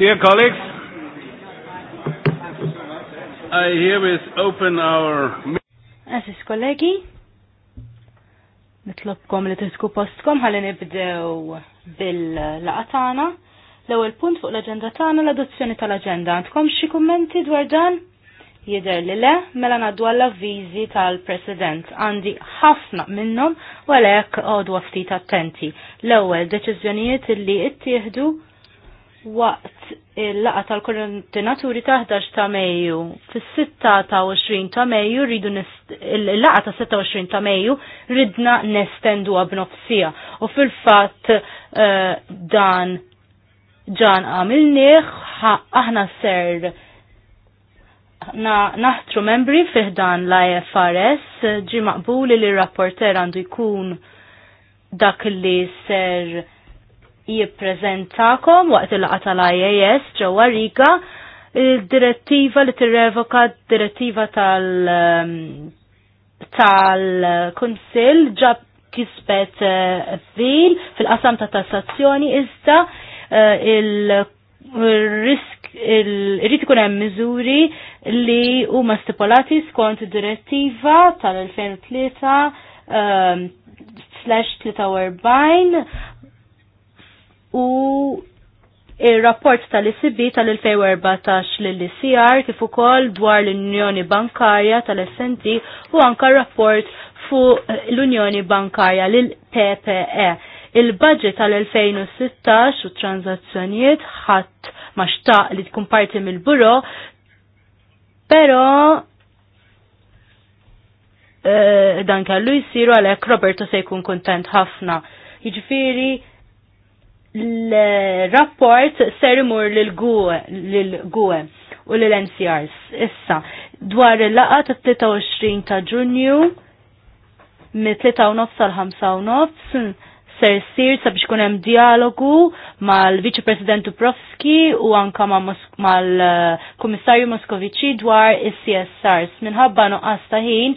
Dear colleagues, I herewith open our Assis kollegi, nitlobkom li tisku postkom ħalli nibdew bil-laqatana. L-ewwel punt fuq l-aġenda tagħna l-adozzjoni tal-aġenda. Għandkom xi kummenti dwar dan? Jidher li le, mela ngħaddu għall avviżi tal-President. Għandi ħafna minnhom u għalhekk għodu ftit attenti. L-ewwel deċiżjonijiet li ittieħdu waqt il-laqa tal-koordinaturi ta' 11 ta' Mejju. fis 26 ta' 20 ta' Mejju rridu il-laqa ta' 26 ta' Mejju ridna nestendu b'nofsija. U fil-fatt eh, dan ġan għamilniħ aħna ser naħtru membri fiħdan la ifrs e ġi maqbuli li rapporter għandu jkun dak li ser jippreżentakom waqt il-laqa tal-IAS ġewwa Riga il-direttiva li tirrevoka direttiva tal- um, tal-Kunsill ġab kisbet uh, fil fil-qasam ta' tassazzjoni iżda uh, il-risk irrid ikun hemm miżuri li huma stipulati skont direttiva tal-2003 um, slash 43 u il-rapport tal-ICB tal-2014 lill-ICR kif ukoll dwar l-Unjoni Bankarja tal-SNT u anka rapport fuq l-Unjoni Bankarja lill-PPE. Il-budget tal-2016 u tranzazzjonijiet ħadd ma xtaq li tkun parti mill-buro, però eh, dan kellu jsiru għalhekk Roberto se jkun kuntent ħafna. Jiġifieri l-rapport ser imur lil-GUE u l-NCRs. Issa, dwar il-laqa ta' 23 ta' ġunju, mit 3 u nofs għal 5 u nofs, ser sir sabiex kun hemm dialogu mal-Viċi President Dubrovski u anka mal-Kummissarju Moskovici dwar is-CSRs. Minħabba nuqqas ta' ħin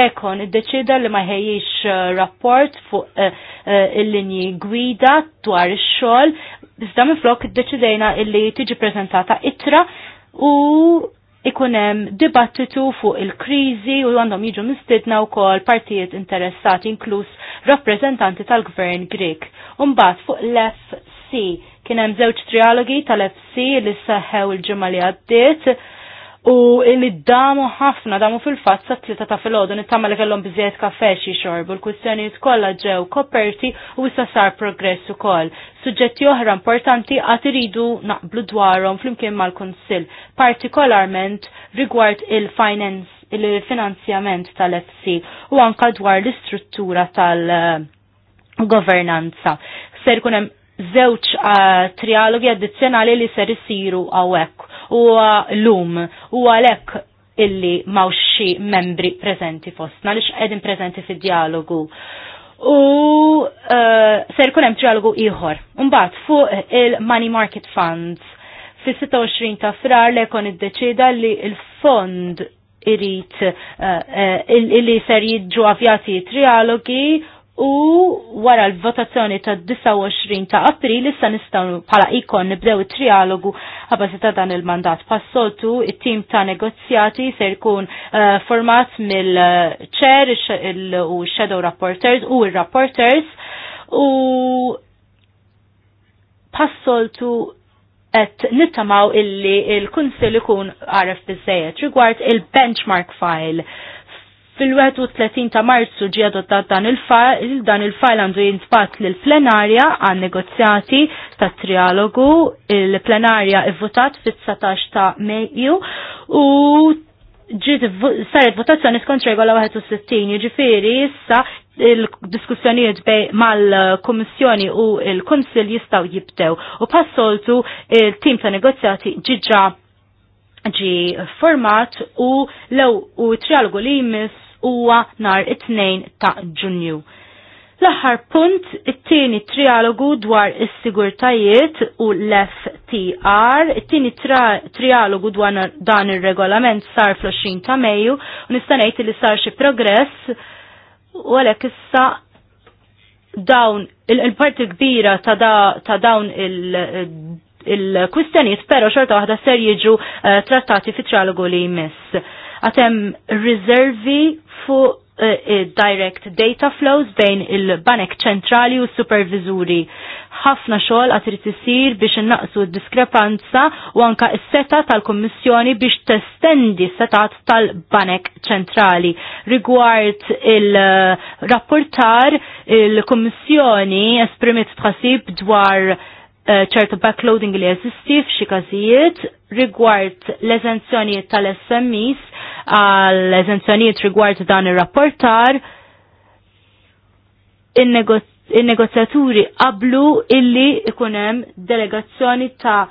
lekon id iddeċida li ma ħejjiex eh, rapport fuq eh, eh, il-linji gwida dwar ix-xogħol, iżda minflok iddeċidejna illi tiġi preżentata itra u ikunem dibattitu fuq il-krizi u għandhom jiġu mistidna u kol partijiet interessati inkluż rappresentanti tal-gvern Grek. Umbat fuq l-FC kienem zewċ trialogi tal-FC li saħħew il ġemali li għaddiet u illi damu ħafna, damu fil-fatt sa tlita ta' fil-ħodu nittama li kellhom bizziet kafe xi xorbu, l-kwistjonijiet kollha ġew koperti u issa sar progress ukoll. Suġġetti oħra importanti għad iridu naqblu dwarhom flimkien mal-Kunsill, partikolarment rigward il-finance il-finanzjament tal-FC u anka dwar l-istruttura tal-governanza. Eh, ser kunem zewċ uh, eh, trialogi addizzjonali li ser isiru għawek huwa lum u għalhekk illi mawx xi membri preżenti fostna li qegħdin preżenti fid-dialogu. U uh, ser jkun hemm trialogu ieħor. Mbagħad fuq il-money market funds fis-26 ta' frar li kon iddeċida li l-fond irrit uh, eh, uh, eh, illi ser jidġu avjati trialogi u wara l-votazzjoni ta' 29 ta' april issa nistgħu bħala ikon nibdew it-trialogu għabbażi ta' dan il-mandat. Passoltu it-tim ta' negozjati se jkun uh, format mill-ċer u shadow rapporters u il-rapporters u passoltu et nittamaw illi il-kunsil ikun għaref bizzejet rigward il-benchmark file Fil-31 ta' Marzu ġie adottat dan il-fajl, dan il-fajl għandu jintbat lill-plenarja għan negozjati ta' trialogu, il-plenarja ivvutat fit-19 ta' Mejju u ġiet saret votazzjoni skont regola 61, ġifiri issa il-diskussjonijiet bej mal-Komissjoni u il-Konsil jistaw jibdew. U passoltu il-tim ta' negozjati ġiġa ġi format u lew u trialogu li jmiss huwa nar it-tnejn ta' Ġunju. L-aħħar punt, it-tieni trialogu dwar is-sigurtajiet u l-FTR, it-tieni trialogu dwar dan ir-regolament sar fl-20 ta' Mejju u nistanejt li sar xi progress u għalhekk issa dawn il-parti kbira ta', da, ta dawn il- il-kwistjonijiet, pero xorta waħda ser jiġu eh, trattati fit trialogu li jmiss Għatem rizervi fuq eh, eh, direct data flows bejn il-banek ċentrali u supervizuri. ħafna xogħol qatt irid isir biex innaqsu d-diskrepanza u anka s-seta tal-Kummissjoni biex testendi s-setat tal-banek ċentrali. Rigward il-rapportar, il-Kummissjoni esprimit tħassib dwar eh, ċertu uh, backloading li jeżisti f'xi każijiet rigward l-eżenzjonijiet tal-SMEs għal eżenzjonijiet rigward dan ir-rapportar, il-negozjaturi qablu illi ikunem delegazzjoni ta'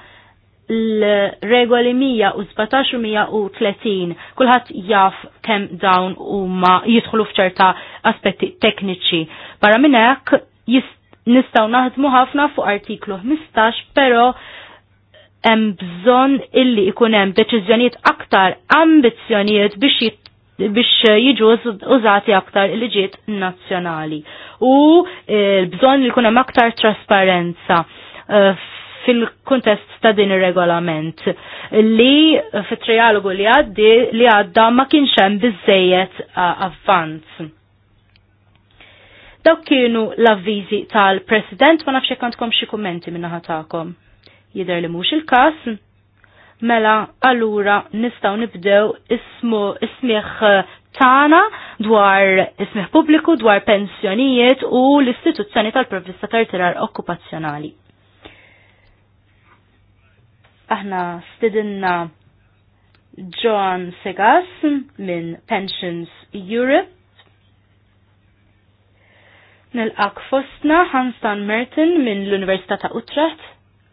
l-regoli 117 u 130. Kulħadd jaf kemm dawn huma jidħlu f'ċerta aspetti tekniċi. Barra minn hekk nistgħu naħdmu ħafna fuq artiklu 15, però hemm bżonn illi ikun hemm deċiżjonijiet aktar ambizzjonijiet biex biex eh, jiġu użati aktar il-liġiet nazzjonali. U eh, bżonn li jkun hemm aktar trasparenza eh, fil-kontest ta' din ir-regolament li fit-trialogu li għaddi li għadda ma kienx hemm avvanz. Dawk kienu l-avviżi tal-President ma nafx jekk għandkom xi kummenti minnaħa tagħkom. Jider li mhux il-każ, mela allura nistgħu nibdew ismu ismiħ eh, tagħna dwar ismiħ pubbliku dwar pensjonijiet u l-istituzzjoni tal-provvista tal-tirar okkupazzjonali. Aħna stidinna John Segas minn Pensions Europe. Nil-ak fostna Hansan Merton minn l-Università ta' Utrecht.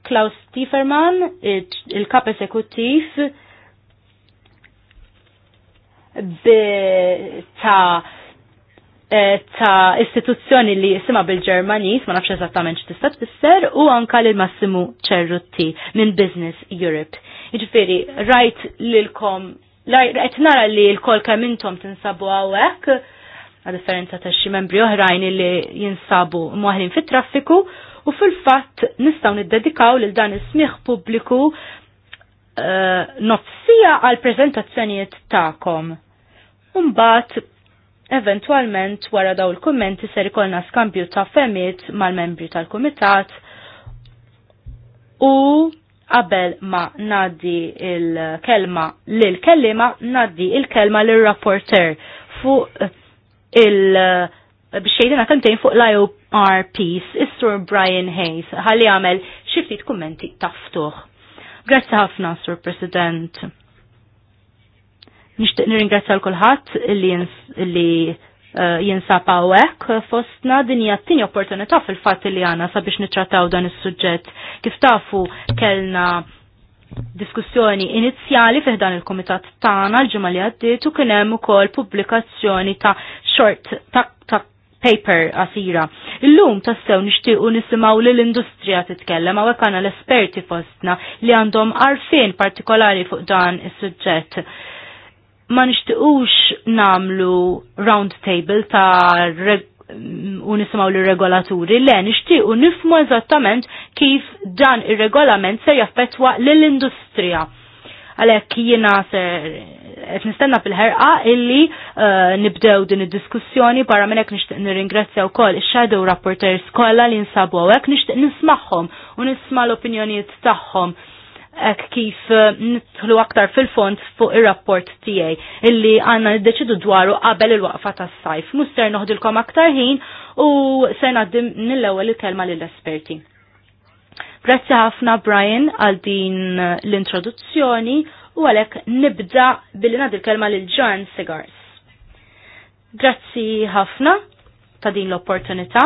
Klaus Tieferman, il-kap esekutif ta' e, ta' istituzzjoni li jisima bil-Ġermanis, ma nafx eżattament x'tista' tfisser, u anka lil Massimu Ċerrutti minn Business Europe. Jiġifieri, rajt lilkom, rajt nara li l-kol kemm intom tinsabu hawnhekk, għal differenza ta' xi membri oħrajn li jinsabu moħlin fit-traffiku, u fil-fatt nistaw niddedikaw lil dan is-smieħ pubbliku uh, nofsija għal prezentazzjonijiet ta'kom. Umbat, eventualment wara daw il-kommenti ser ikolna skambju ta' femiet mal-membri tal kumitat u qabel ma naddi il-kelma lil-kellima naddi il-kelma lil-rapporter fuq il- biex jgħidina kantejn fuq l-IOP MRPs, is-Sur Brian Hayes, ħalli għamel xiftit kummenti taftuħ. Grazzi ħafna, Sur President. Nishtiq nirringrazzja l-kulħadd li uh, jinsab hawnhekk fostna hija t tieni opportunità fil-fat li għana sabiex nitrataw dan il-sujġet. Kif tafu kellna diskussjoni inizjali fih dan il-komitat tana l ġimgħa li għaddiet u kien u kol publikazzjoni ta' short ta', ta paper asira Illum tassew nixtiequ nisimgħu lill industrija titkellem hawnhekk għandna l-esperti fostna li għandhom arfin partikolari fuq dan is-suġġett. Ma nixtiequx namlu round table ta' u nisimaw l-regolaturi, le nixtiequ nifmu eżattament kif dan ir-regolament se jaffetwa lill-industrija. Għalhekk jiena ser qed nistenna fil-ħerqa illi eh, nibdew din id-diskussjoni barra minn hekk nixtieq nirringrazzja wkoll ix-shadow rapporteurs kollha li nsabu hekk nixtieq nismagħhom u nisma' l-opinjonijiet tagħhom hekk kif eh, nidħlu aktar fil-fond fuq ir-rapport tiegħi illi għandna niddeċidu dwaru qabel il-waqfa tas-sajf. Mhux ser noħdilkom aktar ħin u ser ngħaddim mill-ewwel il-kelma lill-esperti. Grazzi ħafna Brian għal din l-introduzzjoni u għalek nibda billi nadil kelma lil John Cigars. Grazzi ħafna ta' din l-opportunità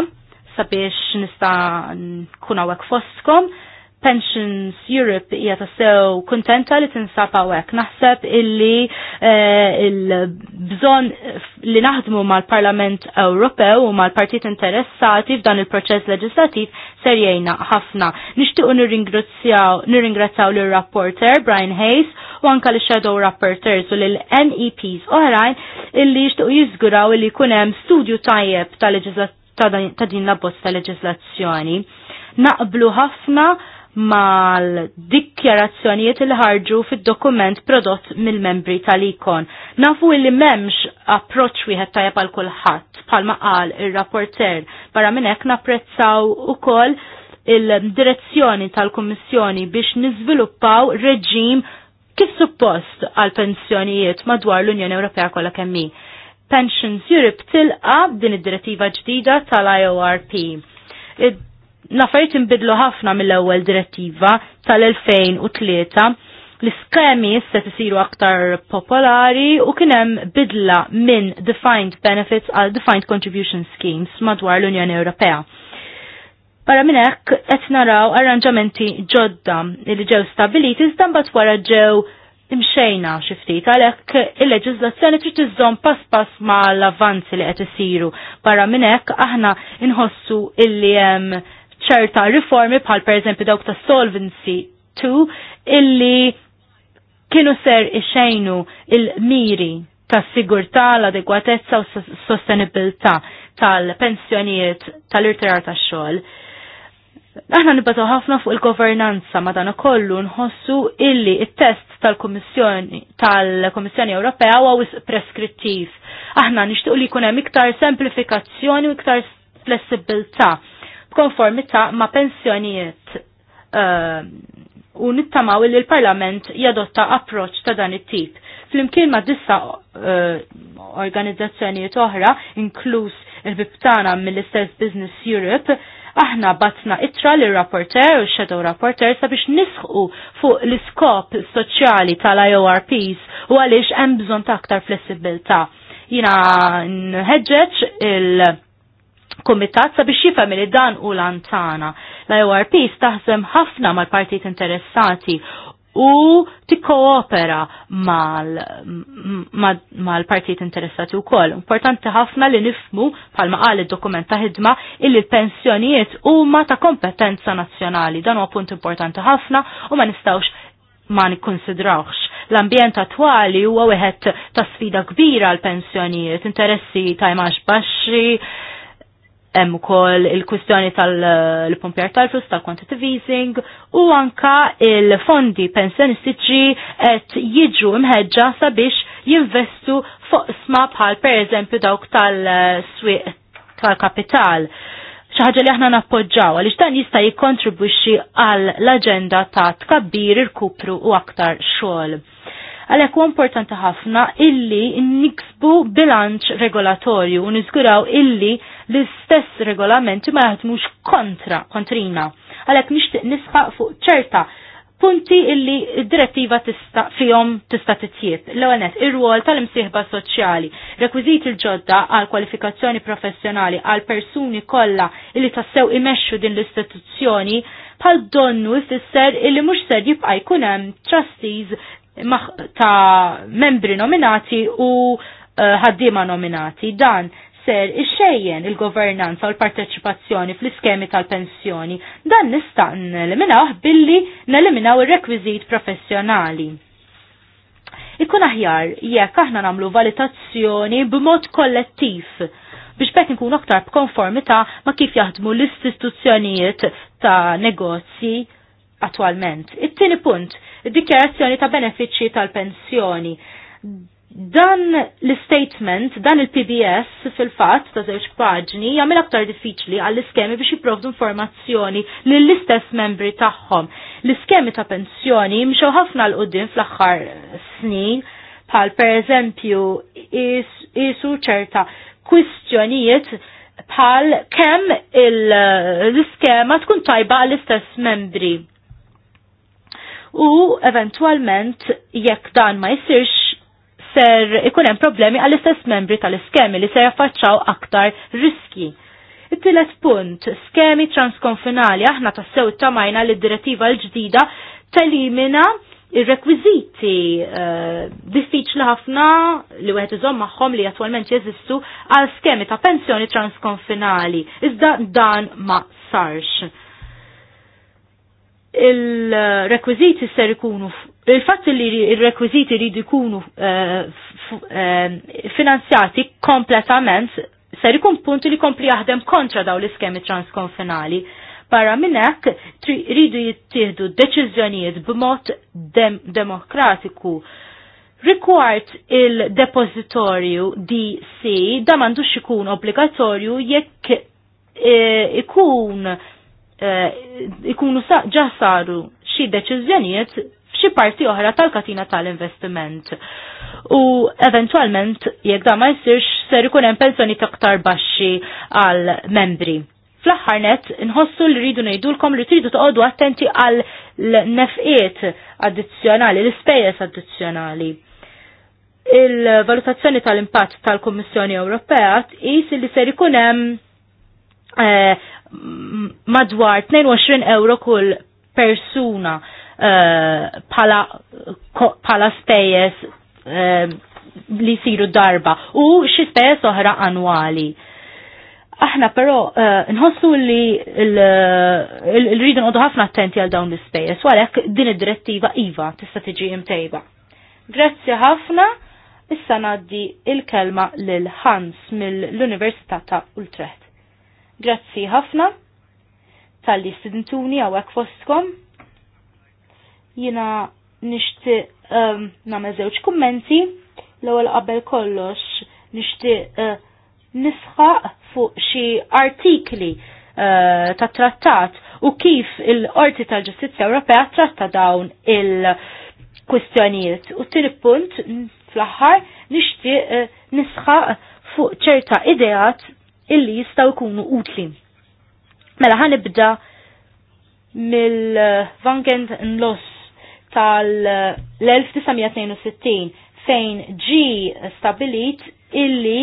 sabiex nista' nkun hawnhekk fostkom Pensions Europe hija tassew kuntenta li tinsab hawnhekk. Naħseb illi eh, il-bżonn li naħdmu mal-Parlament Ewropew u mal-partit interessati f'dan il-proċess leġislattiv ser jgħinna ħafna. Nixtiequ nirringrazzjaw lir-rapporter Brian Hayes u anka l-shadow rapporters u l-MEPs oħrajn illi jixtiequ jiżguraw illi jkun hemm studju tajjeb ta' din l-abbozz ta' leġislazzjoni. Naqblu ħafna mal-dikjarazzjonijiet il ħarġu fid-dokument prodott mill-membri tal-ikon. Nafu li memx approċ wieħed tajab għal kulħadd bħalma qal ir-rapporter barra minn hekk napprezzaw ukoll il-direzzjoni tal-Kummissjoni biex niżviluppaw reġim kif suppost għal pensjonijiet madwar l-Unjoni Ewropea kollha kemm Pensions Europe tilqa din id-direttiva ġdida tal-IORP. Nafajt imbidlu inbidlu ħafna mill-ewwel direttiva tal-2003 l-iskemi issa tisiru aktar popolari u kien hemm bidla minn defined benefits għal defined contribution schemes madwar l-Unjoni Ewropea. Barra minn hekk qed naraw arranġamenti ġodda li ġew stabiliti iżda bat wara ġew imxejna xi ftit għalhekk il-leġiżlazzjoni trid iżżomm pass pass mal avanzi li qed isiru. Barra minn hekk aħna inħossu illi hemm ċerta riformi bħal per eżempju dawk ta' Solvency 2 illi kienu ser ixejnu il-miri ta' sigurtà, l-adegwatezza u sostenibilità tal-pensjonijiet tal-irtirar ta' xogħol. Aħna nibbażaw ħafna fuq il-governanza madan ukollu nħossu illi it-test tal-Kummissjoni tal-Kummissjoni Ewropea huwa preskrittiv. Aħna nixtieq li jkun hemm iktar semplifikazzjoni u iktar flessibilità b'konformità ma' pensjonijiet uh, u nittamaw li l-Parlament jadotta approċ ta' dan it-tip. Flimkien ma' dissa uh, organizzazzjonijiet oħra, inkluż il biptana mill-istess Business Europe, aħna batna itra li rapporter u shadow rapporter sabiex nisħu fuq l-iskop soċjali tal-IORPs u għaliex hemm bżonn ta' aktar flessibilta. Jina nħeġġeġ il- komitat sabiex jifhem li dan u lantana. L-IORP staħsem ħafna mal-partit interessati u tikkoopera mal-partit interessati u koll. Importanti ħafna li nifmu pal qal id-dokument ta' ħidma illi l-pensjonijiet huma ta' kompetenza nazzjonali. Dan huwa punt importanti ħafna u ma nistawx ma nikonsidrawx. L-ambjent attwali huwa wieħed ta' sfida kbira għal pensjonijiet, interessi ta' imax baxxi, hemm ukoll il-kwistjoni tal-pompjar tal-flus tal-quantitative easing u anka il-fondi pensjonistiċi qed jiġu imħeġġa sabiex jinvestu fuq sma bħal pereżempju dawk tal-swieq tal-kapital. Xi ħaġa li aħna nappoġġaw għaliex dan jista' jikkontribwixxi għall l-aġenda ta' tkabbir, irkupru u aktar xogħol. Għalhekk huwa importanti ħafna illi niksbu bilanċ regolatorju u niżguraw illi l-istess regolamenti ma jaħdmux kontra kontrina. Għalhekk nixtieq nisħaq fuq ċerta punti illi direttiva tista fihom tista' titjieb. L-ewwel net ir-rwol tal-imsieħba soċjali, rekwiżiti l-ġodda għal kwalifikazzjoni professjonali għal persuni kollha illi tassew imexxu din l-istituzzjoni bħal donnu ifisser illi mhux ser jibqa' jkun hemm trustees ta' membri nominati u eh, ħaddima nominati. Dan ser ixxejjen il-governanza u l-parteċipazzjoni fl-iskemi tal-pensjoni. Dan nista' neliminaw billi neliminaw ir-rekwiżit professjonali. Ikkun aħjar jekk aħna nagħmlu valutazzjoni b'mod kollettiv biex bekk nkun aktar b'konformità ma' kif jaħdmu l-istituzzjonijiet ta' negozji attualment. It-tieni punt, id-dikjarazzjoni ta' benefiċċji tal-pensjoni. Dan l-statement, dan il-PBS fil-fatt ta' żewġ paġni jagħmel aktar diffiċli għall-iskemi biex jipprovdu informazzjoni lill-istess membri tagħhom. L-iskemi ta' pensjoni mxew ħafna l qudiem fl-aħħar snin bħal per eżempju isu ċerta kwistjonijiet bħal kemm l-iskema tkun tajba għall-istess membri u eventualment jekk dan ma jsirx ser ikun hemm problemi għall-istess membri tal-iskemi li ser jaffaċċaw aktar riski. It-tielet punt, skemi transkonfinali aħna tassew tamajna li d-direttiva l-ġdida telimina il-rekwiziti uh, eh, diffiċli ħafna li wieħed iżomm magħhom li attwalment jeżistu għal skemi ta' pensjoni transkonfinali. Iżda dan ma sarx il-rekwiziti ser ikunu, il fat li il-rekwiziti rridu ikunu eh, eh, finanzjati kompletament ser ikun punt li kompli jaħdem kontra daw l-iskemi transkonfinali. Barra minnek, rridu jittieħdu deċiżjonijiet b'mod dem demokratiku. Rikward il-depozitorju DC da mandux ikun obbligatorju jekk eh, ikun Eh, ikunu ġa saru xi deċiżjonijiet f'xi parti oħra tal-katina tal-investiment. U eventualment jekk da ma jsirx ser ikun hemm pensjoni taktar baxxi għal membri. Fl-aħħar nett inħossu li rridu ngħidulkom li tridu toqgħodu attenti għal nefqiet addizzjonali, l-ispejjeż addizzjonali il-valutazzjoni tal-impatt tal-Kommissjoni Ewropea tqis li ser ikun hemm eh, madwar 22 euro kull persuna eh, pala, pala stejes eh, li siru darba u xi stejes oħra annwali. Aħna però eh, nħossu li l-ridu nqodu ħafna attenti għal dawn l-ispejjeż għalhekk din id-direttiva iva tista' tiġi imtejba. Grazzi ħafna. Issa naddi il-kelma lil Hans mill-Università ta' Utrecht. Grazzi ħafna tal-li stintuni għawek fostkom. Jina nishti um, namel kummenti l-ewwel qabel kollox nixtieq uh, nisħaq fuq xi artikli uh, ta' trattat u kif il-Qorti tal-Ġustizzja Ewropea tratta dawn il-kwistjonijiet. U tieni punt fl-aħħar nixtieq uh, nisħaq fuq ċerta ideat illi jistaw kunu utli. Mela ħanibda mill-Vangent Nlos tal-1962 fejn ġi stabilit illi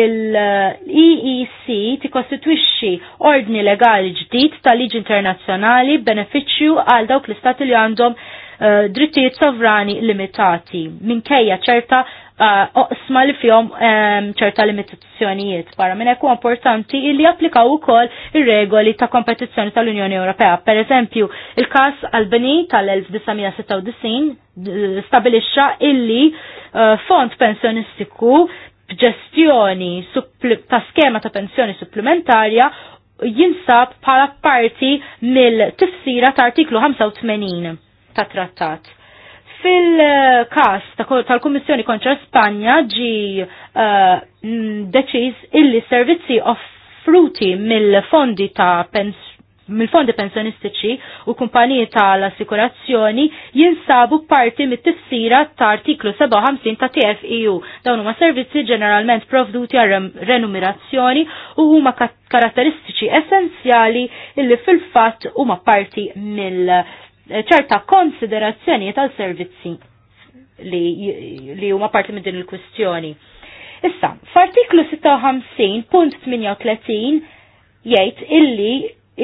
l-EEC tikostitwixxi ordni legali ġdid tal liġi internazzjonali benefiċċju għal dawk l-istati li għandhom uh, drittijiet sovrani limitati minkejja ċerta Uh, oqsma li fjom um, ċerta limitazzjonijiet. Barra minn ekku importanti li applikaw ukoll ir-regoli ta' kompetizzjoni tal-Unjoni Ewropea. Per eżempju, il-kas Albani tal-1996 stabilixxa illi uh, fond pensjonistiku b'ġestjoni ta' skema ta' pensjoni supplementarja jinsab bħala parti mill-tifsira ta' artiklu 85 ta' trattat Fil-kas tal-Kummissjoni kontra Spanja ġi uh, deċiż illi servizzi offruti mill-fondi ta' pens mill-fondi pensjonistiċi u kumpaniji tal-assikurazzjoni jinsabu parti mit-tifsira ta' artiklu 57 ta' TFEU. Dawn huma servizzi ġeneralment provduti għal renumerazzjoni u huma karatteristiċi essenzjali illi fil-fatt huma parti mill- ċerta konsiderazzjoni tal-servizzi li huma parti minn din il-kwistjoni. Issa, f'artiklu 56.38 jgħid illi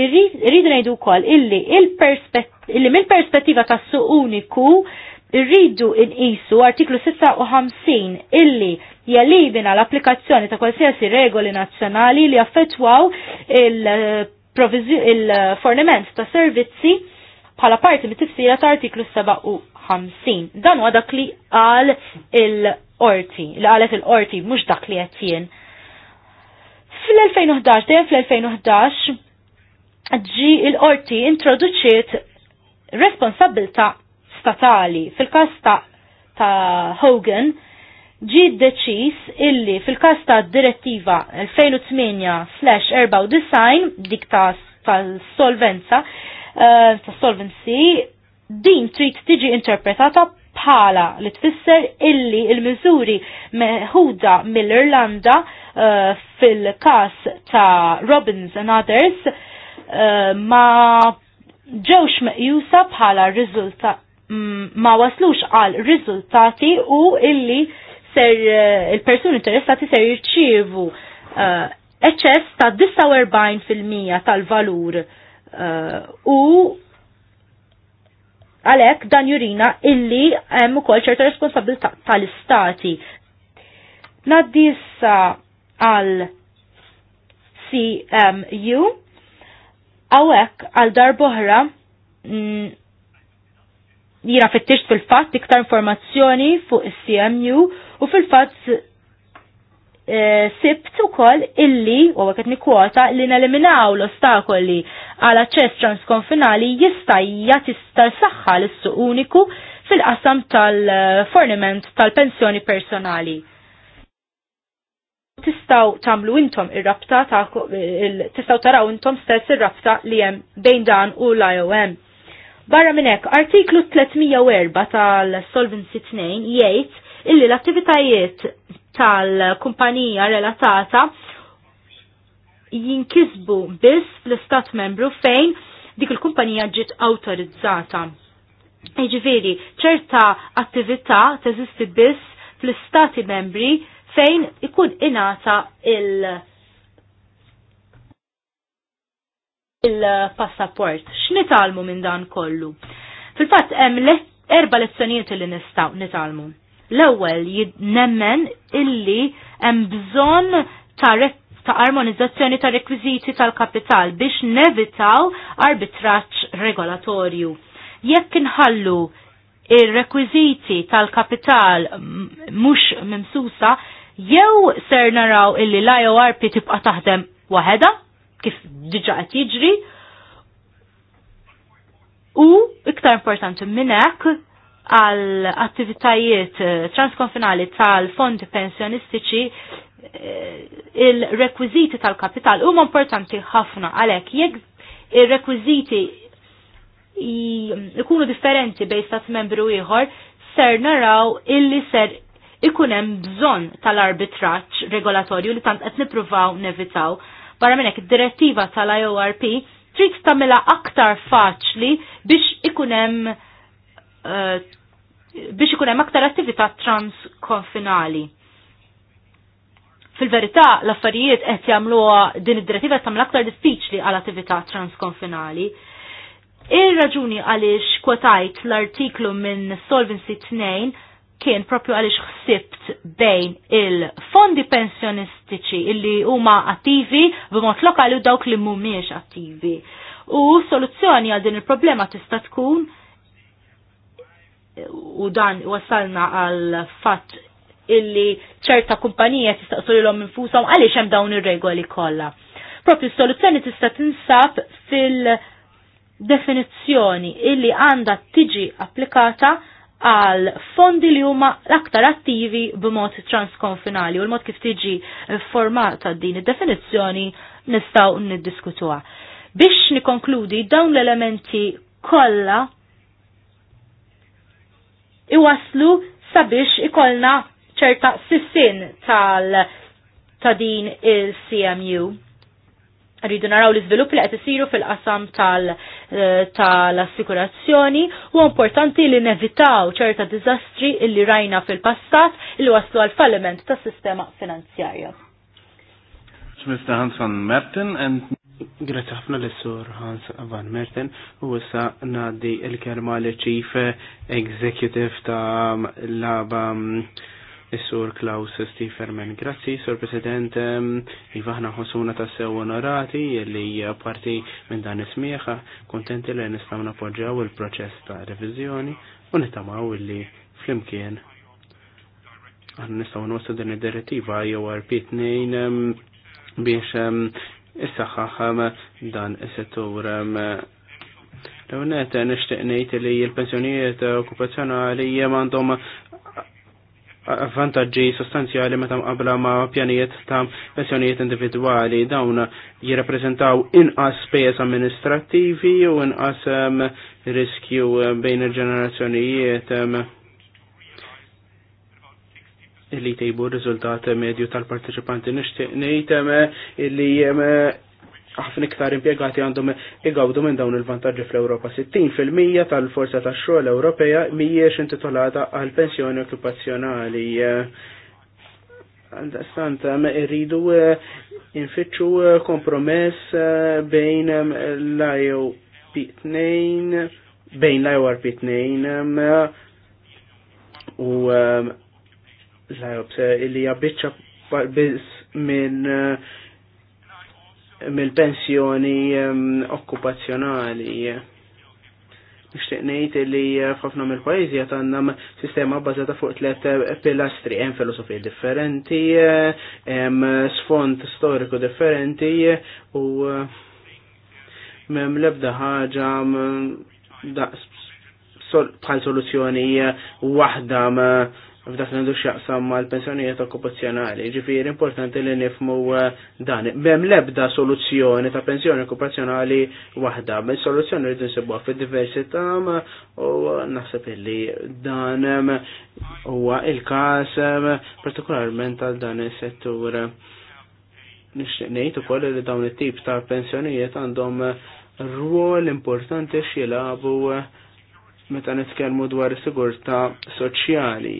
irridu ngħidu wkoll illi illi mill-perspettiva tas-suq uniku irridu inqisu artiklu 56 illi jalibina l-applikazzjoni ta' qualsiasi regoli nazzjonali li affettwaw il-forniment ta' servizzi bħala parti mit-tifsira ta' artiklu 57. Dan huwa dak li qal il-qorti, li qalet il-qorti mhux dak li qed jien. Fil-2011, dejjem fil-2011, ġi il-qorti introduċiet responsabilta statali fil-kas ta', ta Hogan ġi deċis illi fil-kas ta' direttiva 2008-94 dik ta' solvenza Eh, ta' solvency din trid tiġi interpretata bħala li tfisser illi il-miżuri meħuda mill-Irlanda eh, fil-kas ta' Robbins and others eh, ma ġewx meqjusa bħala riżultat mm, ma waslux għal riżultati u illi ser il-persuni interessati ser jirċievu eċess ta' 49% tal-valur. Uh, Uh, u għalek dan jurina illi hemm ukoll ċerta responsabilità tal-istati. Naddissa issa għal CMU għawek għal darboħra mm, jira fittixt fil-fat iktar informazzjoni fuq is-CMU u fil-fat Eh, sibt ukoll illi, u għeket nikwota, li neliminaw l-ostakoli għal aċċess transkonfinali jista' tistal saħħa l-suq uniku fil-qasam tal-forniment tal-pensjoni personali. Tistaw tamlu intom ir-rabta ta' tistaw taraw intom stess ir-rabta li hemm bejn dan u l-IOM. Barra minn hekk, artiklu 304 tal-Solvency 2 jgħid illi l-attivitajiet tal-kumpanija relatata jinkisbu biss fl-istat membru fejn dik il-kumpanija ġiet autorizzata. Iġveri, ċerta attività teżisti biss fl-istati membri fejn ikun inata il- il-passaport. X'nitalmu minn dan kollu? Fil-fatt hemm erba lezzjonijiet li nistgħu nitalmu. L-ewwel nemmen illi hemm bżonn ta' ta' armonizzazzjoni ta' rekwiżiti tal-kapital biex nevitaw arbitraċ regolatorju. Jekk inħallu ir-rekwiżiti tal-kapital mhux mimsusa, jew ser naraw illi l-IORP tibqa' taħdem waħedha kif diġa qed jiġri, U iktar importanti minn hekk għal attivitajiet eh, transkonfinali tal-fondi pensjonistiċi eh, il-rekwiziti tal-kapital huma importanti ħafna għalhekk jekk ir-rekwiziti ikunu differenti bej stat membru ieħor ser naraw illi ser ikun hemm bżonn tal-arbitraġġ regolatorju li tant qed nippruvaw nevitaw. Barra minn hekk id-direttiva tal-IORP trid tagħmilha aktar faċli biex ikun hemm Eh, biex ikun hemm aktar attività transkonfinali. Fil-verità, l-affarijiet qed jagħmluha din id-direttiva qed aktar diffiċli għal attività transkonfinali. Ir-raġuni għaliex kwotajt l-artiklu minn Solvency 2 kien propju għaliex ħsibt bejn il-fondi pensjonistiċi illi huma attivi b'mod lokali u dawk li mhumiex attivi. U soluzzjoni għal din il-problema tista' tkun u dan wasalna għal fatt illi ċerta kumpanija tistaqsu l-om infusom għaliex hemm dawn ir-regoli kollha. Propju soluzzjoni tista' tinsab fil-definizzjoni illi għandha tiġi applikata għal fondi li huma l-aktar attivi b'mod transkonfinali u l-mod kif tiġi formata din id-definizzjoni nistgħu niddiskutuha. Biex nikonkludi dawn l-elementi kollha iwaslu sabiex ikolna ċerta sissin tal ta' din il-CMU. Rridu naraw l-iżvilupp li qed isiru fil-qasam eh, tal-assikurazzjoni tal u importanti li nevitaw ċerta diżastri illi rajna fil-passat li waslu għal falliment tas sistema finanzjarja. Mr. Hans van Merten and Grazie ħafna tutti, sur Hans Van Merten u issa naddi il-kelma Chief Executive ta' laba mm, Is-sur Klaus Stieferman. Grazzi, sur President, mm, Iva ħna ħosuna ta' sew onorati li parti minn dan ismieħa, kontenti li nistaw napoġġaw il-proċess ta' revizjoni u nitamaw li flimkien għan nistaw nwassu din id-direttiva IORP 2 mm, biex issaħħaħ dan is-settur. Dawnet nixtieq ngħid li l-pensjonijiet okkupazzjonali jemandom vantaġġi sostanzjali meta mqabla ma' pjanijiet ta' pensjonijiet individwali dawn jirrappreżentaw inqas spejjeż amministrattivi u inqas ehm, riskju bejn il-ġenerazzjonijiet. Ehm, illi tejbu r-riżultat medju tal-partiċipanti nixtieq ngħidem eh, illi eh, ħafna iktar impjegati għandhom igawdu minn dawn il-vantaġġi fl-Ewropa. 60% tal-forza tax-xogħol Ewropea mhijiex intitolata għal pensjoni okkupazzjonali. Stant, eh, irridu infittxu kompromess bejn l-IOP2 bejn l-IORP2 u Zajob, eh, illi jabbiċċa biss minn eh, mill-pensjoni ehm, okkupazzjonali. Nixtieq ngħid li eh, ħafna mill-pajjiżi qed għandna sistema bbażata fuq tliet pilastri hemm filosofija differenti, hemm sfond storiku differenti u m'hemm lebda ħaġa bħal soluzzjoni waħda f'dak li xjaqsam mal pensjonijiet okkupazzjonali. Ġifieri importanti li nifmu eh, dan. l lebda soluzzjoni ta' pensjoni okkupazzjonali waħda, minn soluzzjoni rridu nsibuha fid-diversità u naħseb illi dan eh, huwa il-każ eh, partikolarment għal dan is-settur. Nixtieq ngħid ukoll li dawn it-tip ta' pensjonijiet għandhom rwol importanti xilabu meta nitkellmu dwar is-sigurtà soċjali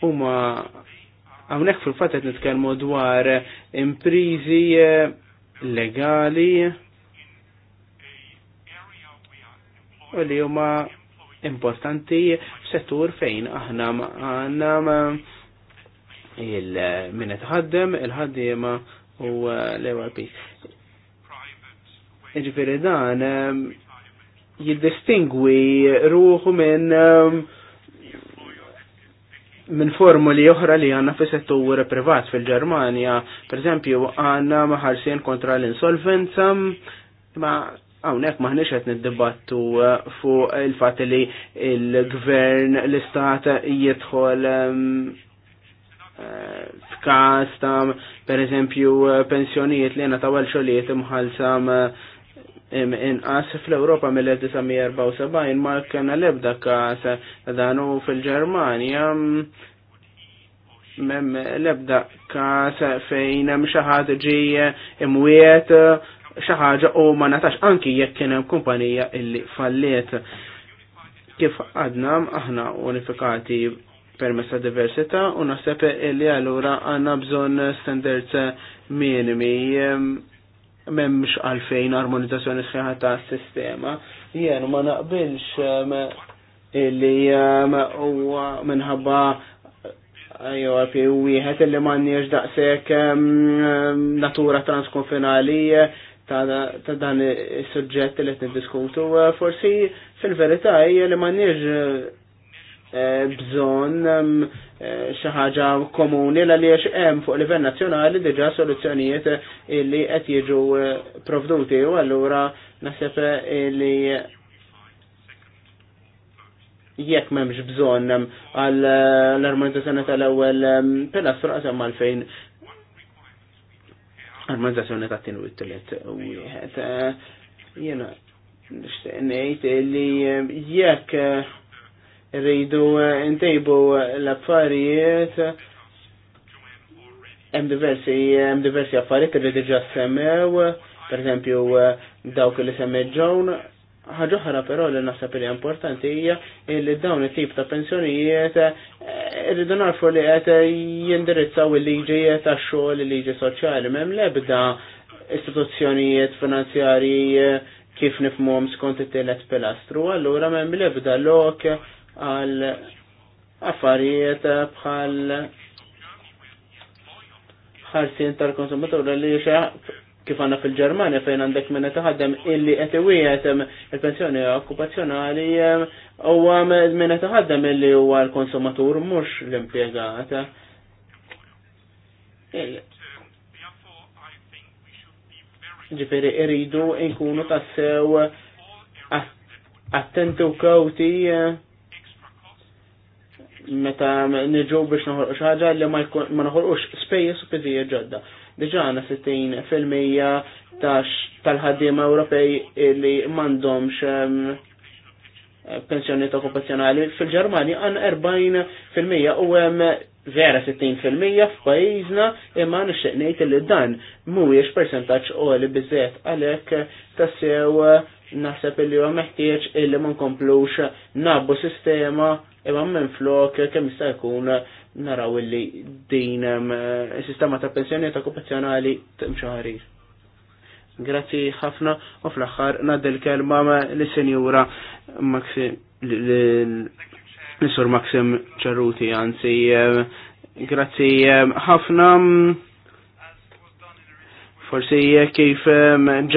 huma hawnhekk fil-fatt qed nitkellmu dwar imprizi eh, legali u li huma importanti f'settur fejn aħna għandna il-min ħaddem il-ħaddiema u eh, l-EYP. Ġifieri dan eh, jiddistingwi ruħu minn minn formuli oħra li għanna fi settur privat fil-Germania, per eżempju għanna maħarsien kontra l-insolvenza, ma għawnek maħnix għet nid-dibattu eh, fuq il-fat li il-gvern, l-istat jidħol ehm, eh, f'kas ta' per eżempju eh, pensjonijiet li għanna tawel xoliet imħalsam inqas fl-Ewropa mill-1974 ma kena lebda kas danu fil-Ġermanja mem lebda kas fejn hemm xi ħadd ġi imwiet xi ħaġa u ma natax anki jekk kien hemm kumpanija illi falliet kif għadna aħna unifikati permessa diversità u naħseb illi allura għandna bżonn standards minimi memx għalfejn armonizzazzjoni sħiħa ta' sistema. Jien ma naqbilx illi huwa minħabba Ajo, għalfi u wieħed illi m'għandniex daqshekk natura transkonfinali ta' dan is-suġġett li qed niddiskutu. Forsi fil-verità hija li m'għandniex eh, bżonn xi ħaġa komuni l għaliex hemm fuq livell nazzjonali diġà soluzzjonijiet illi qed jiġu eh, provduti u allura naħseb eh, li jekk m'hemmx bżonn eh, għal l-armonizzazzjoni tal-ewwel pilastru qasam għalfejn armonizzazzjoni ta' tienu it-tielet wieħed. Jiena nixtieq ngħid li jekk rridu eh, ntejbu l-affarijiet hemm diversi hemm diversi affarijiet irrid diġà semmew, pereżempju eh, dawk li semmew ġewn. Ħaġa oħra però li naħseb li importanti hija li dawn it-tip ta' pensjonijiet eh, irridu narfu li qed jindirizzaw il-liġijiet tax-xogħol il-liġi soċjali m'hemm l-ebda istituzzjonijiet finanzjarji kif nifmuhom skont it-tielet pilastru, allura m'hemm l-ebda lok għal affarijiet bħal ħarsin tal-konsumatur li kif għanna fil-Germania fejn għandek minna taħdem illi għetiwiet il-pensjoni okkupazzjonali u minna taħdem illi huwa l-konsumatur mux l impjegat Ġifiri, iridu nkunu tassew attenti u kawti meta nirġu biex noħolqu xi ħaġa li ma noħolqux spejjeż u piżija ġodda. Diġà għana 60 fil-mija tal-ħaddiema Ewropej li m'għandhomx ehm, pensjonijiet okupazzjonali Fil-Ġermanja għan 40 fil-mija u hemm vera 60 fil-mija f'pajjiżna imma nixtieq ngħid li dan mhuwiex persentaġġ li biżżejjed għalhekk tassew naħseb li huwa meħtieġ illi ma nkomplux nabbu sistema Imma minn flok kemm jista' jkun naraw illi din is-sistema ta' pensjonijiet okkupazzjonali ħarir. Grazzi ħafna u fl-aħħar nadel kelma li senjura Nisur Maxim Ċarruti, anzi, grazzi ħafna forsi kif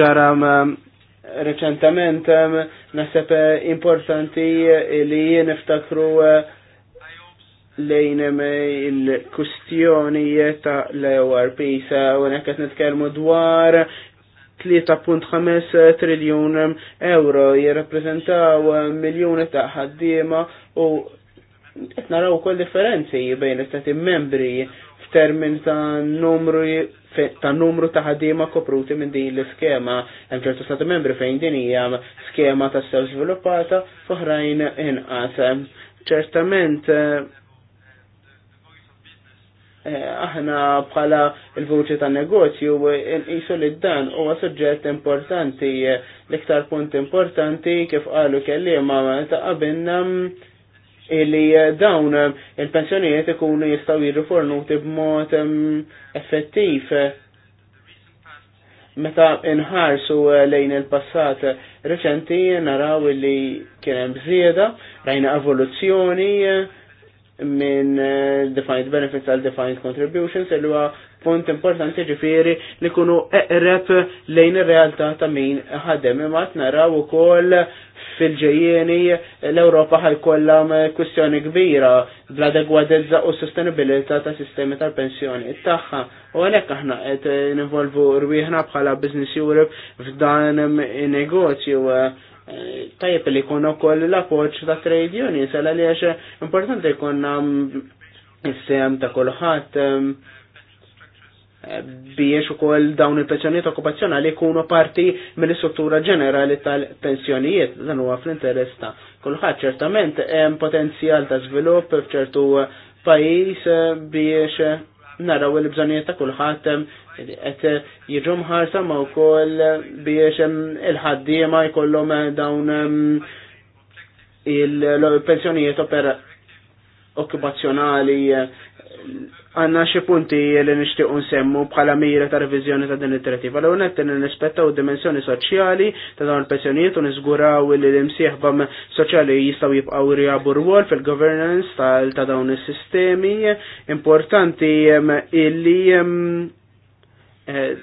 ġaram reċentament Naħseb eh, importanti eh, li niftakru eh, lejn il-kustjoni ta' l-EORP sa' unek għet nitkelmu dwar 3.5 triljun euro jirrapprezentaw miljoni ta' ħaddiema u qed naraw ukoll differenzi bejn l-istati membri f'termin ta' numru ta' numru ta' ħaddiema kopruti minn din l-iskema. Hemm ċertu stati membri fejn din hija skema ta' sew sviluppata f'oħrajn inqas. Ċertament eh, eh, aħna bħala il-vuċi ta' negozju eh, nqisu li dan huwa suġġett importanti l-iktar punt importanti kif qalu kelliema ta' qabilna mm, Illi eh, dawn eh, il-pensjonijiet ikunu jistaw jirrifornuti b'mod effettiv eh, meta inħarsu lejn il-passat reċenti naraw li kienem bżieda, rajna evoluzzjoni minn defined benefits għal defined contributions, illu huwa punt importanti ġifiri li kunu eqreb lejn ir-realtà ta' min ħadem. Imma naraw ukoll fil-ġejjeni l-Ewropa ħajkollha kwistjoni kbira bl-adegwatezza u sostenibilità ta' sistemi tal-pensjoni tagħha. U għalhekk aħna qed nivolvu rwieħna bħala Business Europe f'dan in-negozju tajjeb li jkun ukoll l-appoġġ ta' trade unions għal għaliex importanti jkun is-sem ta' kulħadd biex ukoll dawn il-pensjonijiet okkupazzjonali jkunu parti mill-istruttura ġenerali tal-pensjonijiet dan huwa fl-interess ta' kulħadd ċertament hemm potenzjal ta' żvilupp f'ċertu pajjiż biex naraw il-bżonijiet ta' kulħadd qed jiġu mħarsa ma' wkoll biex il-ħaddiema jkollhom dawn il-pensjonijiet okkupazzjonali għanna xie punti li nishtiq nsemmu bħala mira ta' revizjoni ta' din it-direttiva. L għonet nispettaw dimensjoni soċjali ta' dawn il-pensjoniet u nizguraw li l-imsieħba soċjali jistaw jibqaw rijabu rwol fil-governance ta' dawn is-sistemi. Importanti illi eh,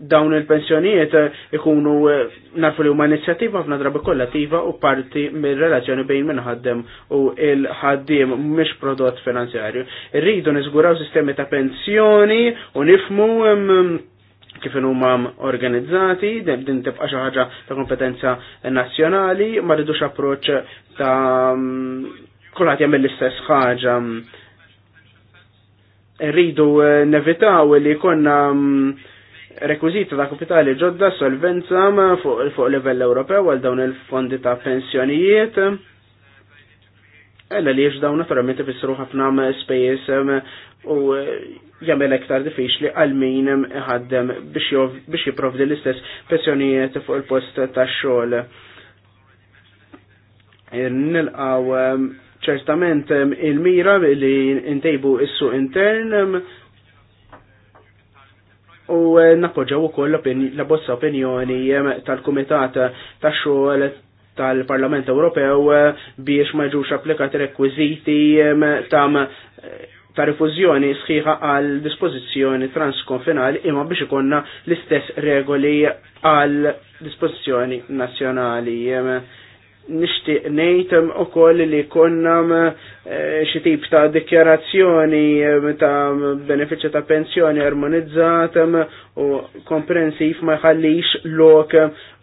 dawn il-pensjonijiet eh, ikunu eh, narfu li huma inizjattiva f'na drabi kollattiva u parti mir-relazzjoni bejn minħaddem u il-ħaddiem mhix prodott finanzjarju. Irridu niżguraw sistemi ta' pensjoni u nifmu kif huma organizzati, din tibqa' xi ħaġa ta' kompetenza nazzjonali, ma rridux approċċ ta' kulħadd jagħmel l-istess ħaġa. irridu eh, nevitaw li konna rekwiziti ta' kapitali ġodda solvenza fuq fu livell Ewropew għal dawn il-fondi ta' pensjonijiet. Ella li jiex dawn naturalment ifissru ħafna spejjeż u eh, jagħmel iktar diffiċli għal min iħaddem biex jipprovdi l-istess pensjonijiet fuq il-post tax-xogħol. Nilqaw eh, ċertament eh, il-mira li ntejbu is-suq intern u eh, nappoġġaw ukoll la bozza opinjoni eh, tal-Kumitat tax-xogħol tal-Parlament Ewropew eh, biex ma ġux applikat rekwiżiti ta' ta' rifużjoni sħiħa għal dispożizzjoni transkonfinali imma biex ikonna l-istess regoli għal dispożizzjoni nazzjonali nishtiq nejtem u koll li konnam eh, xi tip ta' dikjarazzjoni eh, ta' beneficja ta' pensjoni armonizzat eh, u komprensif ma jħallix lok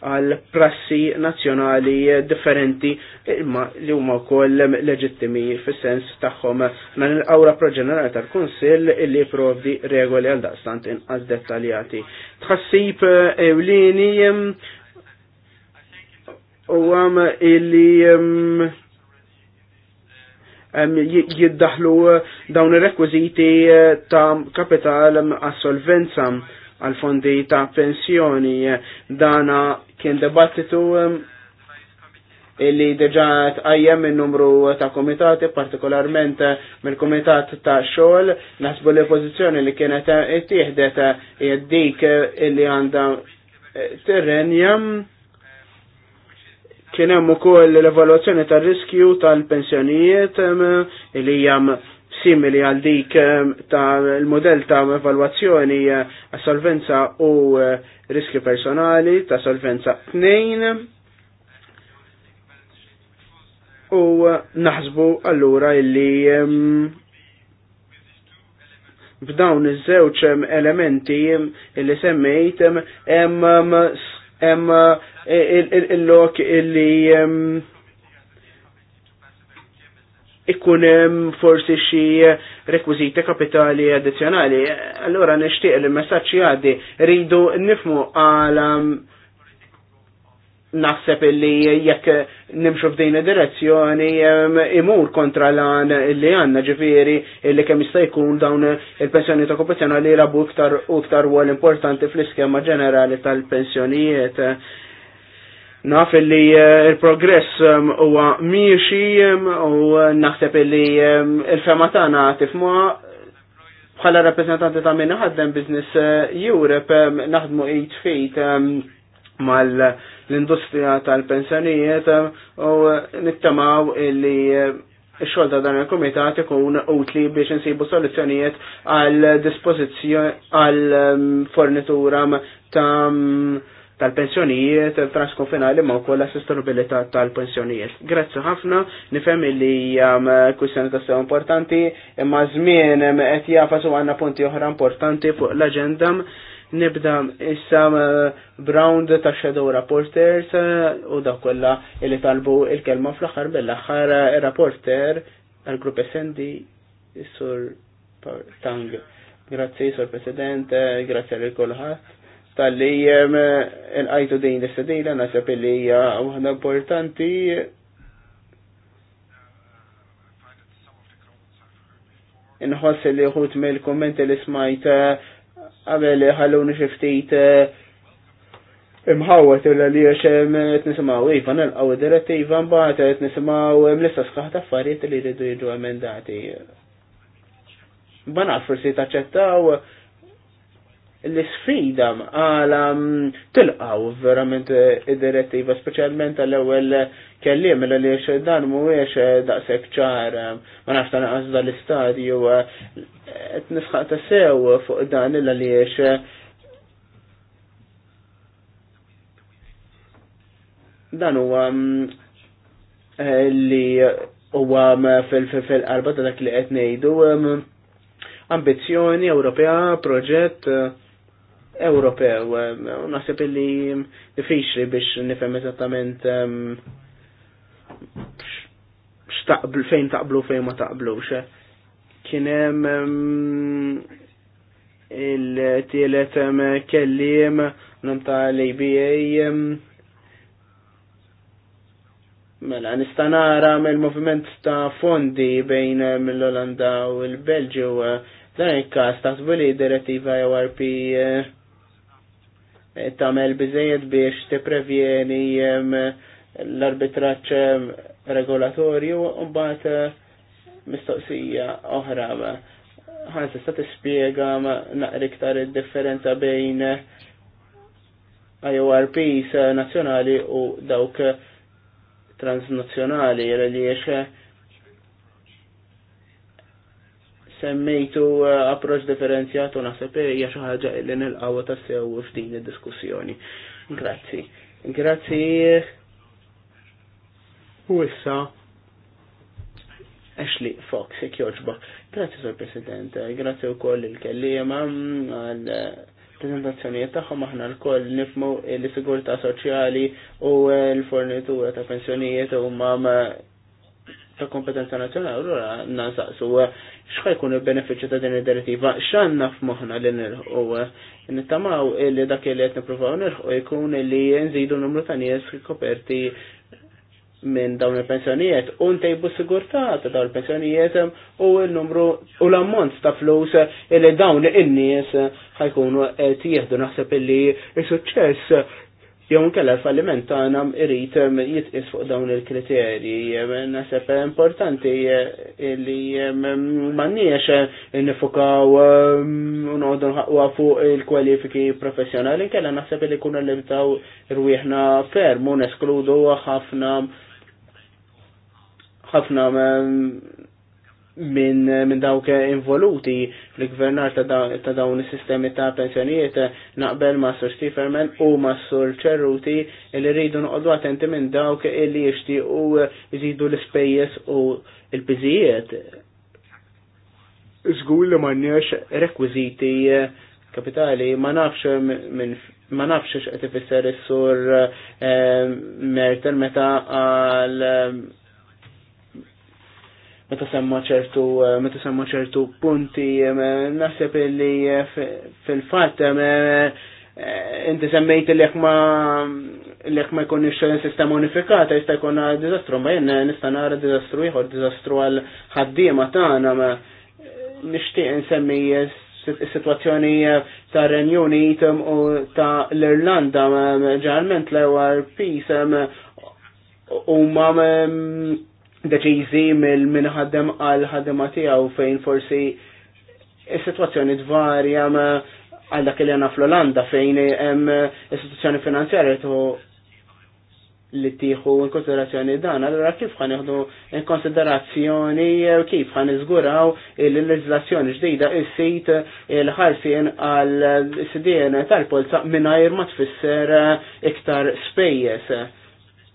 għal prassi nazzjonali differenti ma li huma wkoll leġittimi fis-sens tagħhom. Na mela, nilqgħu rapport ġenerali tal-Kunsill li provdi regoli għal daqstant inqas dettaljati. Tħassib ewlieni u għam illi jiddaħlu eh, dawn il-rekwiziti eh, ta' kapital assolvenza għal fondi ta' pensjoni dana kien debattitu illi deġa tqajjem minn numru ta' komitati, partikolarment eh, mill komitat ta' xogħol, nasbu li pożizzjoni li kienet tieħdet hija dik illi għandha terrenjam Kien hemm ukoll l-evalwazzjoni tar-riskju tal-pensjonijiet li hija simili għal dik tal-modell ta' evalwazzjoni assolvenza eh, solvenza u eh, riski personali ta' solvenza 2. U eh, naħsbu allura illi b'dawn iż-żewġ elementi illi semmejt hemm hemm uh, il-lok illi um, ikkun hemm forsi xi rekwiżiti kapitali addizzjonali. Allora nixtieq li messagġi għaddi. rridu nifmu għalam um, naħseb illi jekk nimxu f'din id-direzzjoni imur kontra lan illi għanna ġifiri illi kemm jista' jkun dawn il-pensjoni ta' li rabu iktar u iktar wol importanti fl-iskema ġenerali tal-pensjonijiet. Naf illi eh, il-progress huwa miexi u naħseb illi il-fema tagħna tifma bħala rappresentanti ta' minn ħaddem Business eh, Europe naħdmu 8 fejt mal-industrija l tal-pensjonijiet u nittamaw illi xogħol ta' dan il-kumitat ikun utli biex insibu soluzzjonijiet għal dispozizjoni għal mm, fornitura ta' mm, tal-pensjonijiet, transkonfinali ma' s sostenibilità tal-pensjonijiet. Grazzi ħafna, nifhem li mm, kwistjoni ta' sew importanti, imma żmien qed jafas u għandna punti oħra importanti fuq l agendam Nibda issa Brown ta' Shadow Rapporters eh, u da kolla li talbu il-kelma fl-axar bil-axar eh, rapporter għal-grupp SND sur Tang. Grazzi, sur President, eh, grazzi għal kolħat tal-li il-għajtu din l sedila nasab li għuħna waħda importanti inħoss li me mill kommenti li smajt għamel ħalluni xiftit eh, imħawet illa li xem eh, t-nisimaw iva nalqaw direttiva mbaħt t-nisimaw eh, mlissa sħaħ taffariet li rridu jiġu emendati. Banaf forsi taċċettaw l-sfida għala mm, tilqaw verament id-direttiva specialment għal ewwel kellim l li dan mhuwiex eh, daqshekk ċar eh, ma nafx ta' naqas dal-istadju eh, qed nisħaq ta' sew fuq dan il għaliex dan huwa mm, li huwa mm, fil arba ta' dak li qed ngħidu mm, ambizzjoni Ewropea, proġett Ewropew, nasib li diffiċli biex nifhem eżattament x'taqblu fejn taqblu fejn ma taqblux. Eh. Kien hemm il-tielet kellim nam ta' l-ABA Mela, nista' nara mill-moviment ta' fondi bejn mill-Olanda u l-Belġu. Eh. Dan il-każ taħsbu li direttiva ERP eh, tagħmel biżejjed biex tipprevjeni l-arbitraċ eh, regolatorju u mbagħad eh, mistoqsija oħra ħan tista' tispjega ma iktar id-differenza bejn eh, IORPs nazzjonali u dawk transnazzjonali li semmejtu approċ differenzjat u il hija xi ħaġa li nilqgħu tassew f'din id-diskussjoni. Grazzi. Grazzi U issa Ashley Fox, kjoġba. Grazie, Sir President, grazie u koll il-kellima għal eh, prezentazzjoniet tagħhom aħna l-koll nifmu l-sigurtà soċjali u l-fornitura ta' pensjonijiet u mam ta' kompetenza nazjonali, allora nasaqsu eh, xħajkun il-beneficju ta' din id-direttiva, x'għandna f'moħħna li nilħu eh, nittamaw il dak li qed nippruvaw jkun jkun li nżidu numru ta' njess koperti minn dawn il-pensjonijiet u ntejbu sigurtà ta' dawn il-pensjonijiet u l-numru u l-ammont ta' flus li dawn in-nies ħajkunu qed jieħdu naħseb illi il suċċess jew nkella l-falliment tagħna irrit jitqis fuq dawn il-kriterji. Naħseb importanti li m'għandniex nifukaw u noqogħdu nħaqwa fuq il-kwalifiki professjonali, nkella naħseb li kuna libtaw rwieħna ferm un-eskludu ħafna ħafna minn min dawk involuti fil-gvernar ta' dawn is-sistemi ta' pensjonijiet naqbel ma' Sur Stiferman u ma' Sur Cerruti li rridu noqogħdu attenti minn dawk illi jixtiequ jizidu l-ispejjeż u l-biżijiet. Żgur li m'għandniex rekwiżiti kapitali ma nafx minn ma nafx x'qed ifisser is-sur eh, Mertel meta għal meta semma ċertu meta semma ċertu punti naħseb li eh, fil-fatt eh, inti semmejt li jekk ma li ma jkunx sistema unifikata jista' jkun diżastru ma jien nista' nara diżastru ieħor diżastru għal ħaddiema tagħna nixtieq insemmi is-sitwazzjoni ta' Renjunit u ta' l-Irlanda ġeneralment l-ewwel peace u ma' deċiżi minn ħaddem għal ħaddema tiegħu fejn forsi is-sitwazzjoni tvarja għal dak li għana fl-Olanda fejn hemm istituzzjoni finanzjarja tu li tiħu in konsiderazzjoni dan, allora kif ħan jieħdu in konsiderazzjoni kif ħan iżguraw il-leġislazzjoni ġdida il sit il-ħarsien għal sidien tal-polza mingħajr ma tfisser iktar spejjeż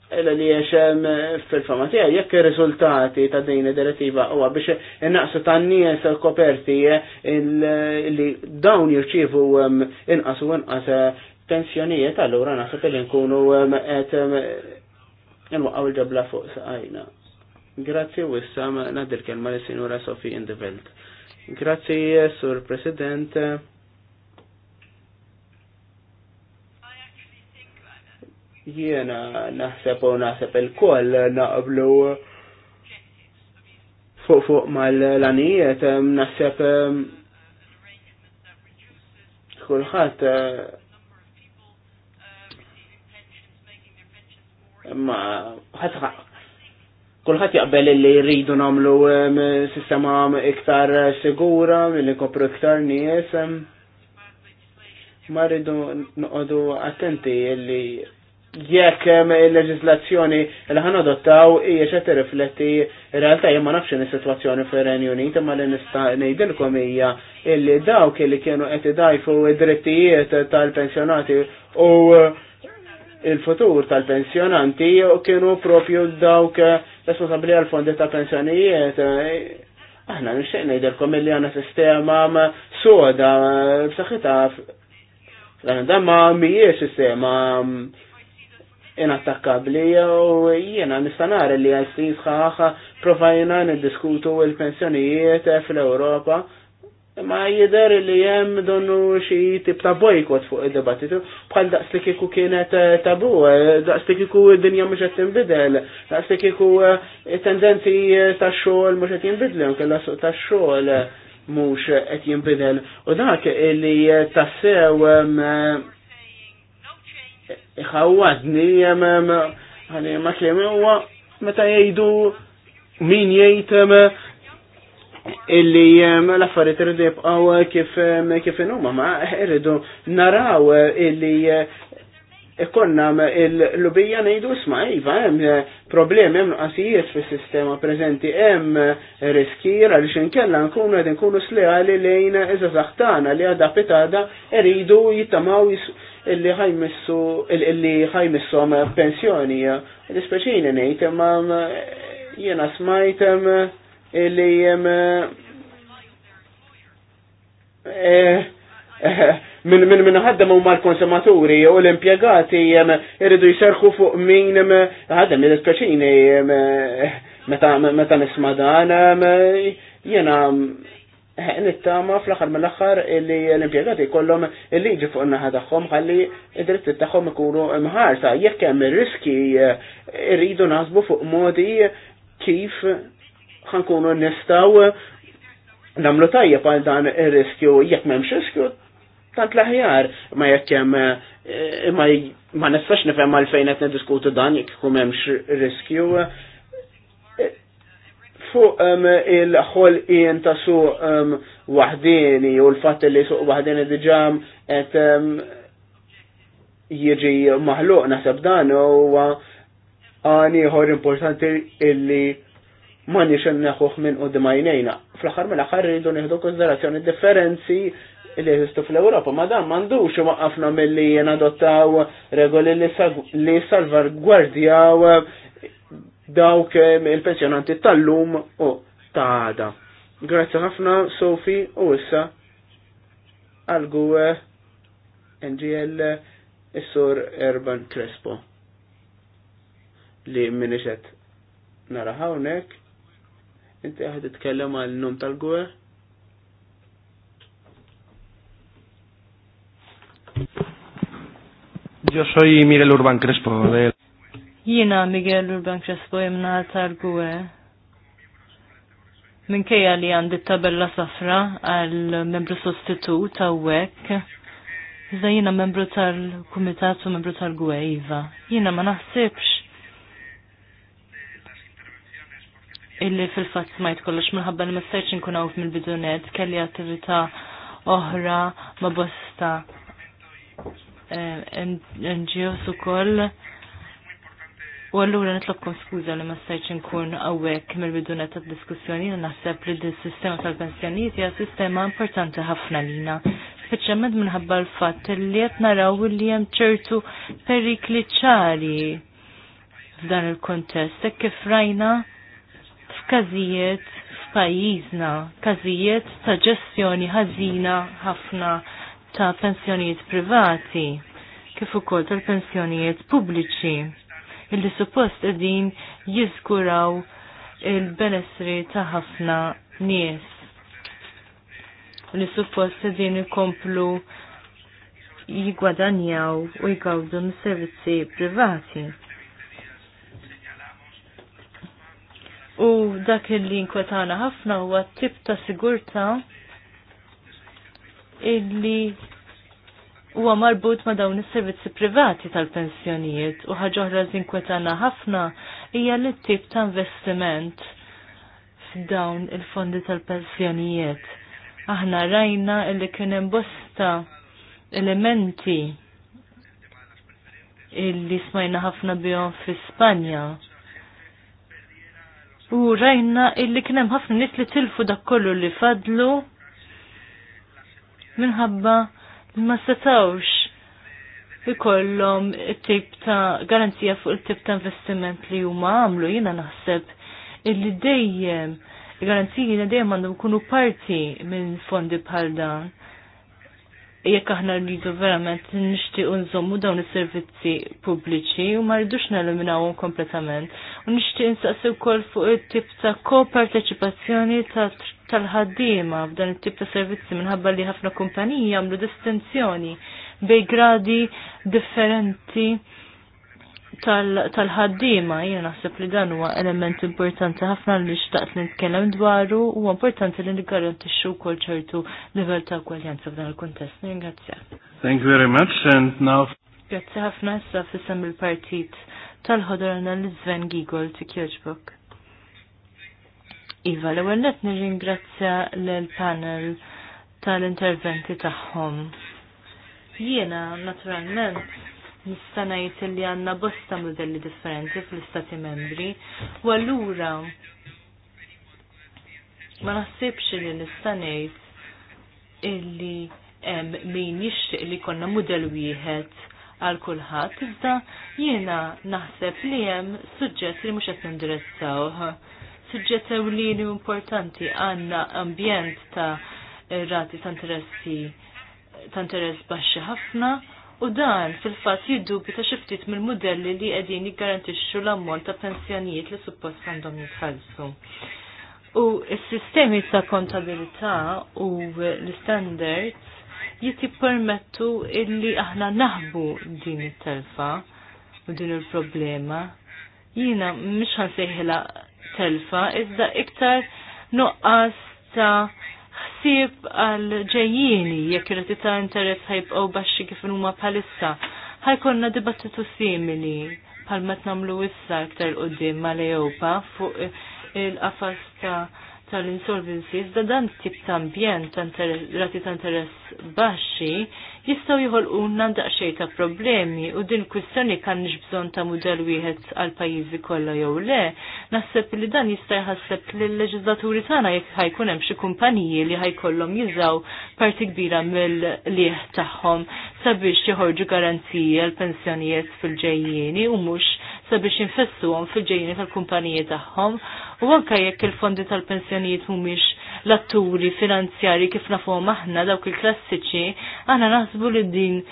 Ella li jesem eh, fil-fama tijaj, jekk il-rizultati ta' din id-direttiva huwa biex innaqsu ta' n-nies koperti eh, li dawn jirċivu inqas u inqas eh, pensjonijiet, allura naħseb li nkunu qed nwaqqaw il-ġabla fuq saqajna. Grazzi u issa nadir kelma li sinura Sofi Indevelt. Grazzi, Sur President. Jiena naħseb u naħseb il-koll naqblu fuq fuq mal-lanijiet, naħseb kullħat ma kullħat jaqbel li jridu namlu sistema iktar sigura, li kopru iktar nies. Ma rridu noqodu attenti li jekk il-leġislazzjoni li ħan adottaw hija xed tirrifletti realtà ma nafx is-sitwazzjoni fir-Renju Unit imma li nista' ngħidilkom hija illi dawk li kienu qed idajfu id-drittijiet tal-pensjonati u il-futur tal-pensjonanti kienu propju dawk responsabbli għal fondi ta' pensjonijiet. Aħna nixtieq ngħidilkom illi għandna sistema soda b'saħħitha dan ma mhijiex sistema inattakkabbli u jiena nista' nara li għal snin sħaħa provajna niddiskutu l-pensjonijiet fl-Ewropa ma jider li hemm donnu xi tip ta' bojkot fuq id debattitu bħal daqs li kiku kienet eh, tabu, eh, daqs li kiku id-dinja mhux qed tinbidel, daqs li kiku eh, tendenzi tax-xogħol mhux qed jinbidlu, kellha suq tax-xogħol mhux qed jinbidel. U dak illi tassew Iħawadni iħawwadni ħani ma kemm huwa meta jgħidu min jgħid illi l-affarijiet irid jibqgħu kif kif huma ma irridu naraw illi eh, ikonna l-lubija ngħidu isma' iva hemm problemi hemm nuqqasijiet fis-sistema preżenti hemm riski għaliex inkella nkunu qed nkunu sleali lejn iżda saħtana li għadha pitada iridu jittamaw illi ħajmissu illi ħajmissu għam pensjoni l-ispeċini nejt ma jena smajt illi eh, eh, minn min min ħaddem huma l-konsumaturi u l-impjegati irridu jserħu fuq min ħaddem il-speċini eh, meta nisma dan jena nittama fl-axar mill-axar li l-impiegati kollom il-liġi fuq naħa tagħhom ħalli id-dritti tagħhom ikunu mħarsa jekk hemm ir-riski rridu nasbu fuq modi kif ħankunu nistaw namlu tajjeb għal dan ir-riskju jekk m'hemmx riskju tant l-aħjar ma jekk hemm eh, ma nistax nifhem għalfejn qed niddiskutu dan jekk ikun hemmx riskju fuq um, il-ħolqien ta' suq um, wahdini u l-fatt li su wahdini diġam et um, jieġi maħluq nasab dan u għani ħor importanti illi ma nix neħuħ minn u d-majnejna. fl me l-ħar rridu neħdu konsiderazzjoni differenzi illi jistu fl-Europa, ma dan mandux waqafna mill-li dottaw regoli li salvar gwardjaw dawk eh, il-pensjonanti tal-lum u ta' Grazie Grazzi ħafna, Sofi, u issa għal-gwe NGL sur Urban Crespo li minniġet nara hawnek. inti t tkellem għal num tal-gwe Yo soy Miguel Urban Crespo de eh. Jina Miguel Urban Crespo jimna tal-gwe. Minkejja li għandi tabella safra għal membru sostitut għawek. Iżda jina membru tal-kumitat u membru tal-gwe Iva. Jina ma naħsibx illi fil-fatt smajt kollox minħabba li ma stajtx nkun hawn fil bidunet kelli attività oħra ma bosta NGOs ukoll U allura nitlobkom skuża li ma stajtx nkun għawek mill-biduna ta' diskussjoni li naħseb li dis-sistema tal-pensjonijiet hija sistema importanti ħafna lina. Speċjalment minħabba l-fatt li qed naraw li hemm ċertu perikli ċari f'dan il-kontest, hekk kif rajna f'każijiet f'pajjiżna, każijiet ta' ġestjoni ħażina ħafna ta' pensjonijiet privati kif ukoll tal-pensjonijiet pubbliċi illi suppost qegħdin jiżguraw il-benessri ta' ħafna nies. Li suppost qegħdin ikomplu jigwadanjaw u jgawdu servizzi privati. U dak li nkwetana ħafna huwa tip ta' sigurta illi huwa marbut ma' dawn is-servizzi privati tal-pensjonijiet u ħaġa oħra żinkwetana ħafna hija li t tip ta' investiment f'dawn il-fondi tal-pensjonijiet. Aħna rajna illi kien hemm bosta elementi illi smajna ħafna bihom fi Spanja. U rajna illi kien hemm ħafna nit li tilfu dak kollu li fadlu minħabba ma setawx ikollhom it-tip ta' garanzija fuq it-tip ta' investiment li huma għamlu jiena naħseb illi dejjem il garanzija jina dejjem għandhom ikunu parti minn fondi bħal dan. Jekk aħna rridu verament nixtiequ nżommu dawn is-servizzi pubbliċi u ma rridux neliminawhom kompletament. U nixtieq insaqsi wkoll fuq it-tip ta' koparteċipazzjoni ta' tal-ħaddiema f'dan it-tip ta' servizzi minħabba li ħafna kumpaniji jagħmlu distinzjoni bej gradi differenti tal-ħaddima, jena naħseb li dan huwa element importanti ħafna li xtaqt li nitkellem dwaru u importanti li niggarantixxu wkoll ċertu livell ta' kwaljanza f'dan il-kuntest. Ringrazzja. Thank you very much and now Grazzi ħafna issa fissem il-partit tal-ħodorna l-Sven Gigol ti Kirchbrook. Iva, l-ewwel qed nirringrazzja l-panel tal-interventi tagħhom. Jiena naturalment nista' ngħid li għandna bosta modelli differenti fl-Istati Membri u allura ma naħsibx li nista' ngħid illi min jixtieq li konna mudell wieħed għal kulħadd iżda jiena naħseb li hemm suġġett li mhux qed nindirizzawh suġġett ewlieni u importanti għandna ambjent ta' rati ta' interessi ta' interess baxxi ħafna u dan fil-fatt jiddubi ta' xiftit mill-modelli li qegħdin jiggarantixxu l-ammont ta' pensjonijiet li suppost għandhom jitħallsu. U s-sistemi ta' kontabilità u l-standards jitti permettu illi aħna naħbu din it-telfa u din il-problema. Jina mhix ħansejħilha telfa iżda iktar nuqqas ta' ħsieb għal ġejjini jekk irrid ta' interess ħajbqgħu baxxi kif huma bħalissa. Ħajkonna dibattitu simili bħal ma tnamlu issa iktar qudiem mal Ewpa fuq il-qafas tal insolvenzi iżda dan tip ta' ambjent rati ta' interess baxxi jistgħu jħolquna daqsxejn ta' problemi u din kwistjoni kan bżonn ta' mudell wieħed għal pajjiżi kollha jew le, naħseb li dan jista' jħasseb lill leġislaturi tagħna jekk ħajkun hemm xi kumpaniji li ħajkollhom jiżaw parti kbira mill-lieħ tagħhom sabiex jħorġu garanziji għal pensjonijiet fil-ġejjieni u mhux sabiex jinfessuhom fil-ġejjieni tal-kumpaniji tagħhom u anke jekk il-fondi tal-pensjonijiet mhumiex l-atturi finanzjari kif nafhom aħna dawk il-klassiċi, aħna naħsbu li din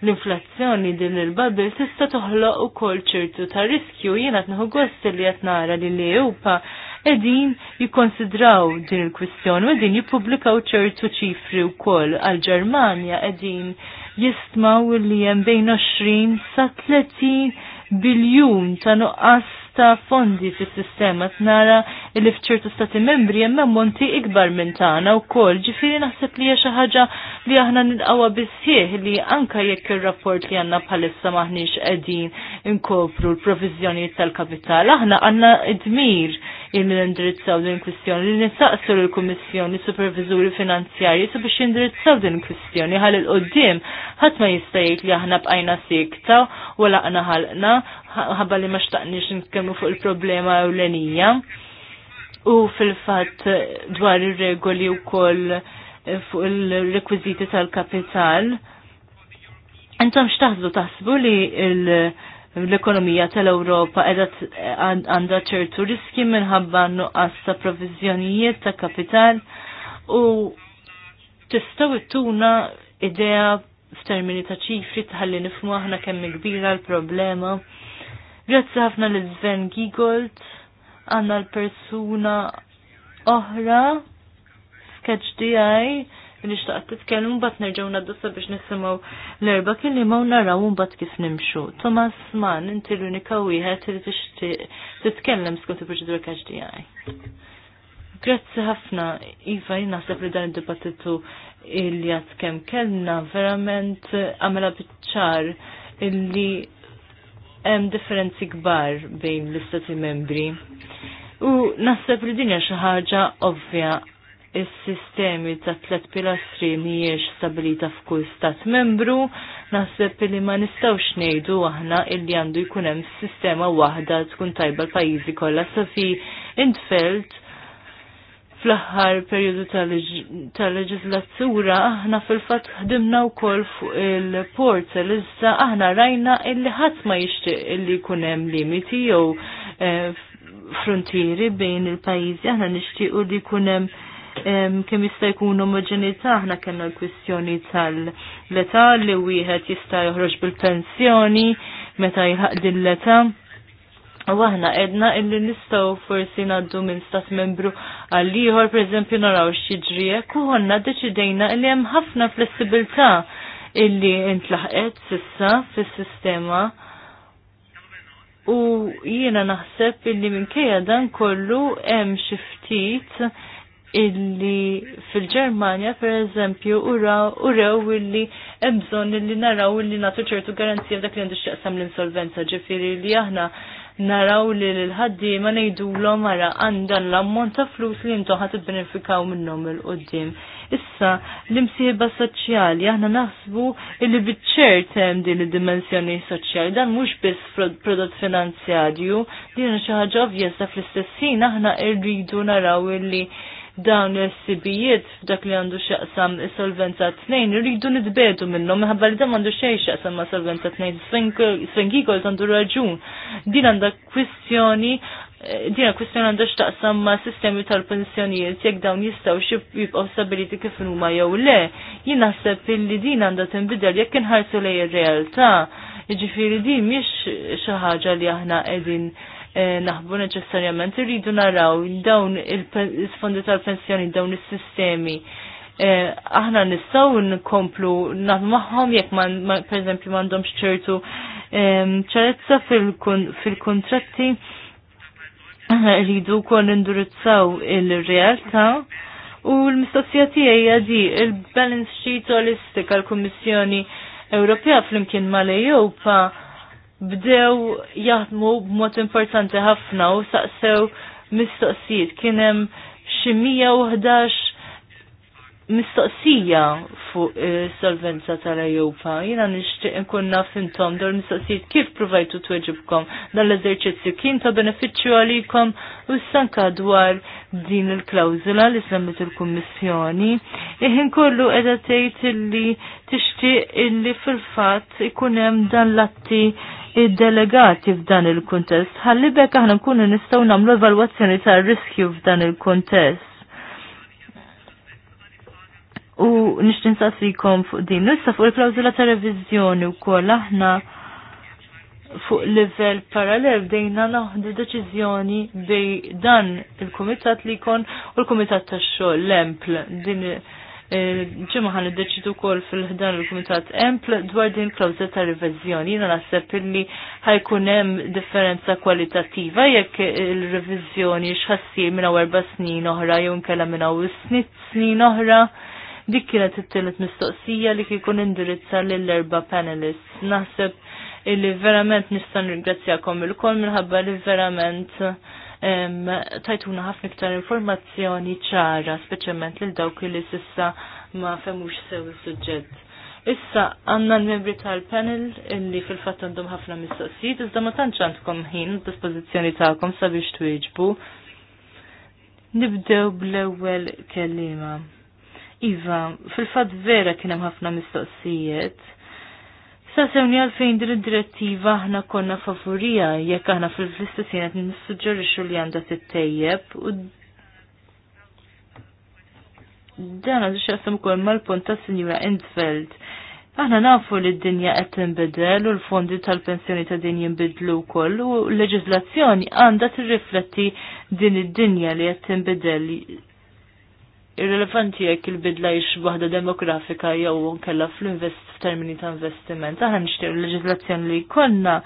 l-inflazzjoni din il-bubble tista' toħloq ukoll ċertu ta' riskju jenat nħu gost li qed nara li l-Ewpa edin jikonsidraw din il-kwistjoni u edin jipublikaw ċertu ċifri u kol għal-ġermania edin jistmaw li jem bejn 20 sa 30 biljun ta' nuqqas ta' fondi fis sistema t-nara li fċertu stati membri jemma monti ikbar minn tana u kol ġifiri naħseb li xi ħaġa li aħna nilqawa bisħieħ li anka jekk il-rapport li għanna bħalissa maħniex qegħdin inkopru l-provizjoni tal-kapital. Aħna għanna idmir il-indirizzaw din kwistjoni li nisaqsu l-Kummissjoni Supervizuri Finanzjarji su biex jindirizzaw din kwistjoni għal il-qoddim ħadd ma jista' jgħid li aħna bqajna sikta u laqna ħalqna ħabba li ma xtaqniex nitkellmu fuq il-problema ewlenija. U fil-fatt eh, dwar ir-regoli wkoll eh, fuq il-rekwiżiti tal-kapital. Intom x'taħdu taħsbu li l-ekonomija tal-Ewropa qiegħda għandha ċertu riski minħabba nuqqas ta' provizjonijiet ta' kapital u tistgħu ittuna idea f'termini ta' ċifri tħalli nifhmu aħna kemm kbira l-problema Grazzi ħafna l Sven Gigold, għanna l-persuna oħra, sketch DI, nishtaq titkellmu bat nerġaw naddussa biex nisimaw l-erba kelli ma naraw bat kif nimxu. Thomas Mann, inti l-unika wieħed li tixtieq titkellem skont il-proċedura catch DI. Grazzi ħafna, Iva, naħseb li dan id-dibattitu il-jat kem kellna, verament għamela bitċar illi hemm differenzi kbar bejn l-istati membri. U naħseb li dinja xi ħaġa ovvja is-sistemi ta' tlet pilastri mhijiex stabilita f'kull stat membru, naħseb li ma nistgħux ngħidu aħna illi għandu jkun hemm sistema waħda tkun tajba l-pajjiżi kollha sa fi intfelt fl-aħħar periodu tal-leġislatura aħna fil-fatt ħdimna wkoll fuq il l issa aħna rajna illi ħadd ma jixtieq illi jkun hemm limiti jew eh, frontieri bejn il-pajjiżi aħna nixtiequ li jkun hemm kemm jista' jkun omoġenità aħna kellna l-kwistjoni tal letà li wieħed jista' joħroġ bil-pensjoni meta jħaq din l-età. U aħna edna illi nistaw forsi naddu minn stat membru għal-liħor, per eżempju, naraw xieġri, u deċidejna illi hemm ħafna flessibilità illi intlaħqet sissa fis-sistema. U jiena naħseb illi minkejja dan kollu hemm xi ftit illi fil-Germania per eżempju uraw illi ebżon illi naraw illi natu ċertu garanzija dak li għandu xieqsam l-insolvenza ġifiri li aħna naraw li l-ħaddi ma nejdu l-om għara għandan l-ammont ta' flus li jintu ħat benefikaw minnom il-qoddim. Issa, l imsieba soċjali, aħna naħsbu li bitċer tem din il-dimensjoni soċjali, dan mux bis prodott finanzjarju, din xaħġa ovvjesa fl-istessin, aħna irridu naraw li dawn il-sibijiet f'dak li għandu xaqsam solvenza 2 rridu nidbedu minnhom minħabba li dan għandu xej xaqsam ma' solvenza 2 Svengikol għandu raġun. Din għandha kwistjoni eh, dina kwistjoni għandha x'taqsam ma' sistemi tal-pensjonijiet jekk dawn jistgħu jibqgħu stabiliti kif huma jew le. Jien naħseb illi din għandha tinbidel jekk inħarsu lej ir-realtà. Jiġifieri din mhix xi ħaġa li aħna qegħdin Eh, naħbu neċessarjament irridu naraw dawn il-fondi tal-pensjoni dawn is-sistemi eh, aħna nistaw nkomplu naħdmu magħhom jekk ma pereżempju m'għandhomx ċertu ehm, ċarezza fil-kontratti aħna rridu kon indurizzaw il-realtà u l-mistoqsija tiegħi di il-balance sheet holistika l-Kummissjoni Ewropea flimkien mal ejopa bdew jaħdmu b'mod importanti ħafna u saqsew mistoqsijiet. Kien hemm xi 111 mistoqsija fuq solvenza tal-Ejopa. Jiena nixtieq inkun naf intom dwar mistoqsijiet kif provajtu tweġibkom dan l-eżerċizzju kien ta' benefiċċju għalikom u sanka dwar din il-klawzula li semmet il-Kummissjoni. Iħin kollu qiegħda tgħid illi tixtieq illi fil-fatt ikun hemm dan l-atti id-delegati f'dan il-kuntest. Ħalli bekk aħna nkunu nistgħu nagħmlu evalwazzjoni tar-riskju f'dan il kontest U nixtin saqsikom fuq din. Issa fuq il klawzula ta' reviżjoni wkoll aħna fuq livell parallel bdejna naħdu deċiżjoni bej dan il-kumitat li kon u l-kumitat tax-xogħol l-empl din ġimma ħan id-deċidu kol fil-ħdan il-Kumitat Empl dwar din klawza ta' revizjoni. Jina naħseb illi ħajkun hemm differenza kwalitattiva jekk il-revizjoni xħassir minn erba' snin oħra jew nkella minn snit snin oħra. Dik kienet it-tielet mistoqsija li kikun indirizza lill-erba' panelists. Naħseb illi verament nista' nirgrazzjakom il-kol minħabba li verament tajtuna ħafna iktar informazzjoni ċara, speċjalment lil dawk li sissa ma femux sew is-suġġett. Issa għanna l-membri tal-panel illi fil-fatt għandhom ħafna mistoqsijiet, iżda ma tantx għandkom ħin dispożizzjoni tagħkom sabiex twieġbu. Nibdew bl-ewwel kelliema. Iva, fil-fatt vera kien hemm ħafna mistoqsijiet Sasewni għalfejn din id-direttiva aħna konna favorija jekk aħna fil-istessin qed nissuġġerixxu li għandha tittejjeb u dan għandu x'jaqsam ukoll mal-punt ta' Sinjura Endfeld. Aħna nafu li d-dinja qed tinbidel u l-fondi tal-pensjoni ta' din jinbidlu wkoll u l-leġiżlazzjoni għandha tirrifletti din id-dinja li qed tinbidel irrelevanti jekk il-bidla jiex waħda demografika jew kella fl-invest f'termini ta' investiment. Aħna nixtieq il-leġislazzjoni li konna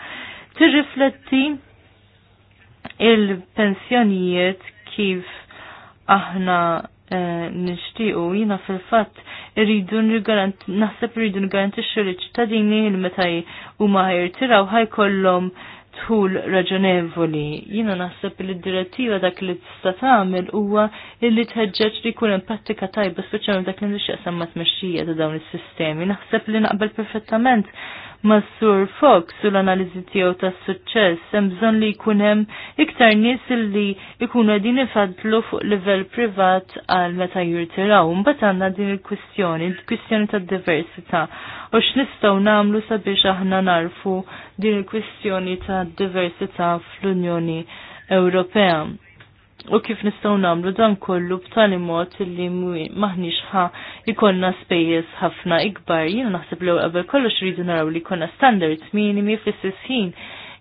tirrifletti il-pensjonijiet kif aħna eh, nixtiequ jina fil-fatt irridu naħseb irridu nirgarantixxu li ċittadini il meta huma ħajrtiraw ħajkollhom tħul raġonevoli. Jina naħseb li d-direttiva dak li tista' tagħmel huwa li tħeġġeġ li jkun hemm prattika tajba speċjalment dak li nixieq semma tmexxija ta' dawn is-sistemi. Naħseb li naqbel perfettament Massur Fox u l-analiżi tiegħu tas-suċċess hemm bżonn li jkun hemm iktar nies li jkunu qegħdin ifadlu fuq livell privat għal meta jirtiraw. Mbagħad għandna din il-kwistjoni, il-kwistjoni tad-diversità u x'nistgħu nagħmlu sabiex aħna narfu din il-kwistjoni tad-diversità fl-Unjoni Ewropea u kif nistgħu nagħmlu dan kollu b'tali mod li maħniex ħa ikonna spejjeż ħafna ikbar. Jiena naħseb li qabel kollox rridu naraw li jkollna standards minimi fis-istess ħin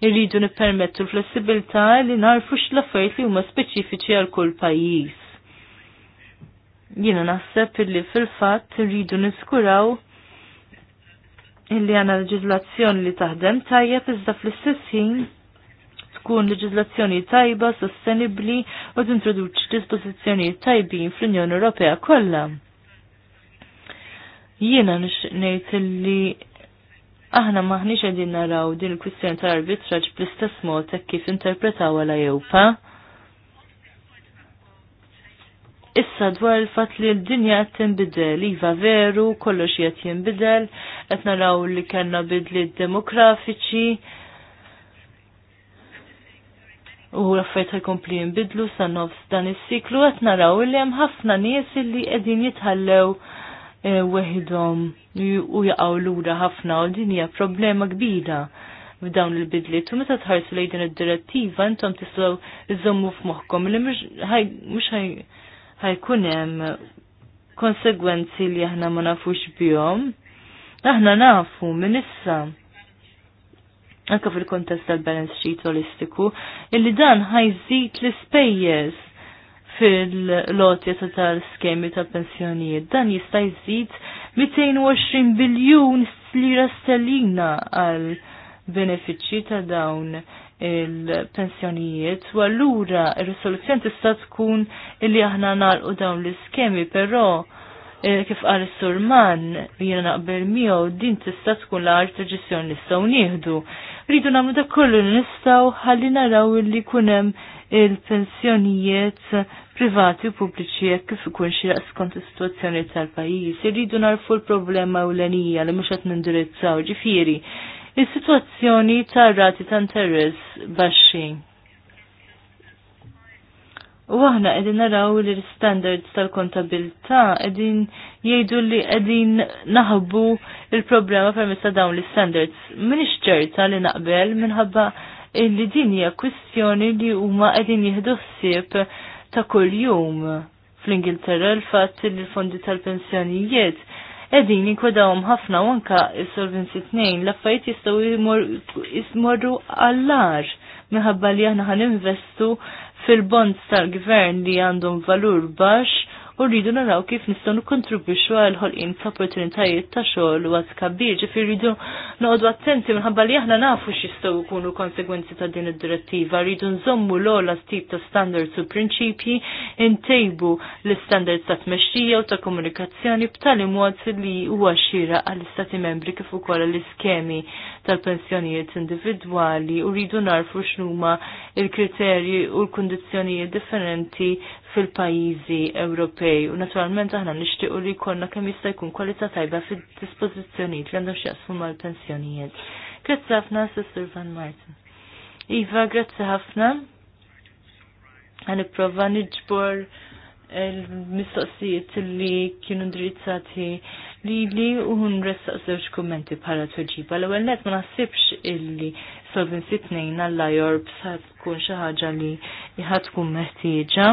irridu nippermettu flessibilità li narfu x'l-affarijiet li huma speċifiċi għal kull pajjiż. Jiena naħseb li fil-fatt irridu niskuraw illi għana leġizlazzjoni li taħdem tajjeb iżda fl-istess ħin tkun leġizlazzjoni tajba, sostenibbli u t-introduċ dispożizzjonijiet tajbin fl-Unjoni Ewropea kollha. Jiena ngħid li aħna maħniċ għedin naraw din il-kwistjoni ta' arbitraġ bl-istess mod ta' kif interpretaw għala ewpa Issa dwar il-fat li l-dinja qed tinbidel, iva veru, kollox qed jinbidel, qed naraw li kellna bidli demografiċi, u l-affarijiet ħajkompli jinbidlu sa nofs dan is-siklu qed naraw li hemm ħafna nies li qegħdin jitħallew eh, weħidhom u jaqgħu lura ħafna u din hija problema kbira f'dawn il-bidliet u meta tħarsu lejn din id-direttiva intom tistgħu iżommu f'moħħkom li mhux ħajkun hemm konsegwenzi li aħna ma nafux bihom. Aħna nafu minn issa anka fil-kontest tal-balance sheet holistiku, illi dan ħajżid l-ispejjeż fil-lotja ta' tal-skemi ta' pensjonijiet. Dan jista' jżid 220 biljun lira stellina għal benefiċċji ta' dawn il-pensjonijiet u allura ir-risoluzzjoni tista' tkun illi aħna nagħlqu dawn l-iskemi, però Eh, kif għal Surman sur naqbel miegħu din tista' tkun la għar deċiżjoni nistgħu nieħdu. Rridu nagħmlu da kollu nistgħu ħalli naraw li kunem hemm il-pensjonijiet privati u pubbliċi jekk kif ikun xi skont is-sitwazzjoni tal-pajjiż. Irridu narfu l-problema ewlenija li mhux qed nindirizzaw ġifieri. Is-sitwazzjoni tar-rati ta' interess baxxin. U aħna qegħdin naraw li l-standards tal-kontabilità qegħdin jgħidu li qegħdin naħbu il-problema permessa ta' dawn l-standards. Mhinix ċerta li naqbel minħabba li din hija kwistjoni li huma qegħdin jieħdu ħsieb ta' kuljum fl-Ingilterra l-fatt li l-fondi tal-pensjonijiet edin jinkwedawhom ħafna wanka is-solvency tnejn l-affarijiet jistgħu jismorru għallar minħabba li aħna ħaninvestu fil-bonds tal-gvern li għandhom valur baxx u rridu naraw kif nistgħu nikkontribwixxu għal ħolqien ta' opportunitajiet ta' xogħol u għaskabbir, ġifieri rridu noqogħdu attenti minħabba li aħna nafu x'jistgħu jkunu konsegwenzi ta' din id-direttiva, rridu nżommu l-ogħla tip ta' standards u prinċipji intejbu l istandards ta' tmexxija u ta' komunikazzjoni b'tali mod li huwa xira għall-istati membri kif ukoll l-iskemi tal-pensjonijiet individwali u rridu narfu x'numa il-kriterji u l-kundizzjonijiet differenti fil-pajjiżi Ewropej. U naturalment aħna nixtiequ li jkollna kemm jista' jkun kwalità tajba fid-dispożizzjonijiet li għandhom x'jaqsmu mal-pensjonijiet. Grazzi ħafna, Sister Van Martin. Iva, grazzi ħafna. Għaniprofa nġbor il-mistoqsijiet li kienu ndrizzati li li uħun ressaq żewġ kummenti bħala tweġiba. L-ewwel net ma naħsibx illi solvin tnejn għalla jorb sa tkun xi ħaġa li jħat tkun meħtieġa.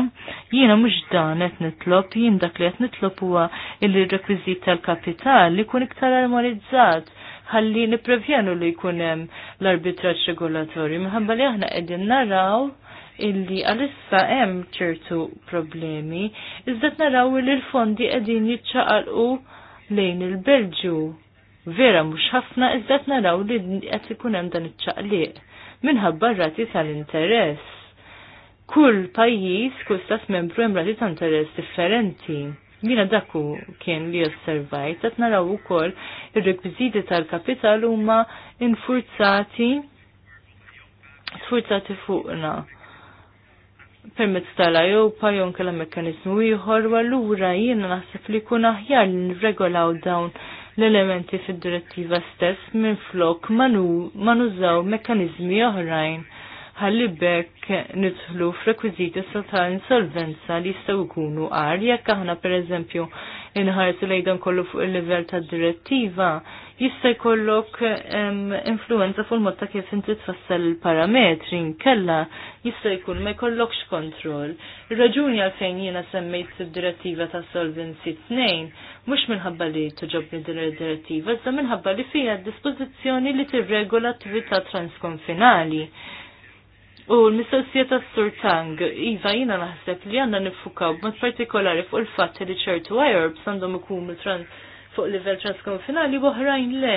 Jiena mhux dan qed nitlop, jien dak li qed nitlob huwa illi r-rekwiżit tal-kapital li jkun iktar armonizzat ħalli niprevjenu li jkun hemm l-arbitraġġ regolatorju minħabba li aħna qegħdin naraw illi għalissa hemm ċertu problemi, iżda naraw li l-fondi qegħdin jiċċaqalqu lejn il-Belġu. Vera mhux ħafna iżda naraw li qed ikun hemm dan iċ-ċaqliq minħabba rati tal-interess. Kull pajjiż, kull stat membru hemm rati ta' interess differenti. Jiena daku kien li osservajt, qed naraw ukoll ir-rekwiżiti tal-kapital huma infurzati sfurzati fuqna permezz tal-Ajopa jew kellha mekkaniżmu ieħor u allura jiena naħseb li jkun aħjar li nirregolaw dawn l-elementi fid-direttiva stess minn flok ma nużaw mekkaniżmi oħrajn ħalli bekk nidħlu f'rekwiżiti ta' insolvenza li jistgħu jkunu għar jekk aħna pereżempju inħarsu lejdan kollu fuq il-livell tad-direttiva jista' jkollok influenza fuq mod ta' kif inti tfassal il-parametri nkella jista' jkun ma jkollokx kontroll. Ir-raġuni għalfejn jiena semmejt id-direttiva ta' Solvency 2 mhux minħabba li toġobni din id-direttiva, iżda minħabba li fiha dispożizzjoni li tirregola attività transkonfinali. U l-mistoqsija ta' Surtang, Iva jina naħseb li għanna nifukaw b'mod partikolari fuq il-fatt li ċertu għajorbs għandhom ikunu trans fuq livell transkonfinali u oħrajn le.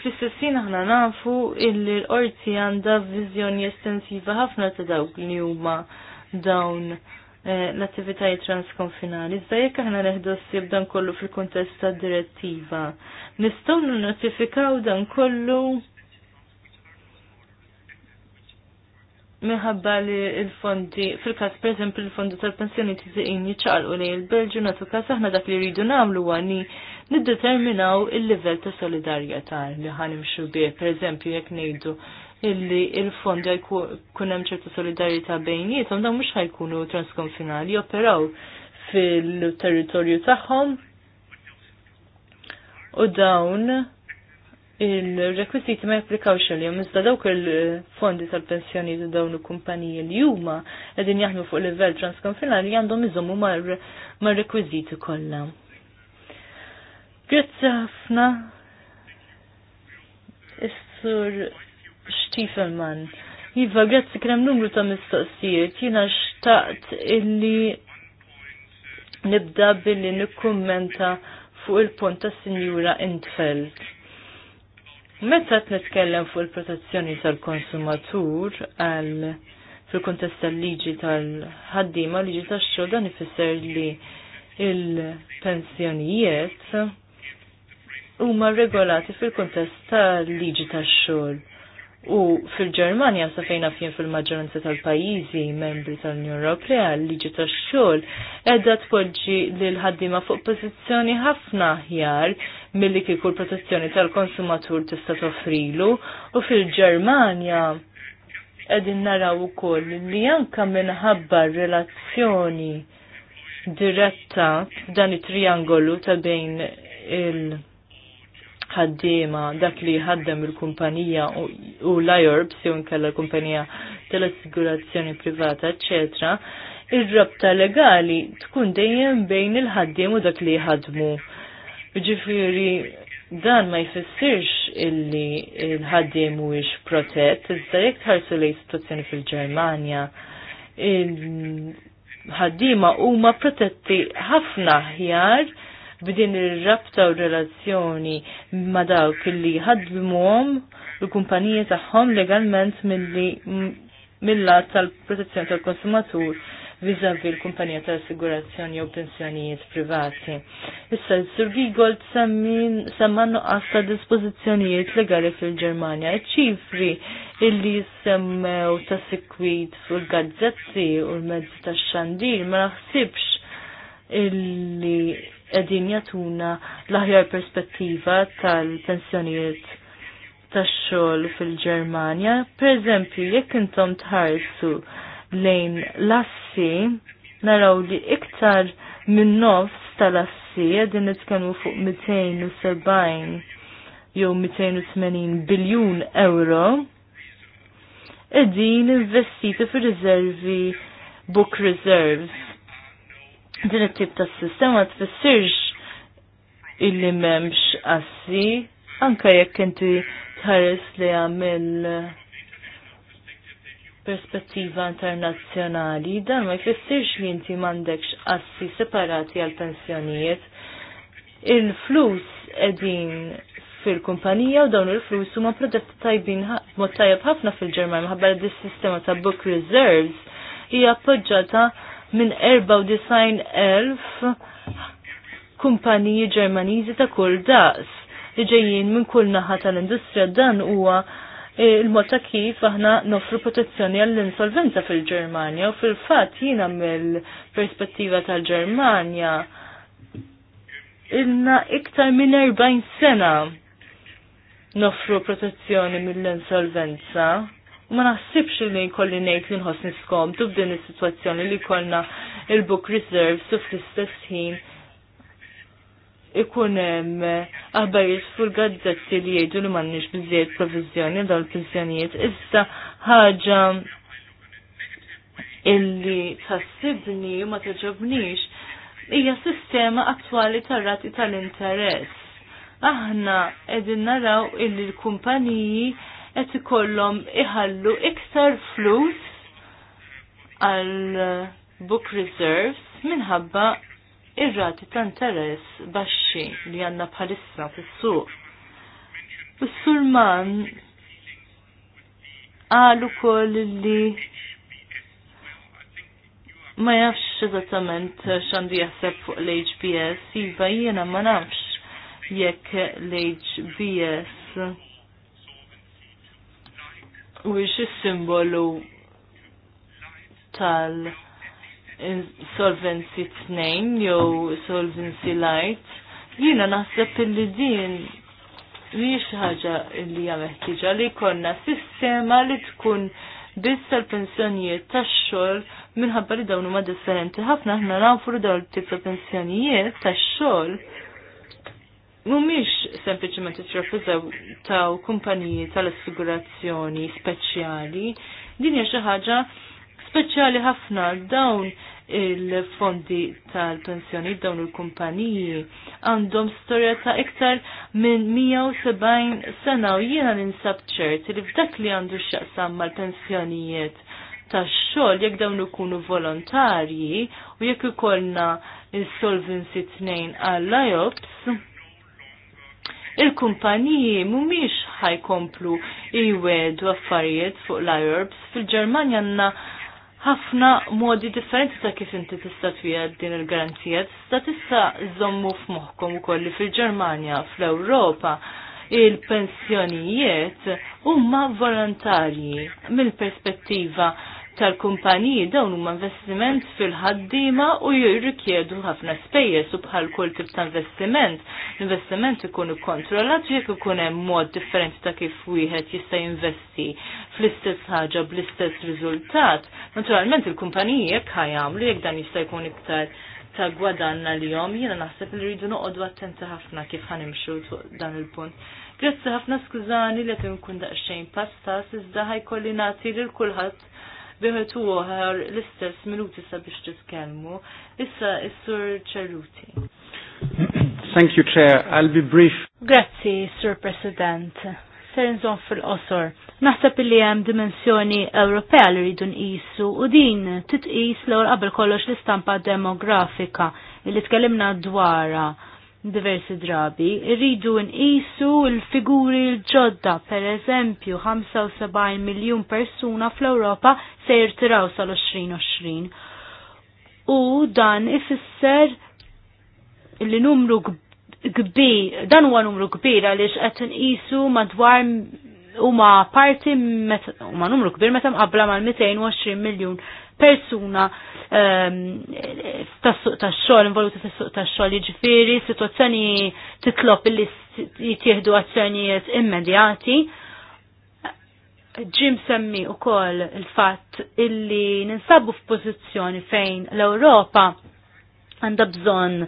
Fl-istessin aħna nafu illi l-qorti għandha viżjoni estensiva ħafna ta' dawk li huma dawn eh, l-attivitajiet transkonfinali. Iżda jekk aħna neħdu ssib dan kollu fil-kuntest tad direttiva, nistgħu notifikaw dan kollu minħabba li il-fondi, fil-kas per esempio il-fondi tal-pensjoni tiżiqin jiċċaqalqu li il-Belġu natu kas aħna dak li rridu namlu għani niddeterminaw il-livell ta' solidarjetà li ħanimxu bih, per esempio jekk ngħidu illi il-fondi jkun hemm ċertu solidarjetà bejnietom dan mhux ħajkunu transkonfinali joperaw fil-territorju tagħhom u dawn il-rekwiziti ma japplikawx jom iżda dawk il-fondi tal-pensjoni ta' dawn il-kumpaniji li huma qegħdin jaħdmu fuq livell transkonfinali għandhom iżommu mar-rekwiziti kollha. Grazzi ħafna is-sur Stiefelman. Iva, grazzi krem numru ta' mistoqsijiet, jina xtaqt illi nibda billi nikkummenta fuq il-punt ta' Sinjura Intfeld Meta qed fuq il-protezzjoni tal-konsumatur għal fil-kontest tal-liġi tal-ħaddiema, liġi tal ħaddima liġi tax xogħol dan ifisser li il-pensjonijiet huma regolati fil-kontest tal-liġi tax-xogħol. U fil-Ġermanja sa fejna fien fil-maġġoranza tal-pajjiżi membri tal-Unjoni Ewropea l-liġi tax-xogħol qiegħda tpoġġi lil ħaddiema fuq pożizzjoni ħafna aħjar milli kieku l-protezzjoni tal-konsumatur tista' toffrilu u fil-Ġermanja qegħdin naraw ukoll li anke minħabba relazzjoni diretta f'dan it-triangolu ta' bejn il- ħaddiema dak li ħaddem il-kumpanija u l-ajorb, si unkella l-kumpanija tal-assigurazzjoni privata, ecc. ir-rabta legali tkun dejjem bejn il ħaddim u dak li jħadmu. Ġifiri, dan ma jfissirx illi il-ħaddim mhuwiex protett, iżda jekk tħarsu li situazzjoni fil-Ġermanja, il-ħaddiema huma protetti ħafna ħjar b'din il rabta u relazzjoni ma dawk illi ħadmuhom l-kumpaniji tagħhom legalment milli mill-lat tal-protezzjoni tal-konsumatur vizavi l-kumpanija ta' assigurazzjoni jew pensjonijiet privati. Issa, Sir Bigold semma nuqqas ta' dispożizzjonijiet legali fil-Ġermanja. E ċifri illi semmew ta' sikwit fil-gazzetti u l-mezzi ta' xandir ma naħsibx illi edin jatuna l-aħjar perspettiva tal-pensjonijiet tax-xogħol fil-Ġermanja. Per eżempju, jekk intom tħarsu lejn lassi, naraw li iktar minn nofs tal-assi għedin nitkellmu fuq 270 jew 280 biljun euro qegħdin investiti fir riservi book reserves. Din it-tip ta' sistema tfissirx illi m'hemmx assi anke jekk inti tħares li għamil perspettiva internazzjonali, dan ma jfissirx li inti m'għandekx assi separati għal pensjonijiet. Il-flus edin fil-kumpanija u dawn il-flus huma prodotti tajbin mod tajjeb ħafna fil-Ġermanja minħabba li sistema ta' book reserves hija appoġġjata minn 94,000 kumpaniji Ġermaniżi ta' kull daqs li ġejjin minn kull naħa tal-industrija dan huwa il mota kif aħna nofru protezzjoni għall-insolvenza fil-Ġermanja u fil-fatt jiena mill-perspettiva tal-Ġermanja ilna iktar minn 40 sena nofru protezzjoni mill-insolvenza. Ma naħsibx li kolli nejt li nħosni skom tu b'din is-sitwazzjoni li kolna il-book reserves su fl-istess ħin ikun hemm aħbarijiet fuq gazzetti li jgħidu li m'għandniex biżejjed provizjoni dawn il Issa ħaġa illi tassibni ma taġobnix hija sistema attwali tar-rati tal-interess. Aħna qegħdin naraw illi l-kumpaniji qed ikollhom iħallu iktar flus għal book reserves minħabba ir-rati ta' interess baxxi li għandna bħalissa fis-suq. Is-Surman qal ukoll li ma jafx eżattament x'għandu jaħseb fuq l-HBS, iva jiena ma nafx jekk l-HBS u simbolu tal- Solvency nejn jew Solvency Light, jiena naħseb illi din mhijiex ħaġa li jameħtiġa li jkollna sistema li tkun biss tal-pensjonijiet tax-xogħol minħabba li dawn huma differenti ħafna aħna nafu li dawn tip ta' pensjonijiet tax-xogħol mhumiex sempliċement ittirrappreżaw taw kumpaniji tal-assigurazzjoni speċjali din hija xi ħaġa speċjali ħafna dawn il-fondi tal-pensjoni dawn il-kumpaniji għandhom storja ta' iktar minn 170 sena u jiena ninsab ċert li f'dak li għandu x'jaqsam mal-pensjonijiet tax-xogħol jekk dawn ikunu volontarji u jekk ikollna il-solvency 2 għall-IOPS il-kumpaniji mumiex ħajkomplu jwedu affarijiet fuq l-IORBS fil-Ġermanja għanna ħafna modi differenti ta' kif inti tista' tfiegħed din il-garanzija. Tista' tista' żommu f'moħħkom ukoll li fil-Ġermanja, fl-Ewropa, il-pensjonijiet huma volontarji mill-perspettiva tal-kumpaniji dawn huma investiment fil ħaddima u jirrikjedu ħafna spejjeż u bħal kull tip ta' investiment. L-investiment ikun ikkontrollat jekk ikun hemm mod differenti ta' kif wieħed jista' jinvesti fl-istess ħaġa bl-istess riżultat. Naturalment il-kumpaniji jekk ħajamlu jekk dan jista' jkun iktar ta' gwadanna li jom, jena naħseb li rridu noqodu attenti ħafna kif ħanimxu dan il-punt. Grazzi ħafna skużani li għetim kun daqxejn pasta, iżda ħajkolli nati li l-kulħat biħet għar l-istess minuti sabiex titkellmu. Issa, s sur ċerruti. Thank you, Chair. I'll be brief. Grazzi, Sir President. Ser nżon fil-qosor. Naħseb li hemm dimensjoni Ewropea li rridu nqisu u din titqis l-ewwel qabel kollox l-istampa demografika li tkellimna dwarha diversi drabi. Irridu nqisu l-figuri l-ġodda, per eżempju, 75 miljun persuna fl-Ewropa se jirtiraw sal-2020. U dan ifisser li numru kbir, dan huwa numru kbir għaliex qed nqisu madwar huma parti huma numru kbir meta mqabbla mal-220 miljun persuna ehm, ta' suq tax-xogħol involuti ta' suq tax-xogħol jiġifieri sitwazzjoni titlob li jittieħdu azzjonijiet immedjati. Ġim semmi wkoll il-fatt illi ninsabu f'pożizzjoni fejn l-Ewropa għandha bżonn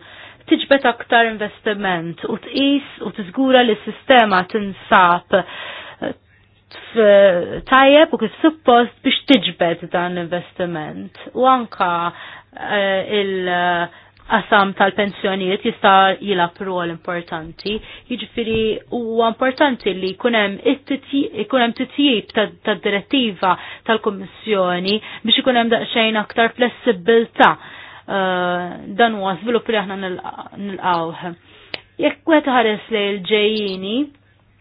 tiġbet aktar investiment u tqis u tiżgura li s-sistema tinsab Eh, tajjeb u kif suppost biex tiġbed dan l-investiment. U anka eh, il-qasam tal-pensjonijiet jista' jilab rol importanti. Jiġifieri huwa importanti li jkun hemm titjib tad-direttiva tal-Kummissjoni biex ikun hemm daqsxejn aktar flessibilità. Eh, dan huwa żvilupp li aħna nilqawh. Jekk wieħed ħares lejn ġejjini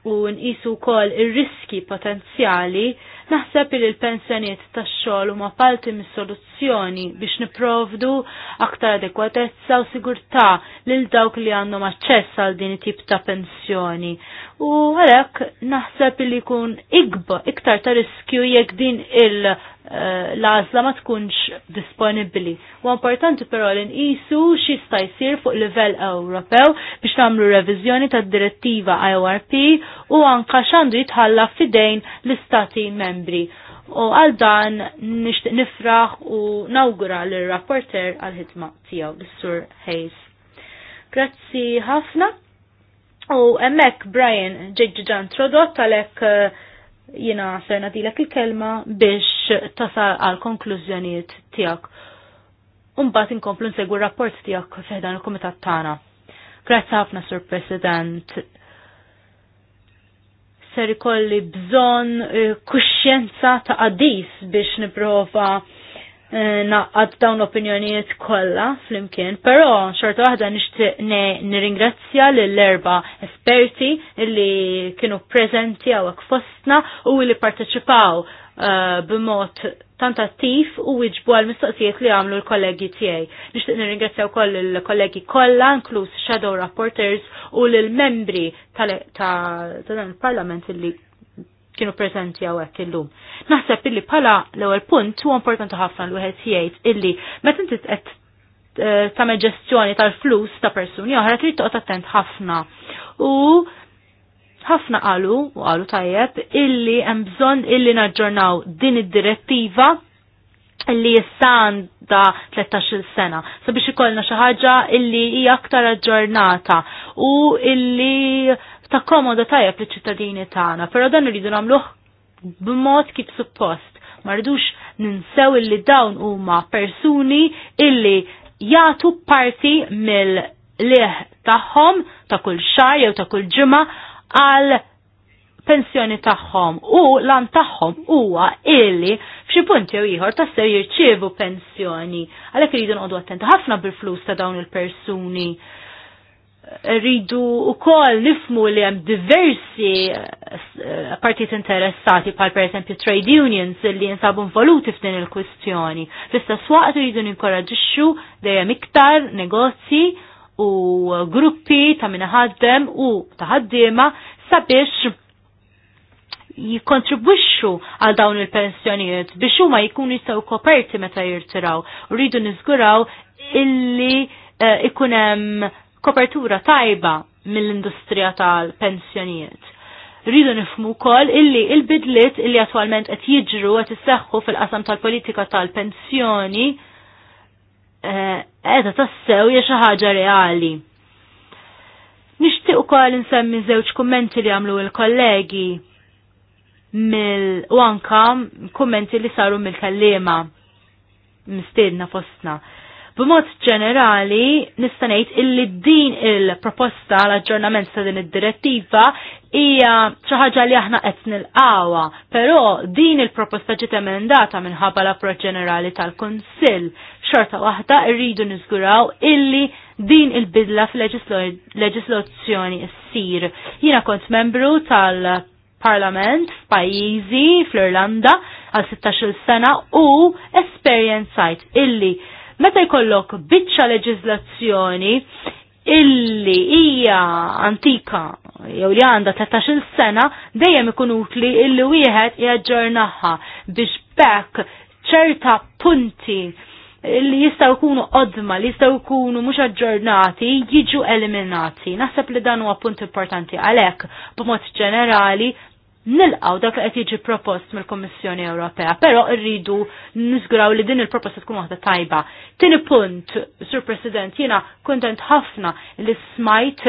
u nqisu wkoll ir-riski potenzjali, naħseb li l-pensjoniet tax-xogħol huma parti mis-soluzzjoni azzjoni biex niprovdu aktar adekwatezza u sigurtà lil dawk li għandhom aċċess għal din tip ta' pensjoni. U għalhekk naħseb li jkun ikba iktar ta' riskju jekk din il- eh, l ma tkunx disponibli. U importanti però li nqisu jista' jsir fuq livell Ewropew biex nagħmlu reviżjoni tad-direttiva IORP u anka x'għandu jitħalla fidejn l-istati membri u għal dan nixtieq nifraħ u nawgura l rapporter għal ħidma tiegħu l-Sur Hayes. Grazzi ħafna. U hemmhekk Brian ġeġġiġan trodott għalhekk eh, jiena serna nadilek il-kelma biex tasal għal konklużjonijiet tiegħek. Umbat inkomplu nsegwu r-rapport tiegħek fih il-kumitat tagħna. Grazzi ħafna Sur President ser ikolli bżon eh, kuxjenza ta' qadis biex niprofa eh, naqqad dawn opinjonijiet kollha flimkien, però xorta waħda nixtieq nirringrazzja lill erba esperti li kienu preżenti hawnhekk fostna u li parteċipaw eh, b'mod tant attiv u wieġbu għal mistoqsijiet li għamlu l-kollegi tiegħi. Nixtieq nirringrazzjaw koll il-kollegi kollha, inkluż shadow rapporters u lill-membri ta' dan il-Parlament li kienu prezenti għawek illum. Naħseb illi bħala l-ewwel punt huwa importanti ħafna l wieħed jgħid illi meta inti qed eh, tagħmel ġestjoni tal-flus ta' persuni oħra trid toqgħod attent ħafna. U ħafna qalu u qalu tajjeb illi hemm bżonn illi naġġornaw din id-direttiva illi da 13 sena. Sabiex ikollna xi ħaġa illi hija aktar aġġornata u illi ta' komoda tajjeb liċ ċittadini tagħna, però dan irridu nagħmluh b'mod kif suppost. Ma rridux ninsew illi dawn huma persuni illi jagħtu parti mill-leħ tagħhom ta' kull xahar jew ta' kull ġimgħa għal pensjoni tagħhom u lan tagħhom huwa illi f'xi punti jew ieħor tassew jirċievu pensjoni. Għalhekk iridu noqogħdu attenti ħafna bil-flus ta' dawn il-persuni. Rridu wkoll nifmu li hemm diversi eh, partit interessati bħal pereżempju trade unions li jinsabu involuti f'din il-kwistjoni. Fl-istess waqt iridu ninkoraġixxu dejjem iktar negozji u gruppi ta' minna ħaddem u ta' ħaddiema sabiex jikontribwixxu għal dawn il-pensjonijiet biex huma jkunu jistgħu koperti meta jirtiraw. Rridu niżguraw illi uh, ikun hemm kopertura tajba mill-industrija tal-pensjonijiet. Rridu nifmu wkoll illi il-bidliet illi attualment qed jiġru qed isseħħu fil-qasam tal-politika tal-pensjoni tal politika tal pensjoni Eh, edha tassew hija xi ħaġa reali. Nixtieq ukoll insemmi żewġ kummenti li għamlu il kollegi mill u anka kummenti li saru mill-kallima mistedna fostna. B'mod ġenerali, nista' ngħid illi din il-proposta l-aġġornament ta' din id-direttiva hija xi ħaġa li aħna qed nilqawha, però din il-proposta ġiet emendata minħabba l-approċċ ġenerali tal-Kunsill. Xorta waħda rridu niżguraw illi din il-bidla fil-leġislazzjoni ssir. Jiena kont membru tal- parlament f'pajjiżi fl-Irlanda għal 16 sena u esperjenzajt illi Meta jkollok biċċa leġiżlazzjoni illi hija antika jew li għandha 13-il sena dejjem ikun utli illi wieħed jaġġornaha biex bekk ċerta punti li jistaw kunu qodma, li jistaw kunu mux aġġornati, jiġu eliminati. Naħseb li dan huwa punt importanti għalek, b'mod ġenerali, nilqaw dak li qed jiġi propost mill-Kummissjoni Ewropea, però rridu niżguraw li din il-proposta tkun waħda tajba. Tieni punt, Sur President, jiena kontent ħafna li smajt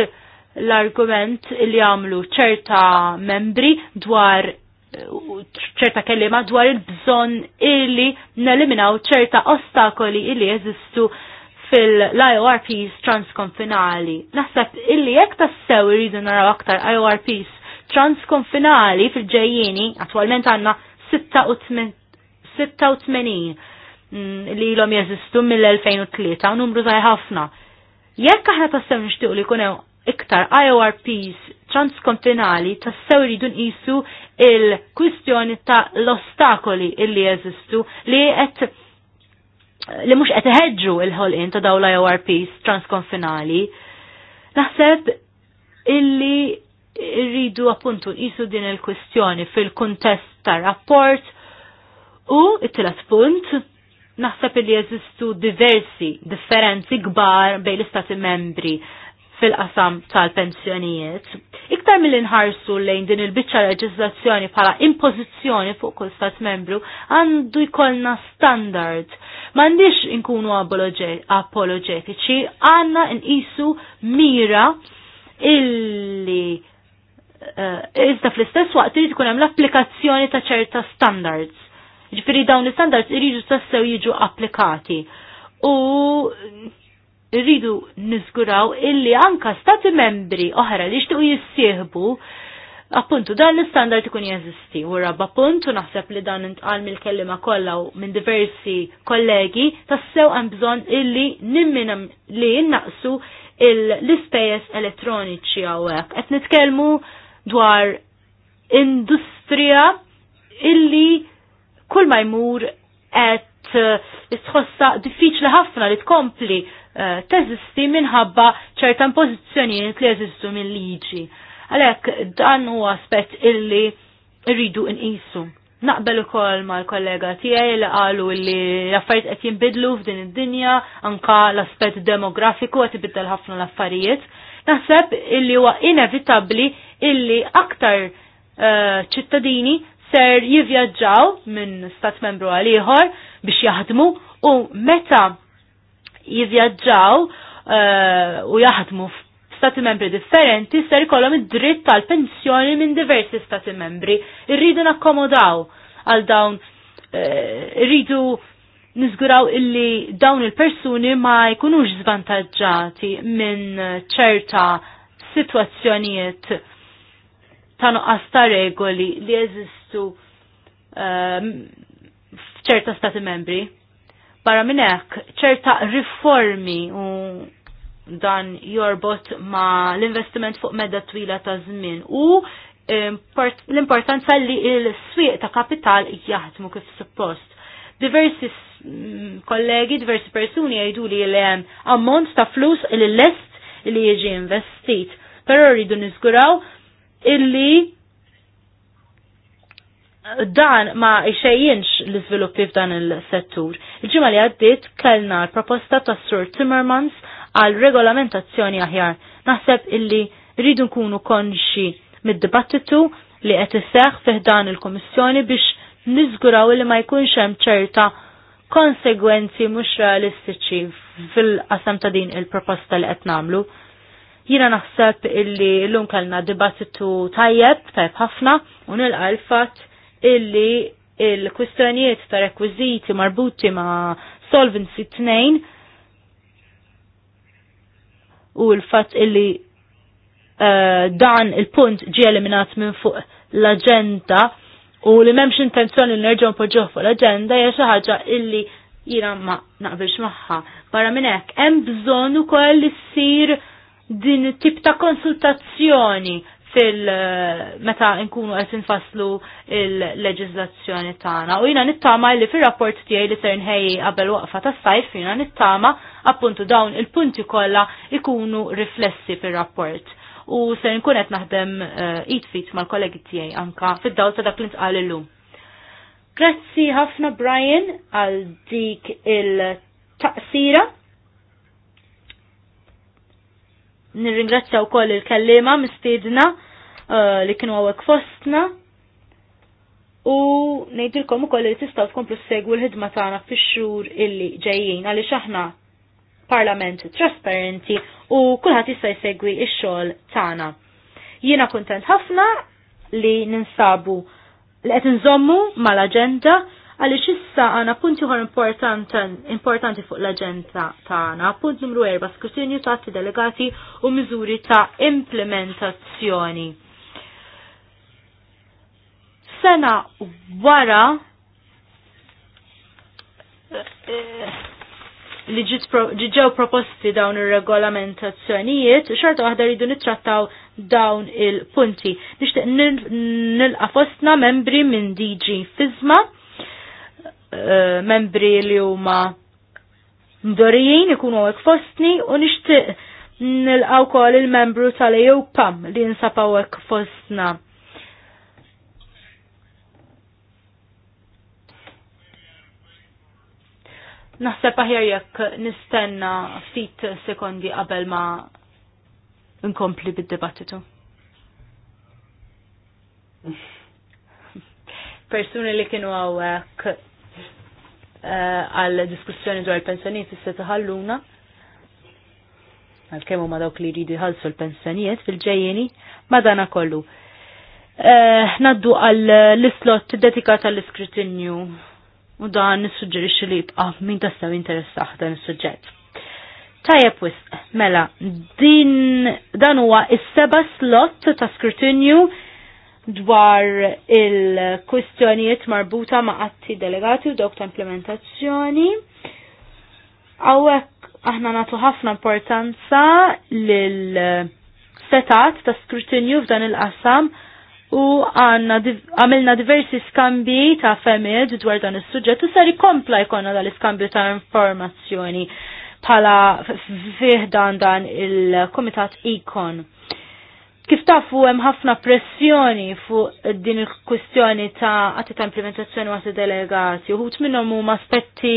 l-argument li għamlu ċerta membri dwar ċerta kellima dwar il-bżon illi neliminaw ċerta ostakoli illi jeżistu fil-IORPs transkonfinali. Naħseb illi jekk tassew irridu naraw aktar IORPs transkonfinali fil-ġejjini, attualment għanna 86 mm, li l-om jeżistu mill-2003, numru zaħi ħafna. Jekk aħna tassew nixtiequ li kunew iktar IORPs transkonfinali tassew dun nqisu il-kwistjoni ta' l-ostakoli illi jeżistu li qed li mhux qed iħeġġu l-ħolqien ta' dawn l-IORPs transkonfinali. Naħseb illi irridu appuntu nqisu din il-kwistjoni fil-kuntest ta' rapport u it-tielet punt naħseb li jeżistu diversi differenzi kbar bejn l-istati membri fil-qasam tal-pensjonijiet. Iktar mill-inħarsu lejn din il-bicċa leġislazzjoni bħala impożizzjoni fuq kull stat membru għandu jkollna standard. M'għandix inkunu apologetiċi, għandna nqisu mira illi Eh, iżda fl-istess waqt irid ikun hemm l-applikazzjoni ta' ċerta standards. Ġifieri dawn l-standards iridu tassew jiġu applikati. U rridu niżguraw illi anka stati membri oħra li jixtiequ jissieħbu appuntu dan l-standard ikun jeżisti. U rabba u naħseb li dan intqal mill-kellima kollha minn diversi kollegi tassew hemm bżonn illi nimminam li jinnaqsu l-ispejjeż elettroniċi hawnhekk. Qed nitkellmu dwar industrija illi kull ma jmur qed tħossa eh, diffiċli ħafna li tkompli eh, teżisti minħabba ċertan pożizzjonijiet li jeżistu mill-liġi. Għalhekk dan huwa aspett illi rridu nqisu. Naqbel ukoll mal-kollega tiegħi li qalu li l-affarijiet qed jinbidlu f'din id-dinja, anka l-aspett demografiku qed ibiddel ħafna l-affarijiet. Naħseb illi huwa inevitabbli illi aktar eh, ċittadini uh, ser jivjaġġaw minn stat membru għal ieħor biex jaħdmu u meta jivjaġġaw uh, eh, u jaħdmu f'stati membri differenti ser ikollhom id-dritt tal-pensjoni minn diversi stati membri. Irridu nakkomodaw għal dawn uh, irridu nizguraw illi dawn il-persuni ma jkunux zvantagġati minn ċerta situazzjonijiet ta' nuqqas ta' regoli li jeżistu ehm, f'ċerta stati membri. Barra minn hekk ċerta riformi u dan jorbot ma l-investiment fuq medda twila ta' żmien u l-importanza li l-swieq ta' kapital jaħdmu kif suppost Diversi mm, kollegi, diversi persuni għajdu li l-għem ammont ta' flus il-lest li jieġi investit. Pero rridu nizguraw illi dan ma xejjinx l-izviluppi f'dan il-settur. Il-ġimma li għaddit kellna l-proposta ta' Sur Timmermans għal regolamentazzjoni aħjar. Naħseb illi rridu nkunu konxi mid-dibattitu li qed iseħħ fih dan il komissjoni biex niżguraw li ma jkunx hemm ċerta konsegwenzi mhux realistiċi fil-qasam ta' din il-proposta li qed nagħmlu. Jiena naħseb illi llum kellna dibattitu tajjeb, tajjeb ħafna, u nilqa' l-fatt illi il-kwistjonijiet ta' rekwiżiti marbuti ma' Solvency 2 u l-fatt illi uh, dan il-punt ġie eliminat minn fuq l-agenda u li memx intenzjoni li nerġgħu npoġġuh fuq l-aġenda hija xi ħaġa illi jiena ma naqbilx magħha. Barra minn hekk hemm bżonn ukoll li ssir din tip ta' konsultazzjoni fil eh, meta nkunu qed infasslu il-leġiżlazzjoni tagħna. U jiena nittama li fir-rapport tiegħi li ser nħejji qabel waqfa tas-sajf jiena nittama appuntu dawn il-punti kollha ikunu riflessi fir-rapport u se nkun qed naħdem it-fit eh, mal-kollegi tiegħi anka fid-dawl ta' dak li ntqal illum. Grazzi ħafna Brian għal dik il-taqsira. Nirringrazzja wkoll il-kellima mistiedna uh, li kienu għawek fostna. U nejdilkom u koll li tistaw tkomplu segwu l-ħidma tagħna fix-xhur illi ġejjin għaliex aħna parlament trasparenti u kulħadd jista' jsegwi x-xogħol tagħna. Jiena kuntent ħafna li ninsabu li qed nżommu mal-aġenda għaliex issa għana punti ħor importanti fuq l-aġenda tagħna, punt numru erba' skrutinju ta' atti delegati u miżuri ta' implementazzjoni. Sena wara eh, eh, li ġiġġaw proposti dawn ir-regolamentazzjonijiet, xorta waħda rridu nittrattaw dawn il-punti. Nixtieq nilqa' fostna membri minn DG Fizma, eh, membri li huma mdorijin ikunu hekk fostni u nixtieq nilqaw kol il-membru tal-EU PAM li nsapaw hekk fostna. Naħseb aħjar jekk nistenna ftit sekondi qabel ma nkompli bid-dibattitu. Persuni li kienu għawek eh, għal diskussjoni dwar il-pensjoniet se taħalluna għal kemmu ma dawk li jridu jħallsu l-pensjoniet fil-ġejjeni ma dana kollu. Eh, naddu għal l-islot dedikat għall-iskritinju u dan nissuġġerixxi li jibqa' min tassew interessaħ dan is-suġġett. Tajjeb wisq, mela, din dan huwa is-seba slot ta' skrutinju dwar il-kwistjonijiet marbuta ma' atti delegati u dawk ta' implementazzjoni. Għawek aħna natu ħafna importanza lil setat ta' skrutinju f'dan il-qasam u għanna għamilna diversi skambi ta' femiet dwar dan is-suġġett u sar ikompla jkollna dal-iskambju ta' informazzjoni bħala fih dan dan il-Komitat Ikon. Kif tafu hemm ħafna pressjoni fuq din il-kwistjoni ta' għati ta' implementazzjoni għati delegati, għut minnhom huma aspetti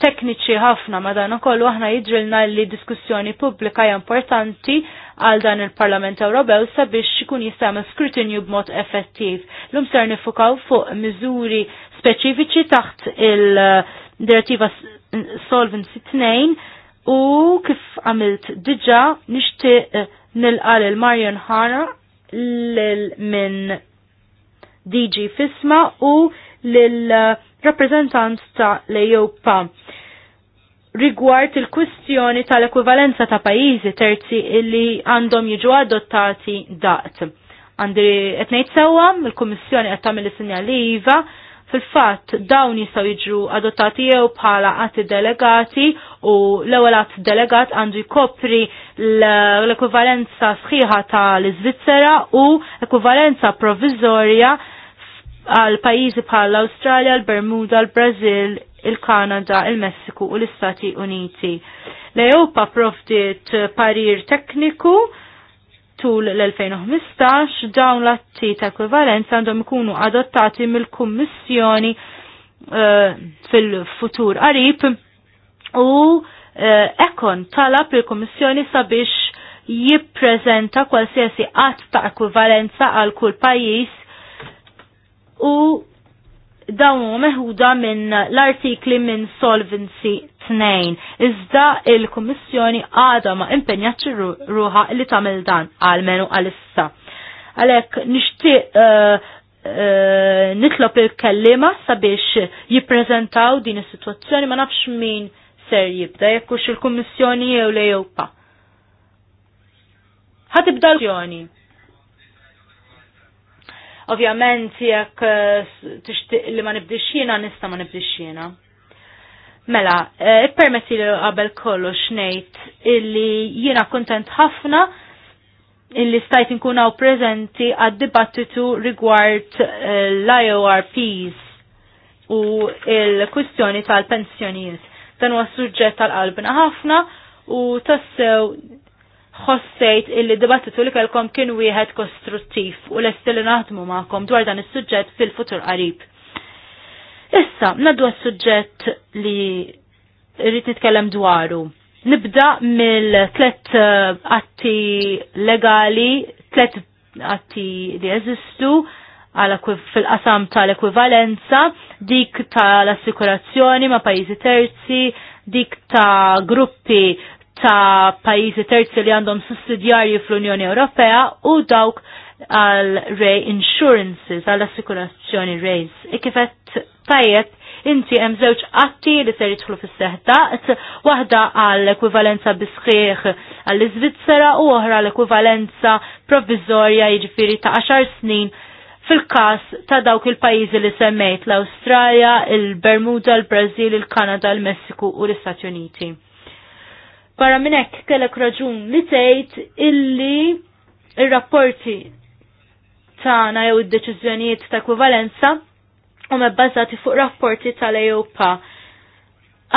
tekniċi ħafna madan ukoll aħna jidrilna li diskussjoni pubblika importanti għal dan il-Parlament Ewropew sabiex ikun jistgħmel skrutinju b'mod effettiv. Lum ser nifukaw fuq miżuri speċifiċi taħt il-Direttiva Solvency 2 u kif għamilt diġa nixtieq eh, nilqal il Marion Hanna minn DG Fisma u lil eh, rappresentant ta' l-Europa rigward il-kwistjoni tal-ekwivalenza ta' pajizi terzi illi għandhom jiġu adottati daqt. Għandri etnejt sewa, il komissjoni qed tagħmel is-sinjali iva, fil-fatt dawn jistgħu jiġu adottati jew bħala atti delegati u l-ewwel att delegat għandu jkopri l-ekwivalenza sħiħa tal-Iżvizzera u ekwivalenza provizorja għal pajjiżi bħal l-Awstralja, l-Bermuda, l-Brażil, il-Kanada, il-Messiku u l-Istati Uniti. L-Europa provdiet parir tekniku tul l-2015 dawn l-atti ta' ekvivalenza għandhom ikunu adottati mill-Kummissjoni uh, fil-futur qarib u uh, eh, ekon talab il-Kummissjoni sabiex jippreżenta kwalsiasi qatt ta' ekvivalenza għal kull pajjiż u dawn meħuda minn l-artikli minn Solvency 2. Iżda il-Kummissjoni għadha ma impenjaċi ruħa li tagħmel dan għalmenu għalissa. Għalhekk nixtieq uh, uh, nitlob il-kellima sabiex jippreżentaw din is-sitwazzjoni ma nafx min ser jibda jekk hux il-Kummissjoni jew l Ħa Ħatibda l-Kummissjoni. Ovvjament jekk eh, tixtieq li ma nibdix jiena nista' ma nibdix jiena. Mela, eh, ippermetti li qabel kollox ngħid illi jiena kuntent ħafna illi stajt inkunaw preżenti għad-dibattitu rigward eh, l-IORPs u il-kwistjoni tal-pensjonijiet. Dan huwa suġġett tal-qalbna ħafna u tassew ħossejt illi dibattitu li kelkom kien wieħed kostruttiv u l li naħdmu magħkom dwar dan is-suġġett fil-futur qarib. Issa, naddu għas-suġġett li rrit nitkellem dwaru. Nibda mill-tlet eh, atti legali, tlet atti li jeżistu fil-qasam tal-ekwivalenza, dik tal-assikurazzjoni ma' pajjiżi terzi, dik ta' gruppi ta' pajjiżi terzi li għandhom sussidjarji fl-Unjoni Ewropea u dawk għal re insurances, għal assikurazzjoni rejs. Ikifet e tajjeb inti hemm żewġ qatti li ser jidħlu fis seħta daqt, waħda għall ekwivalenza bisħieħ għall iżvizzera u oħra l ekwivalenza provviżorja jiġifieri ta' 10 snin fil-każ ta' dawk il-pajjiżi li semmejt l-Awstralja, il-Bermuda, il-Brażil, il-Kanada, il-Messiku u l-Istati Uniti. Barra minn hekk kellek raġun li tgħid illi ir-rapporti tagħna jew id-deċiżjonijiet ta' ekwivalenza huma bbażati fuq rapporti tal-EOPA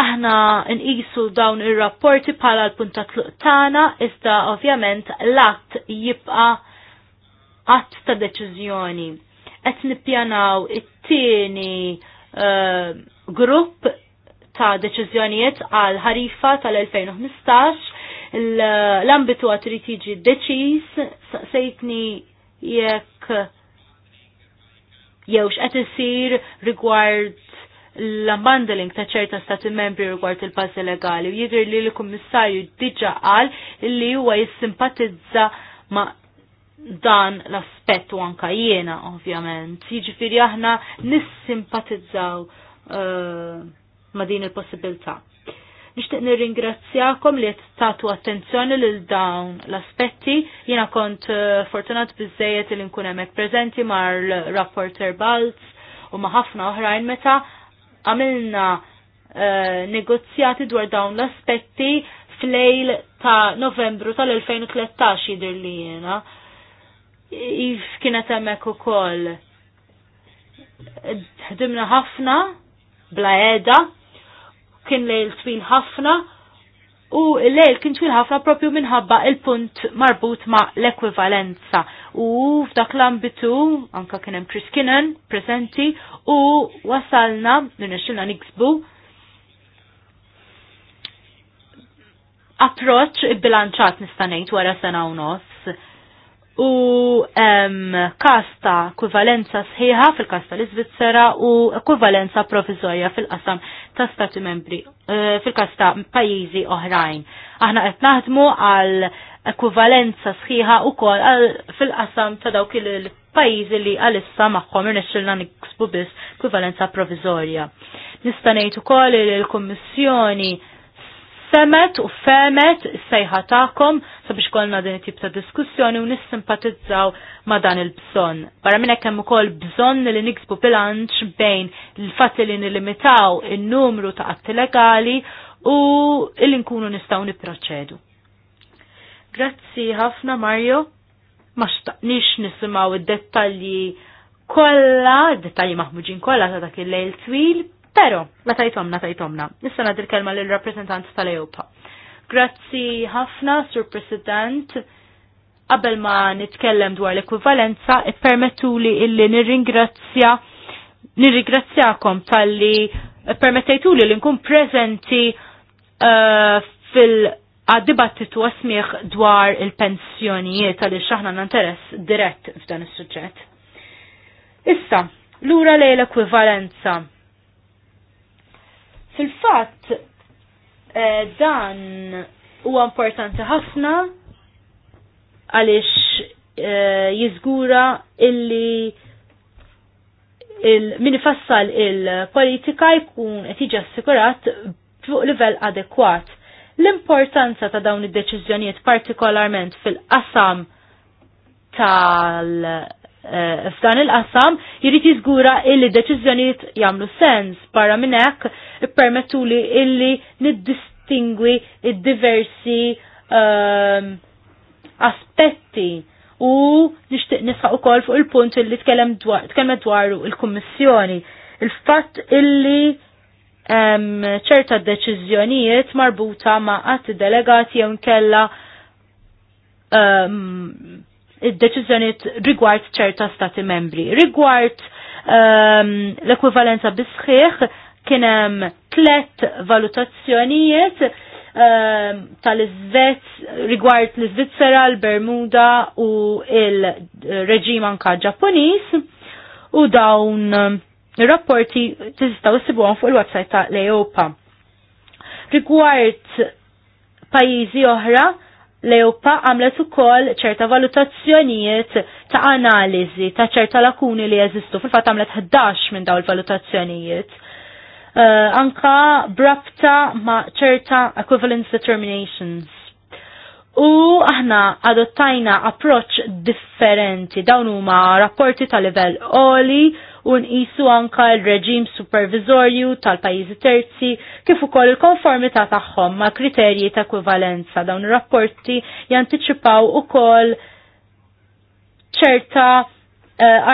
aħna nqisu dawn ir-rapporti bħala l-punta tluq tagħna iżda ovvjament l-att jibqa' att ta' deċiżjoni. Qed nippjanaw it-tieni uh, grupp ta' deċiżjonijiet għal ħarifa tal-2015 l-ambitu għatri tiġi deċiż sejtni jekk jew x'qed isir rigward l-unbundling ta' ċerta stati membri rigward il-passi legali. Jidher li l-Kummissarju diġà qal li huwa jissimpatizza ma' dan l-aspett u anka jiena ovvjament. Jiġifieri aħna nissimpatizzaw uh, ma' din il-possibilità. Nixtieq nirringrazzjakom li qed tagħtu attenzjoni lil dawn l-aspetti. Jiena kont eh, fortunat biżejjed li nkun hemmhekk preżenti mar-rapporter Balz u ma' ħafna oħrajn meta għamilna uh, negozjati dwar dawn l-aspetti flejl ta' novembru tal-2013 jidir li jena. Jif kienet hemmhekk u koll. Ħdimna ħafna, bla edha, kien lejl twil ħafna u lejl kien twil ħafna propju minħabba il-punt marbut ma' l-ekwivalenza. U f'dak l-ambitu, anka kien hemm Chris Kinnan presenti, u wasalna, nirnexxilna niksbu, approċ bilanċat nistanejt wara sena u nos u um, kasta kuvalenza sħiħa fil-kasta l-Izvizzera u kuvalenza provizorja fil-qasam ta' stati membri uh, fil-kasta pajizi oħrajn. Aħna qed naħdmu għal ekwivalenza sħiħa u kol fil-qasam ta' dawk il-pajizi li għal-issa maħħom irnexxilna niksbu biss ekwivalenza provizorja. Nistanejt ukoll il-Kummissjoni il kummissjoni semet u femet sejħa tagħkom sabiex kolna din it-tip ta' diskussjoni u nissimpatizzaw ma' dan il-bżonn. Barra minn hekk hemm ukoll bżonn li niksbu bilanċ bejn il-fatti li nilimitaw in-numru ta' atti legali u li nkunu nistgħu nipproċedu. Grazzi ħafna Mario, ma xtaqnix nisimgħu id-dettalji kollha, dettalji maħmuġin kollha ta' dak il-lejl twil, Pero, ma tajtomna, tajtomna. Nissa nad il-kelma l-rappresentant tal ejupa Grazzi ħafna, Sur President. Qabel ma nitkellem dwar l-ekwivalenza, permettu li illi nirringrazzja nirringrazzjakom tal-li permettajtu li l-inkun prezenti uh, eh, fil- għad-dibattitu għasmiħ dwar il-pensjonijiet għalli xaħna n-interess dirett f'dan is sujġet Issa, l-ura lej l-ekwivalenza Fil-fatt eh, dan huwa importanti ħafna għaliex eh, jiżgura illi il, min ifassal il-politika jkun qed jiġi assikurat fuq livell adekwat. L-importanza ta' dawn id-deċiżjonijiet partikolarment fil-qasam tal Eh, f'dan il-qassam jrid jiżgura illi deċiżjonijiet jagħmlu sens barra minn hekk ippermettuli illi niddistingwi id-diversi um, aspetti u nixtieq nisħaq ukoll fuq il-punt illi tkellem dwar dwaru il-Kummissjoni. Il-fatt illi ehm, ċerta um, deċiżjonijiet marbuta ma' qatt delegati jew nkella um, ehm, id-deċiżjonijiet rigward ċerta stati membri. Rigward um, l-ekwivalenza bisħiħ kien hemm tlet valutazzjonijiet um, ehm, tal-Iżvezz rigward l-Iżvizzera, l-Bermuda u il-reġim anka Ġappuniż u dawn ir-rapporti eh, tistgħu sibuhom fuq il-website ta' l Rigward pajjiżi oħra, l-EUPA għamlet ukoll ċerta valutazzjonijiet ta' analiżi ta' ċerta lakuni li jeżistu. Fil-fatt għamlet 11 minn daw il-valutazzjonijiet. Uh, anka brabta ma' ċerta equivalence determinations. U aħna adottajna approċ differenti dawn huma rapporti ta' livell oli u nqisu anka il reġim supervizorju tal-pajjiżi terzi kif ukoll il-konformità tagħhom ma' kriterji ta' ekwivalenza. Dawn ir-rapporti jantiċipaw ukoll ċerta uh,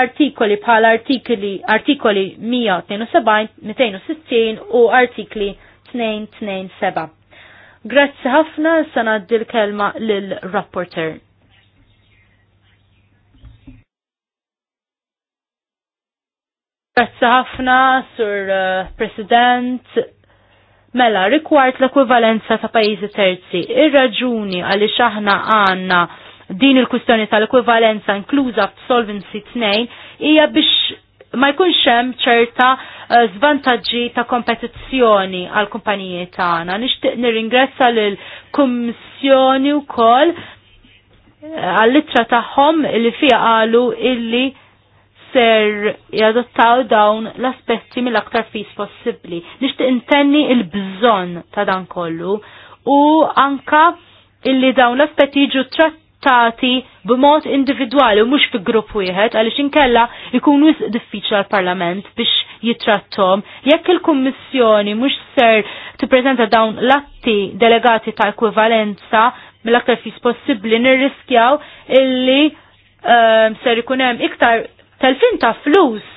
artikoli bħal artikoli artikoli 172, 260 u artikli 227. Grazzi ħafna sanaddi l-kelma lil-rapporter. Grazzi ħafna, Sur uh, President. Mela, rikward l-ekwivalenza ta' pajjiżi terzi, ir-raġuni għaliex aħna għandna din il-kustjoni tal-ekwivalenza inkluża f'Solvency 2 hija biex ma jkunx hemm ċerta uh, zvantaġġi ta' kompetizzjoni għal kumpaniji tagħna. Nixtieq nirringressa lil kummissjoni wkoll uh, għall-ittra tagħhom li fiha qalu illi ser jadottaw dawn l-aspetti mill-aktar fis possibbli. Nixtieq intenni il-bżonn ta' dan kollu u anka illi dawn l-aspetti jiġu trattati b'mod individwali u mhux fi grupp wieħed għaliex inkella jkun wisq diffiċli għall-Parlament biex jitrattom. Jekk il-Kummissjoni mhux ser tippreżenta dawn l-atti delegati ta' ekwivalenza mill-aktar fis possibbli nirriskjaw illi um, ser ikun hemm iktar telfin ta' flus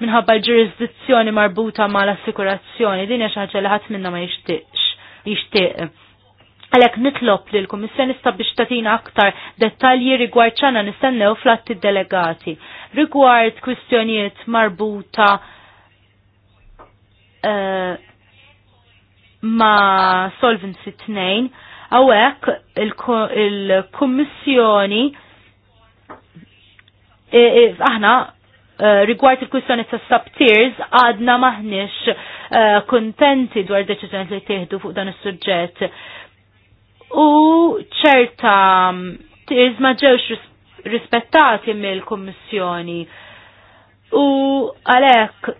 minħabba l-ġurisdizzjoni marbuta ma' l-assikurazzjoni, din hija li ħadd minna ma jishtiqx, jixtieq. Għalhekk nitlob li l-Kummissjoni sta biex tatina aktar dettalji rigward ċana nistennew flatti delegati. Rigward kwistjonijiet marbuta eh, ma' Solvency 2, għawek il-Kummissjoni il komissjoni il kummissjoni aħna eh, rigward il-kwistjoni ta' sub-tiers għadna maħniex eh, kontenti dwar deċiżjoni li teħdu fuq dan is-suġġett. U ċerta mm, tiers ma ġewx rispettati mill-Kummissjoni. U għalhekk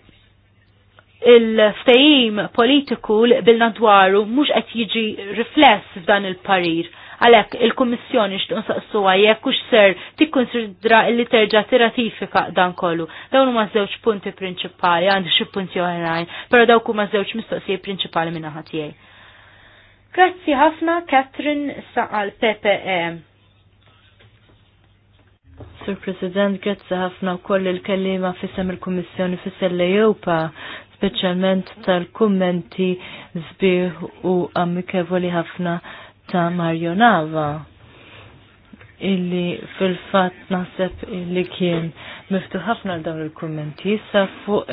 il-ftehim politiku li qbilna dwaru mhux qed jiġi rifless f'dan il-parir. Għalhekk il-Kummissjoni xtuq nsaqsuha jekk hux ser tikkonsidra li terġa' tirratifika dan kollu. Dawn huma żewġ punti prinċipali, għandi xi punti oħrajn, però dawk huma żewġ mistoqsijiet prinċipali minn aħat Grazzi ħafna Catherine saqal PPE. Sur President, grazzi ħafna wkoll il-kellima fissem il-Kummissjoni fissem l-Ejopa speċjalment tal-kummenti zbieħ u amikevoli ħafna ta' Mario Nava illi fil-fat naħseb illi kien miftu ħafna dawn il-kommenti sa fuq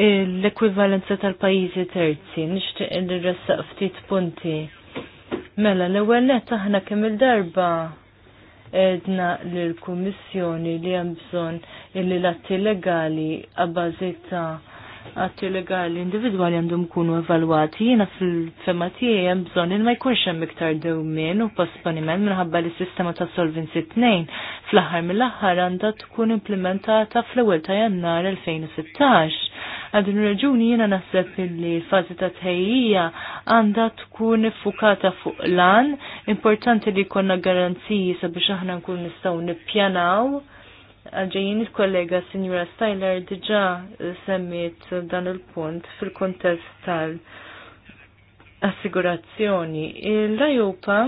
l-ekwivalenza tal-pajizi terzi nixtieq illi ressaq ftit punti. Mela l-ewwel netta ħna kemm il-darba edna l-Kummissjoni li hemm bżonn illi l-atti legali għabazita ta' atti legali individwali għandhom kunu evalwati, jina fil-fema tiegħi hemm bżonn il ma jkunx hemm iktar dewmien u posponiment minħabba li sistema ta' Solvency 2 fl-aħħar mill-aħħar għandha tkun implementata fl-ewwel ta' Jannar 2016. Għadin raġuni jina nasib li fazi ta' tħejija għandha tkun fukata fuq lan, importanti li konna garanziji sabiex aħna nkun nistgħu nippjanaw ġejjin il-kollega Signora Styler diġa semmiet dan il-punt fil-kontest tal-assigurazzjoni. il rajupa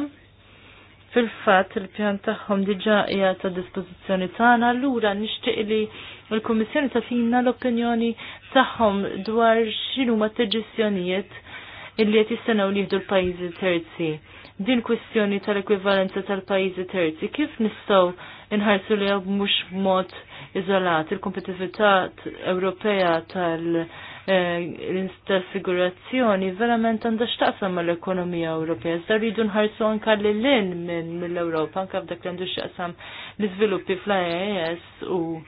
fil-fat il-pjan tagħhom diġa hija ta' dispożizzjoni tagħna, allura nixtieq li l-Kummissjoni fina l-opinjoni tagħhom dwar x'inhuma ma' teġġissjonijiet illi qed jistennew li jieħdu l-pajjiżi terzi din kwestjoni tal-ekwivalenza tal-pajjiżi terzi, kif nistgħu inħarsu li mhux mod iżolat il-kompetitività Ewropea tal- eh, l-assigurazzjoni verament għandha x'taqsam mal-ekonomija Ewropea. Iżda rridu nħarsu anka lil minn mill-Ewropa anke f'dak li għandu x'taqsam l-iżviluppi fl-IAS u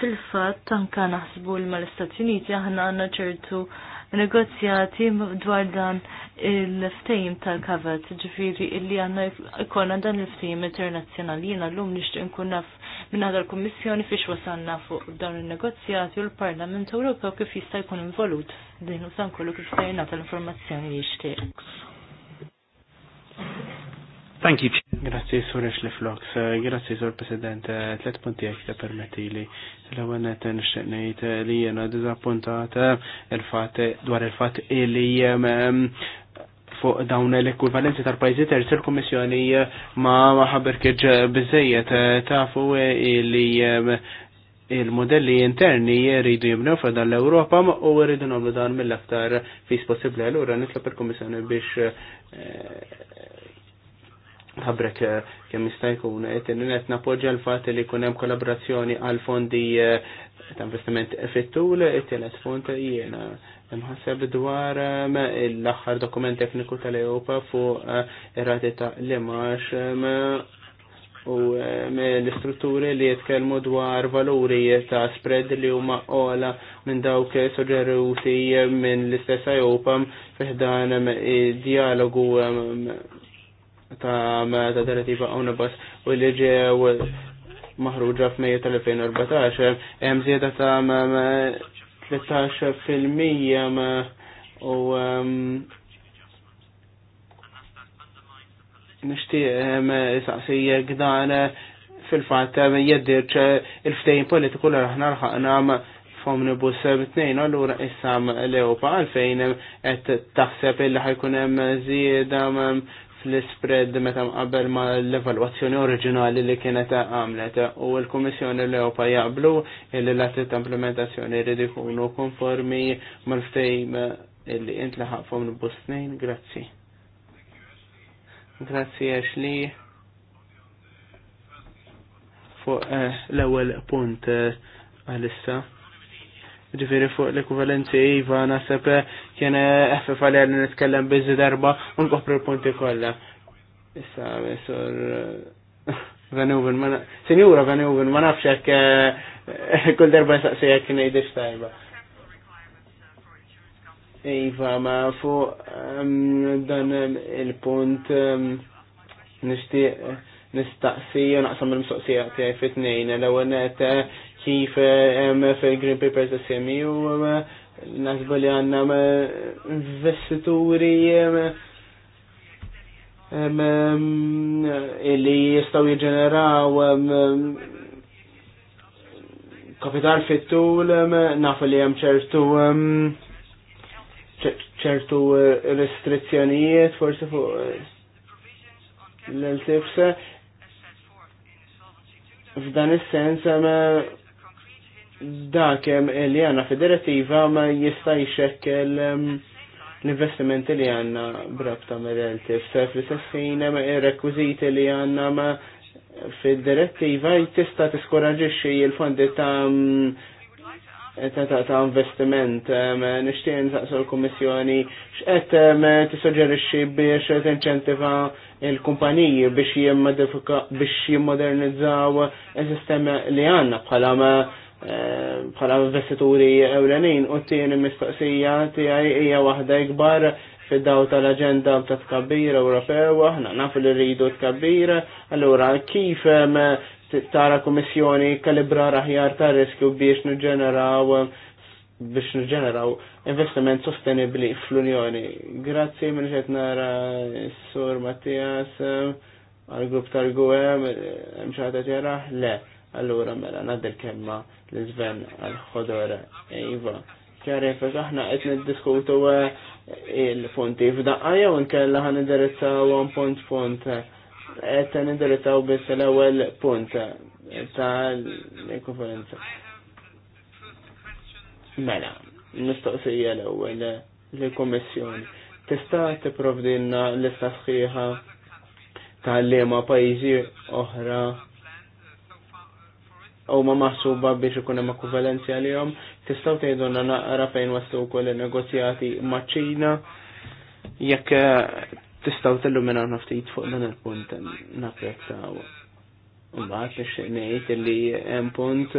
fil-fatt anka naħsbu l mal istati Uniti aħna għandna ċertu negozjati dwar dan il-ftejm tal-kavet, ġifiri illi għanna ikonna dan il-ftejm internazjonali, jena l-lum nishtu nkun naf minna għadha l-Kommissjoni fiex wasanna fuq dawn il-negozjati u l-Parlament Ewropew kif jista' jkun involut din u san kollu kif jista' tal informazzjoni li jixtieq. Thank you. Grazie sur Ashley Flox, eh, grazie sur President, eh, tlet punti għek ta' permetti li l-għawenet nxtenejt li jena dizappuntat eh, il-fat dwar il-fat li ehm, fuq dawn l-ekwivalenzi tal-pajzi terzi l-Komissjoni ma ħaber kieġ bizzejiet tafu li ehm, il-modelli interni jridu jibnew fa dan l-Europa u jridu nagħmlu dan mill-aktar fis għal allura nitla il-Kummissjoni biex ħabrek eh, kemm jista' jkun eh, net napoġa l fat li jkun hemm kollaborazzjoni għal fondi eh, ta' investiment fit-tul, it-tielet fond jena mħasab dwar l-aħħar dokument tekniku tal europa fuq irrati ta' limax u l-istrutturi li jitkellmu dwar valuri ta' spread li huma ola minn dawk soġġeruti minn l-istess Ewpa fiħdan dialogu ta' ta' direttiva Omnibus u li ġew maħruġa f'Mejju tal-2014 hemm żieda ta' 13% u nixtieq saqsija gdan fil-fatt jeddirċ il-ftejn politiku li aħna rħaqna f'omnibus b'tnejn, allura issa l għalfejn qed taħseb illi ħajkun hemm żieda fl-spread meta qabel ma l-evalwazzjoni oriġinali li kienet għamlet u l kommissjoni l-Ewpa jaqblu li l ta' implementazzjoni rridi jkunu konformi mal-ftejm li int laħaqfhom l-bustnejn. Grazzi. Grazzi Ashley. Fuq eh, l-ewwel punt eh, għalissa ġifiri fuq l-ekvivalenzi IVA nasib kien FF eh, għalja li nitkellem bizzi darba u l-punti kollha. Issa, sur eh, Vanuven, ma Senjura Vanuven, ma nafx hekk eh, kull darba saqsi jekk ngħidix tajba. Iva, ma fuq ehm, dan ehm, il-punt ehm, nishti nistaqsi u naqsam il-mistoqsija tijaj fit-tnejn l għonet kif hemm eh, fil-Green Papers assemi SMU nasbu li għanna investituri illi jistaw jiġeneraw kapital fit-tul nafu li hemm ċertu ċertu eh, restrizzjonijiet forsi fuq eh, l-tifse f'dan is-sens dak li għanna federativa ma jista' jxekkel l-investimenti li għanna brabta ma' relativ. Sef li sessin rekwiziti li għanna ma' federativa jtista xie il-fondi ta' ta' investiment. Nishtien saqsu l-Kommissjoni x'qed tissuġġerixxi biex tinċentiva il-kumpaniji biex jimmodernizzaw il-sistema li għanna bħala ma' bħala investituri ewlenin u t-tieni mistoqsija tiegħi hija waħda ikbar fid-daw tal-aġenda ta' tkabbir Ewropew, aħna nafu li rridu tkabbir, allura kif tara komissjoni kalibra raħjar ta' riskju biex nġeneraw biex nġeneraw investiment sostenibli fl-Unjoni. Grazzi minn ġet nara s-sur Mattias għal-grupp tal-GUEM, e mxħata ġera, le. Allura mela nadil kelma l-Sven għal-ħodor Eva. Kjarifek aħna qed niddiskutu eh, il-punti f'daqqa jew nkella ħan indirizzaw punt punt. Qed nindirizzaw biss l-ewwel punt tal-konferenza. Mela, mistoqsija l-ewwel li kommissjoni Tista' tipprovdilna lista sħiħa tal-liema pajjiżi oħra u ma maħsuba biex ikun hemm ekwivalenzi għalihom. Tistgħu tgħidulna naqra fejn waslu wkoll in-negozjati maċ-Ċina jekk eh, tistgħu tillumina ftit fuq dan il-punt eh, napprezzaw. Mbaħt biex nejt li hemm punt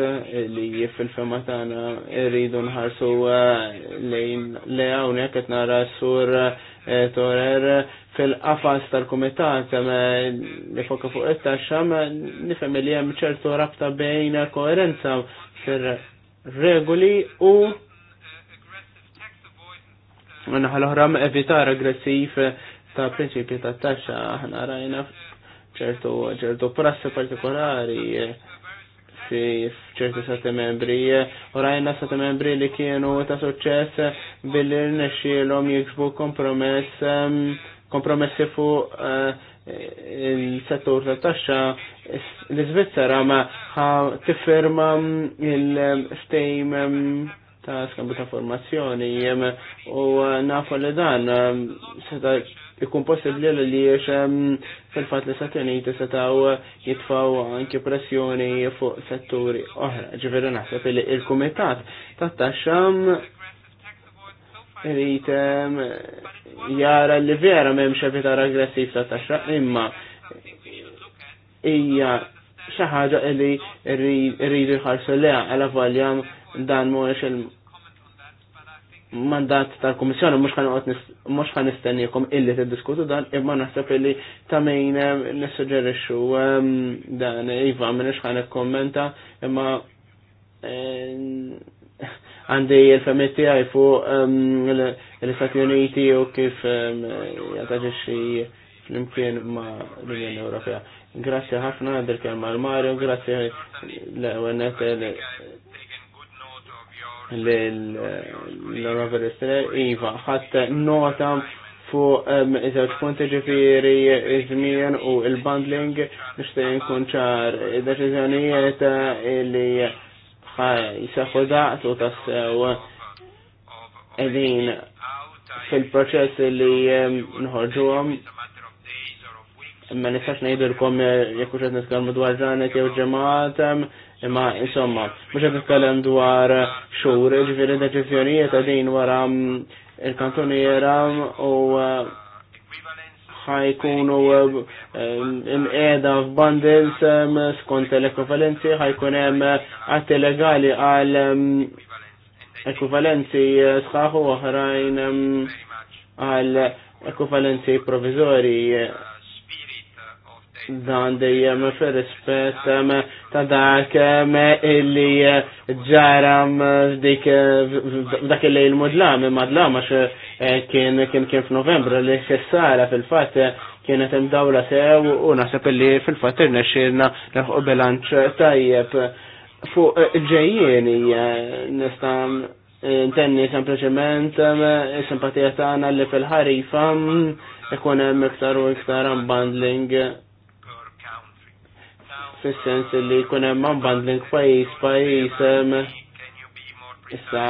li fil-fema tagħna rridu nħarsu eh, lejn le hawnhekk qed nara sur eh, torer fil-qafas tal-kumitat li foka fuq it-taxxa nifhem li hemm ċertu rabta bejn koerenza fil regoli u naħal oħra evitar aggressiv ta' prinċipji tat-taxxa aħna rajna ċertu ċertu prassi partikolari eh, fi ċertu stati membri u eh, rajna stati membri li kienu ta' suċċess billi rnexxielhom jiksbu kompromess ehm, kompromessi fu eh, il-settur ta' taxxa l svizzera ma tifferma il-stejm ehm, ta' skambu ta' formazzjoni jem u nafu li dan um, seta' ikun possibli li xem um, fil-fat li Stati Uniti setaw jitfaw anki pressjoni fuq setturi oħra. Ġifiri naħseb li il-Kumitat ta' taxxam um, rrit jara li vera memx evitar aggressiv ta' taxxa imma ija xaħġa li rridu jħarsu leha għala valjam dan mhuwiex il-mandat tal komissjoni mhux għan mhux illi illi tiddiskutu dan imma naħseb illi ta' min nissuġġerixxu dan iva m'iniex kommenta imma għandi il-femmet tijaj fuq l-Istati Uniti u kif jataġiċi l imkien ma l-Unjoni Ewropea. Grazie ħafna għadir kelma l-Mario, grazie l-għennet l-Rover eh, Estrella, Iva, ħadd nota fu ehm, iżewġ punti ġifiri iż-żmien u il-bundling nixtieq nkun ċar deċiżjonijiet eh, li jisaħħu daqt u tassew edin fil-proċess li ehm, nħorġu għom. ma nistax ngħidilkom eh, jekk hux qed nitkellmu dwar ġranet jew ġemgħat ehm, Imma, insomma, mux għed nitkellem dwar xur, ġifiri ta' din wara mm, il-kantoniera u uh, ħajkunu f uh, mm, f'bundles mm, skont l-ekvivalenzi, ħajkun hemm għatti legali għal ekvivalenzi uh, sħaħu oħrajn għal ekvivalenzi provizori dan dejjem fir-rispett ta' dak illi eh, ġaram eh, dik eh, dak illi l-mudlam madlam għax kien kien kien f'Novembru li xessara fil-fatt kienet imdawla sew u naħseb illi fil-fatt irnexxirna nerħu bilanċ tajjeb fuq ġejjieni nista' intenni sempliċement simpatija tagħna li fil-ħarifa mm, ikun hemm iktar u iktar unbundling fis-sens li jkun hemm unbundling pajjiż pajjiż issa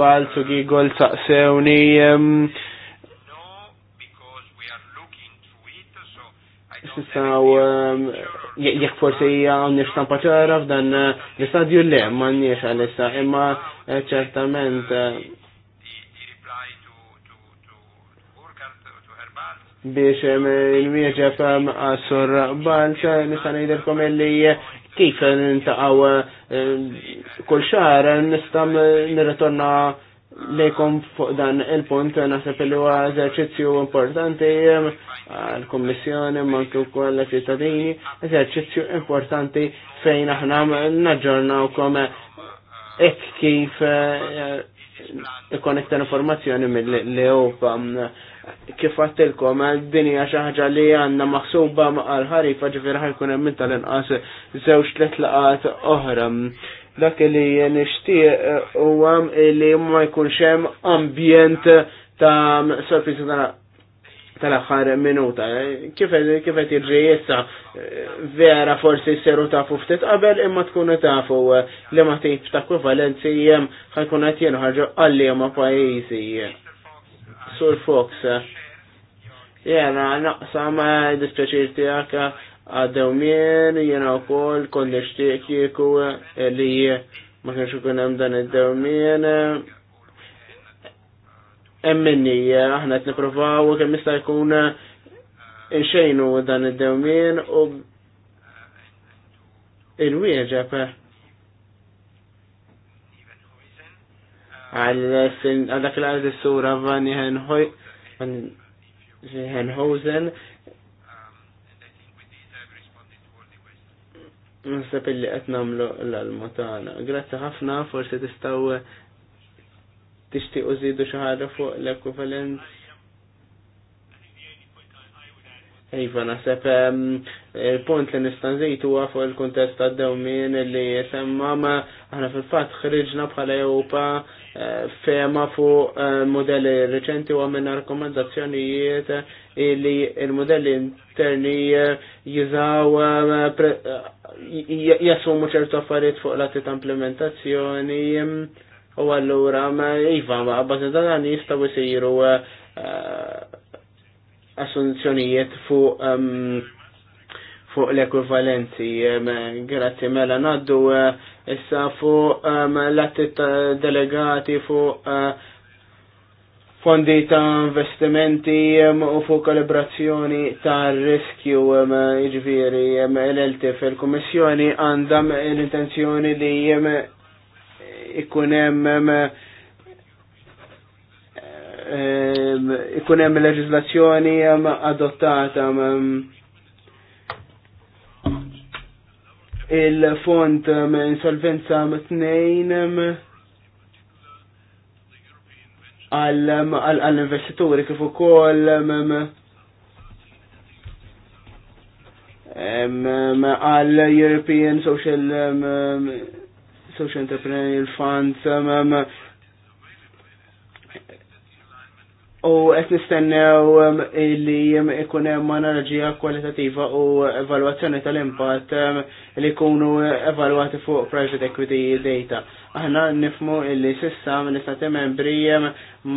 Balzu Gigol saqsewni Sistaw, jek forsi għan nixtampa ċara f'dan eh, l-istadju l-lem, man nix għal-issa, imma eh, ċertament eh, biex il-mieġef għasur balċa nistan jidirkom illi eh, kif n-taqaw eh, kull xar nistam nirritorna lejkom fuq dan il-punt nasib li huwa eżerċizzju importanti għal-Kommissjoni ma anke wkoll ċittadini, eżerċizzju importanti fejn aħna naġġornawkom hekk eh, kif ikkonnetta informazzjoni mill-Ewpa kif għattilkom, dinja xaħġa li għanna maħsuba għal ħarifa ġifir ħajkun hemm tal-inqas żewġ tliet laqat oħra. Dak li nixtieq eh, huwa li ma jkunx hemm ambjent ta' sorpriżi tal-aħħar minuta. Kif qed jirġi jessa eh, vera forsi s-seru tafu ftit qabel imma tkunu tafu eh, li ma tip ta' ekwivalenzi jem ħajkun qed għalli ma' pajizi. Sur Fox. Jena, naqsam dispjaċir tijak għaddew mien, jena u kol, kolli xtiq kieku li ma kienx ikun hemm dan id-dew mien. Emminni, aħna qed nippruvaw kemm jista' jkun inxejnu dan id-dew mien u il-wieġeb għal dak l-għardi sura van Jenhosen. Nisab illi qed nagħmlu l-alma tagħna. Grazzi ħafna, forsi tistgħu tixtiequ żidu xi ħaġa fuq l-ekwivalenz. Iva, naħseb ehm, il-punt li nistan zejtu fuq il-kontest għad-dewmin li semma ma aħna fil-fat ħriġna bħala Ewropa fema fu eh, modelli reċenti u għamilna rakkomandazzjonijiet li il-modelli interni eh, jizaw eh, jassumu ċertu affarijiet fuq l ta' implementazzjoni u għallura ma jiva ma għabbażi dan jistaw jisiru assunzjonijiet fuq ehm, fuq l ekvivalenti Grazzi mela naddu eh, issa fuq l-attit delegati fuq eh, fondi ta' investimenti u fuq kalibrazzjoni ta' riskju iġviri l-elti fil-Komissjoni għandam l-intenzjoni li ikunem ikunem leġislazzjoni adottata il-fond insolvenza 2 mm, għall-investituri mm, kif ukoll mm, għall European Social Social Entrepreneurial Funds U qed nistennew um, li um, ikun hemm analoġija kwalitativa u evalwazzjoni tal-impatt um, li jkunu evalwati fuq private equity data. Aħna nifmu illi sissa l-istati membri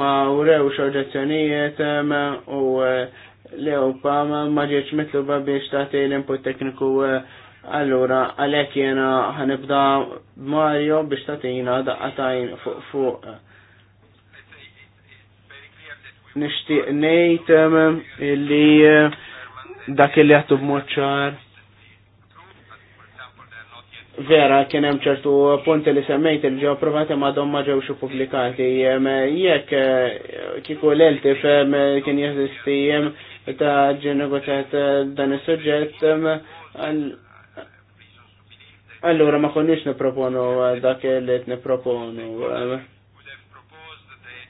ma wrewx oġġezzjonijiet u uh, l-Ewpa ma ġietx mitluba biex tagħti l-input tekniku uh, Allura, għalhekk jiena ħanibda Mario biex tagħtina daqqatajn fuq fuq nishtiq nejt illi eh, dak illi għattu b b'moċċar. Vera, kienem ċertu punti li semmejt li ġew provati ma domma ma ġewx publikati. Jekk eh, kieku l elti fem eh, kien jeżisti ta' ġi dan il-sujġet. Allora ma konniex niproponu dak illi t niproponu.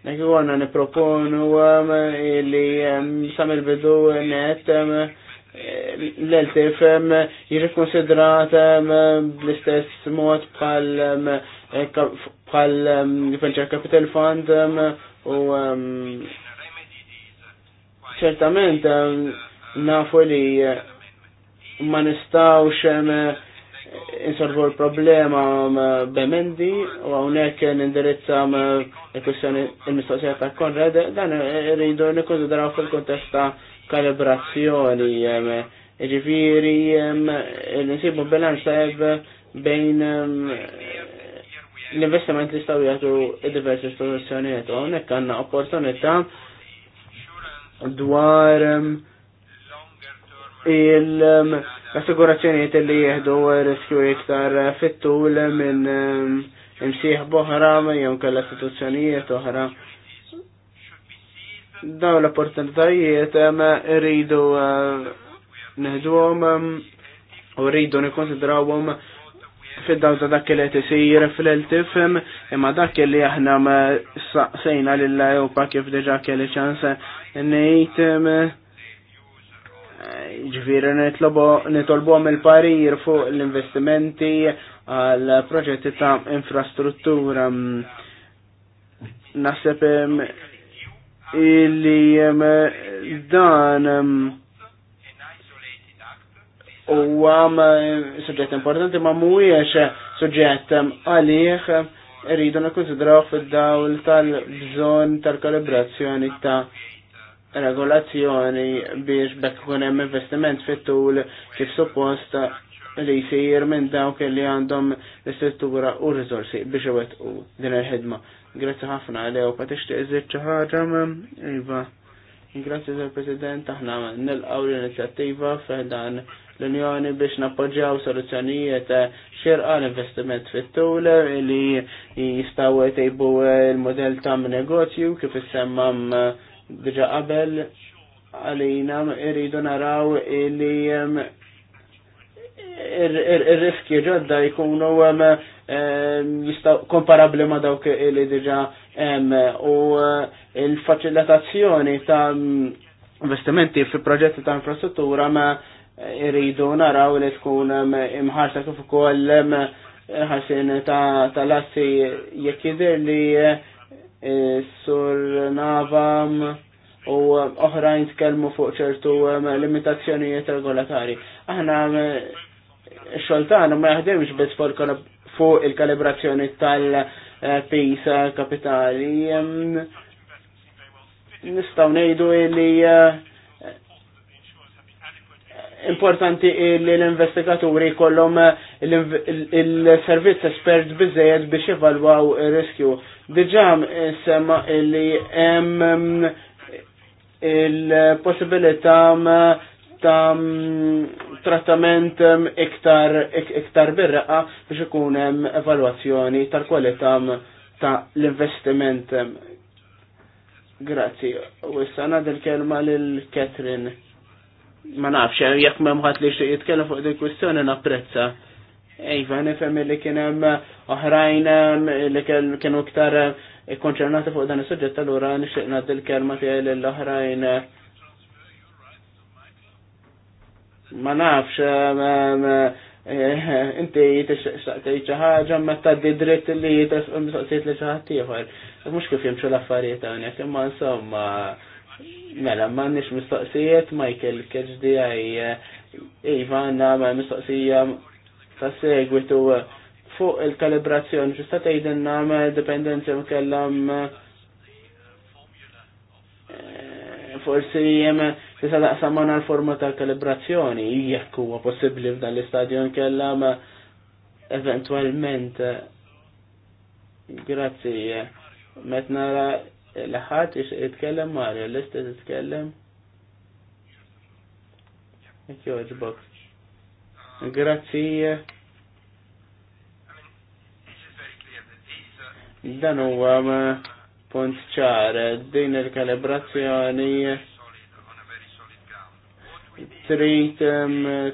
Nek għonna niproponu għam li ehm, sam il-bidu net ehm, l-eltif jirrikonsidrat ehm, bl-istess mod bħal eh, Venture Capital Fund u ċertament nafu li eh, ma nistawx insolvu l-problema b'emendi u għonek nindirizza il-kwestjoni il-mistoqsija ta' Konrad, dan rridu nikkonsidraw fil-kontest ta' kalibrazzjoni, ġifiri, nsibu bilanċ tajb bejn l-investiment li staw jgħatu diversi istituzzjonijiet, u għonek għanna opportunità dwar il- assigurazzjonijiet li jieħdu riskju iktar fit-tul minn ehm, imsieħ boħra jew kell istituzzjonijiet oħra. Dawn l-opportunitajiet ehm, rridu ehm, neħduhom u rridu nikkonsidrawhom fid-dawl ta' dak li tisir fil-eltif imma dak li aħna sejna lill-Ewpa kif diġà kelli ċans ngħid ġviri nitolbu għam il-parir fuq l-investimenti għal proġetti ta' infrastruttura. Nasib illi dan u għam suġġett importanti ma' mujiex suġġett għalieħ rridu nakonsidraw fil dawl tal-bżon tal-kalibrazzjoni ta' regolazzjoni biex bekk ikun hemm investiment fit-tul kif suppost li jsir minn dawk li għandhom l-istruttura u r-riżorsi biex iwettqu din il-ħidma. Grazzi ħafna għalew pa tixtieq iżid xi ħaġa iva. Grazzi tal President aħna nilqgħu l-inizjattiva f'dan l-Unjoni biex nappoġġjaw soluzzjonijiet xirqa l-investiment fit-tul li jistaw tejbu l modell ta' negozju kif issemmam Dġa qabel għalina irridu naraw illi il riski ġodda jkunu komparabli ma dawk li diġa hemm u eh, il facilitazzjoni ta' investimenti fi proġetti ta' infrastruttura ma irridu naraw li tkun imħarsa kif ukoll ħasin ta' lassi jekk li sur navam u oħrajn tkellmu fuq ċertu eh, limitazzjonijiet regolatari. Aħna eh, xoltana ma jaħdimx biss fuq il-kalibrazzjoni tal-pisa kapitali. Nistaw nejdu li eh, importanti li l-investigaturi kollom il-servizz espert bizzejed biex evalwaw il-riskju Diġam sema illi hemm mm, il-possibilità mm, ta' mm, trattament iktar, iktar birraqa biex ikun hemm evalwazzjoni tal-kwalità ta' l-investiment. Grazzi. U issa del kelma lil Catherine. Ma nafx, jekk memħat ħadd li xi jitkellem fuq dik kwistjoni napprezza. Iva, nifem li kienem oħrajn li kienu ktar konċernati fuq dan is-suġġett allura nixtieq nagħti l-kelma tiegħi lill oħrajn ma nafx eh, inti tixtaqtej xi ħaġa meta tgħaddi dritt li mistoqsijiet li xi ħadd ieħor. Mhux kif jimxu l-affarijiet hawnhekk, imma insomma mela m'għandniex mistoqsijiet Michael KHDI Iva għandna mistoqsija ta' segwitu uh, fuq il-kalibrazzjoni, ġusta tgħidin nagħmel dependenza kellem uh, eh, forsi jem tisa daqsam għana l-forma tal-kalibrazzjoni, jekk huwa possibli f'dan l-istadion kella ma eventualment eh, grazzi eh, met nara l-ħat jitkellem Mario, l-istess jitkellem. Jek joġbok. Grazie. Dan punt ċar, din il-kalibrazzjoni trid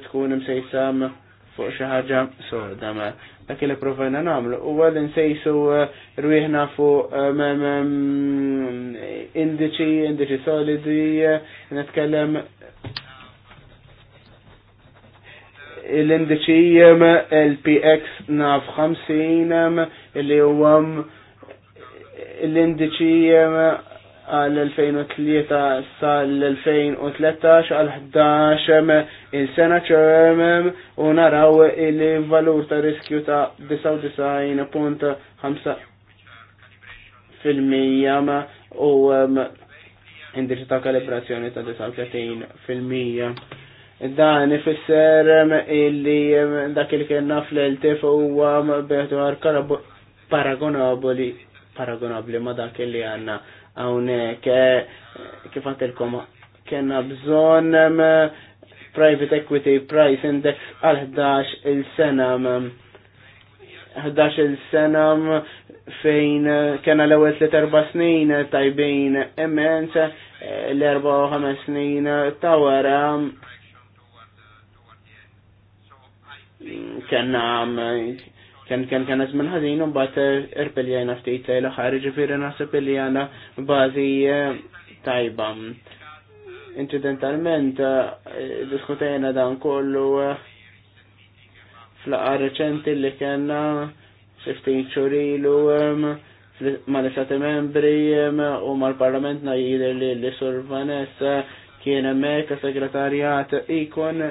tkun imsejsam fuq xi soda ma. Dak li provajna nsejsu eh, fuq indiċi, indiċi solidi, eh, netkellem l-indiċi um, LPX naf 50 um, li huwa l-indiċi um, għal-2003 sal-2013 għal-11 il-sena ċermem u naraw il-valur ta' riskju ta' 99.5 fil-mija u indiċi ta' kalibrazzjoni ta' 39 fil-mija. Dan ifisser illi dak li kienna fl-eltif huwa beħdwar paragonabli paragonabli ma dak illi għanna hawnhekk eh, kif għandilkom kienna bżon private equity price index għal 11 il-sena 11 il-sena fejn eh, kena l-ewel 3-4 snin eh, tajbin immens l-4-5 snin tawara kena um, kien kien kien żmien ħażin u mbagħad irpiljajna ftit l-aħħar ġifieri naħseb li għandna bażi eh, tajba. Incidentalment eh, Diskutajna dan kollu eh, fl-aqa reċenti li kienna xiftin ċurilu mal-istati membri u mal-parlament najider li l-sur Vanessa kiena emmek segretarjat ikon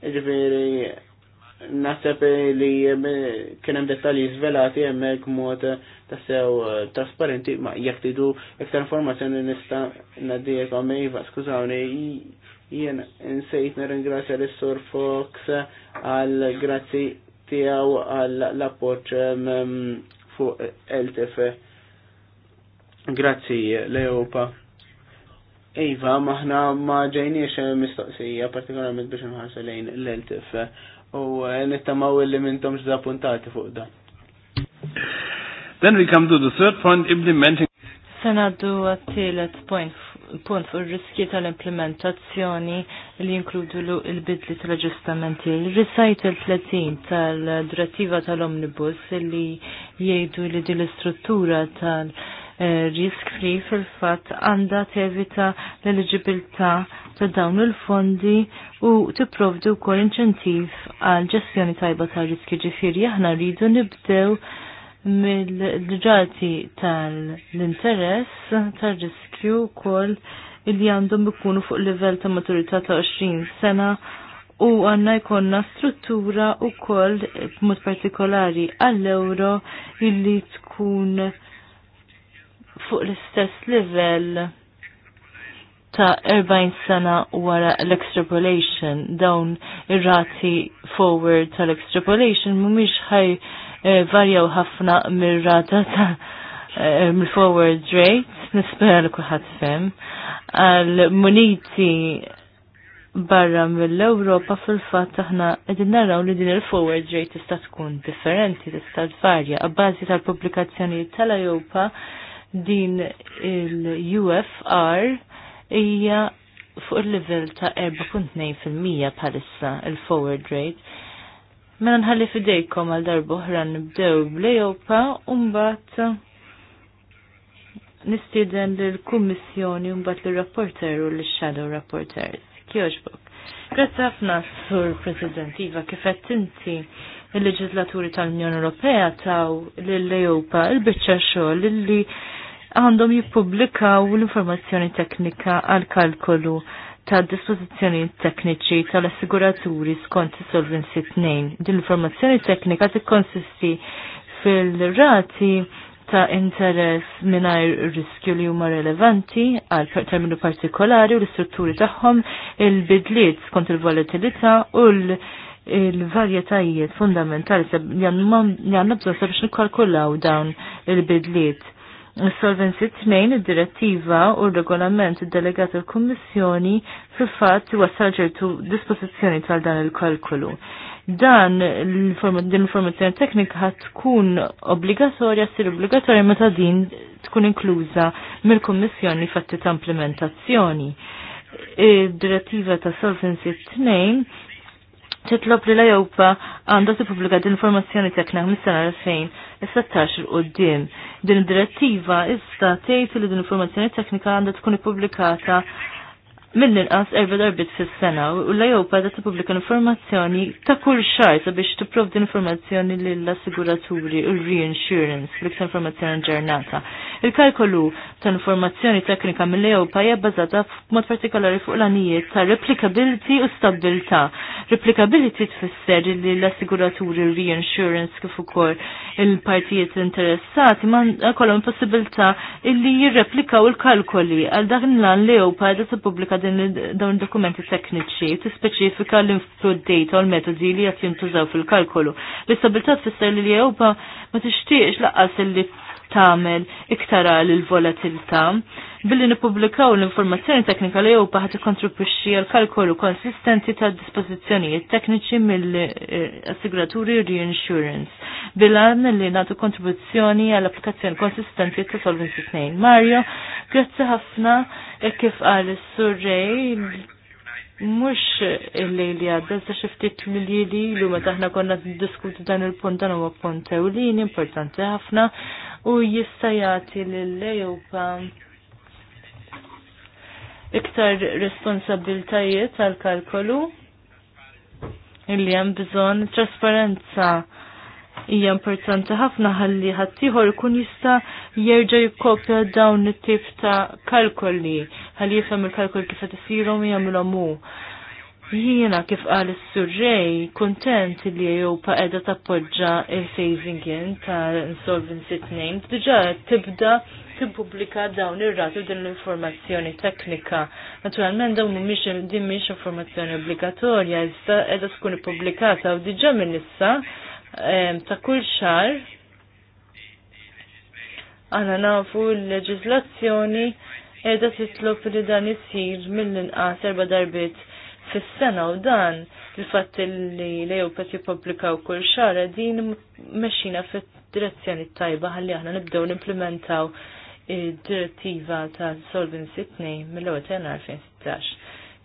ġifiri Naħseb li kienem dettalji zvelati jemmek mod tassew eh, trasparenti, ma jek tidu iktar informazzjoni nista naddijek għamejva, skużawni, jien insejt nirringrazzja l sur Fox għal grazzi tijaw għal l-appoċ mm, mm, LTF. Grazzi, l-Europa Iva, maħna ma mistoqsija, partikolarment biex nħarsu lejn l-LTF u eh, nittamaw illi mintom puntati fuq dan. Then we come to the third point, implementing. Sanaddu għattilet point punt fuq riski tal-implementazzjoni li jinkludu l-bidli tal ġustamenti Risajt il 30 tal-direttiva tal-omnibus li jgħidu li din l-istruttura tal-, -tal Eh, risk free fil-fatt għandha tevita l eligibilta ta' dawn il-fondi u t-provdu wkoll inċentiv għal ġestjoni tajba ta' riski ġifiri. aħna rridu nibdew mill-ġati tal-interess tal-riskju wkoll illi għandhom ikunu fuq livell ta' maturità ta' 20 sena u għanna jkonna struttura u kol mod partikolari għall-euro illi tkun fuq l-istess livell ta' 40 sena wara l-extrapolation dawn ir-rati forward tal-extrapolation mhumiex ħaj eh, varjaw ħafna mir-rata ta' eh, mill-forward rate nispera li kulħadd fem għal muniti barra mill-Ewropa fil-fatt aħna qegħdin naraw li din il-forward rate tista' tkun differenti, tista' tvarja. Abbażi tal-pubblikazzjonijiet tal-Ewropa din il-UFR hija fuq il-level ta' 4.2% bħalissa il-forward rate. Mela nħalli fidejkom għal darbu oħra nibdew bl-Ejopa u mbagħad nistieden lill-Kummissjoni u mbagħad l rapporter u l-shadow rapporters. Kjoġbok. Grazzi ħafna sur President Iva kif qed inti il-leġislaturi tal-Unjoni Ewropea taw lill-Ejopa il-biċċa xogħol illi għandhom jippubblikaw l-informazzjoni teknika għal kalkolu ta' dispozizjoni tekniċi tal-assiguraturi skont Solvency 2. Din l-informazzjoni teknika tikkonsisti fil-rati ta' interess mingħajr riskju li huma relevanti għal terminu partikolari u l-istrutturi tagħhom il-bidliet skont il-volatilità u l-varjetajiet fundamentali li għandna bżonn nikkalkulaw dawn il-bidliet Solvency 2 id-direttiva u r-regolament delegat il-Kommissjoni fil-fatt wassal ċertu dispożizzjoni tal dan il-kalkulu. Dan l-informazzjoni teknika ħat tkun obbligatorja sir obbligatorja meta din tkun inkluża mill-Kommissjoni fatti ta' implementazzjoni. il direttiva ta' Solvency 2 titlob li la ewpa għandha tippubblika d-informazzjoni teknika mis-sena 2000 16 il d Din id-direttiva issa tejtu li din informazzjoni teknika għandha tkun ippubblikata minn inqas erba darbit fis-sena u l-Ejopa da tippubblika informazzjoni ta' kull xar sabiex tipprovdi informazzjoni lill-assiguraturi u reinsurance l informazzjoni ġernata. Il-kalkolu ta' informazzjoni teknika mill-Ejopa hija bbażata f'mod partikolari fuq l-anijiet ta' replicability u stabilità. Replicability tfisser li l-assiguraturi u reinsurance kif ukoll il-partijiet interessati ma kollhom possibilità illi jirreplikaw il-kalkoli għal dak l-Ejopa da tippubblika din dawn dokumenti tekniċi tispeċifika l-input data u l-metodi li jattintużaw jintużaw fil-kalkolu. l istabilitat tfisser li l-Ewpa ma t-ixtiex laqqas li tamel iktar għal il-volatilità. Billi nippubblikaw l-informazzjoni teknika li Ewpa ħadd ikkontribwixxi għal kalkolu konsistenti ta' dispożizzjonijiet tekniċi mill-assiguraturi reinsurance. Bilan li nagħtu kontribuzzjoni għall applikazzjoni konsistenti ta' Solvency 2. Mario, grazzi ħafna e kif qal is-surrej Mux il-lejli għadda, sa xiftit l lili l meta aħna konna diskutu dan il-punt dan huwa punt li importanti ħafna u jista' jagħti lejupa iktar responsabiltajiet għal kalkolu illi hemm bżonn trasparenza hija importanti ħafna ħalli ħaddieħor ikun jista' jerġa' jikkopja dawn it-tip ta' kalkoli ħalli jifhem il-kalkol kif qed isirhom jagħmilhom hu. Jiena kif għal s surrej kontent li pa qiegħda tappoġġa il-phasing in ta' Insolvency 2 diġà tibda tippubblika dawn ir ratu din l-informazzjoni teknika. Naturalment dawn mhumiex din mhix informazzjoni obbligatorja, issa qiegħda tkun ippubblikata u diġà minn issa ta' kull xahar għana nafu l-leġiżlazzjoni qiegħda titlob li dan isir mill-inqas erba' darbiet fis-sena u dan il-fatt li l pet jippubblikaw kull xara din meċina fid-direzzjoni tajba ħalli aħna nibdew nimplementaw id-direttiva ta' Solvency 2 mill-ewwel jannar 2016.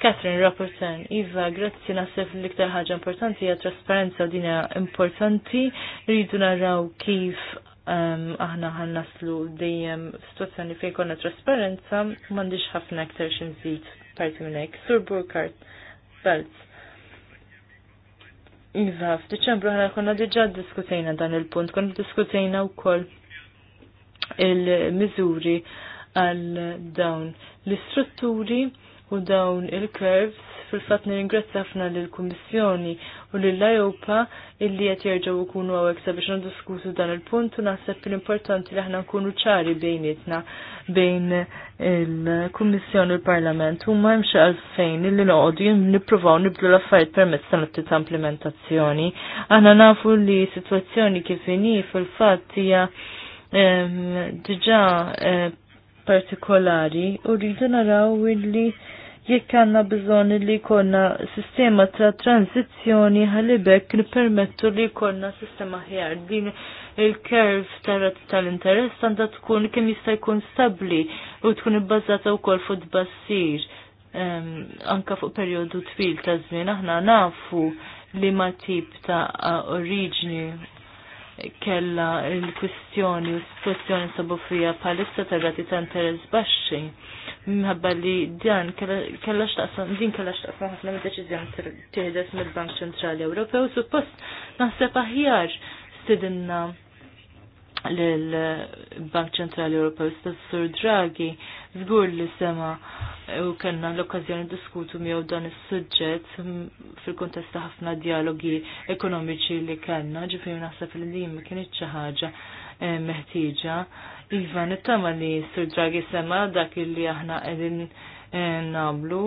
Catherine Rapporten, Iva, grazzi nasef l-iktar ħaġa importanti hija trasparenza u dinja importanti rridu naraw kif um, aħna naslu dejjem situazzjoni fejn konna trasparenza m'għandix ħafna aktar xi nżid parti minn hekk. Sur Burkart, Velz. Iżaf, f'Diċembru ħana konna diġa diskutejna dan il-punt, konna diskutejna u koll il-mizuri għal dawn l-istrutturi u dawn il-curves fil-fat nirringrazzja ħafna lil kummissjoni u lil Europa illi qed jerġgħu jkunu hawnhekk sabiex nidiskutu dan il-punt u naħseb l-importanti li aħna nkunu ċari bejnietna bejn il-Kummissjoni u l-Parlament u ma hemmx għalfejn illi noqogħdu nippruvaw nibdu l-affarijiet permezz ta' notti ta' implementazzjoni. Aħna nafu li sitwazzjoni kif inhi fil-fatt hija ehm, diġà eh, partikolari u rridu naraw illi jekk għandna bżonn li jkollna sistema ta' tranzizzjoni ħalibek nippermettu li jkollna sistema ħjar din il tarat tal-interess għandha tkun kemm jista' jkun stabbli u tkun ibbażata wkoll fuq tbassir anka fuq perjodu twil ta' żmien aħna nafu li ma tip ta' oriġni kella il-kwistjoni u situazzjoni sabu fija palissa ta' għati ta' interes baxxi. Mħabba li dan kella xtaqsam, din kella xtaqsam ħafna deċizjon deċiżjoni tieħdes mill-Bank Ċentrali Ewropew, suppost naħseb aħjar stidinna l-Bank Ċentrali Ewropew stess Sur Draghi żgur li sema u kellna l-okkażjoni diskutu miegħu dan is-suġġett fil-kuntest ta' ħafna dialogi ekonomiċi li kellna, ġifieri naħseb li din ma kienx xi ħaġa eh, meħtieġa. Iva nittama li Sur Draghi sema dak li aħna qegħdin eh, nagħmlu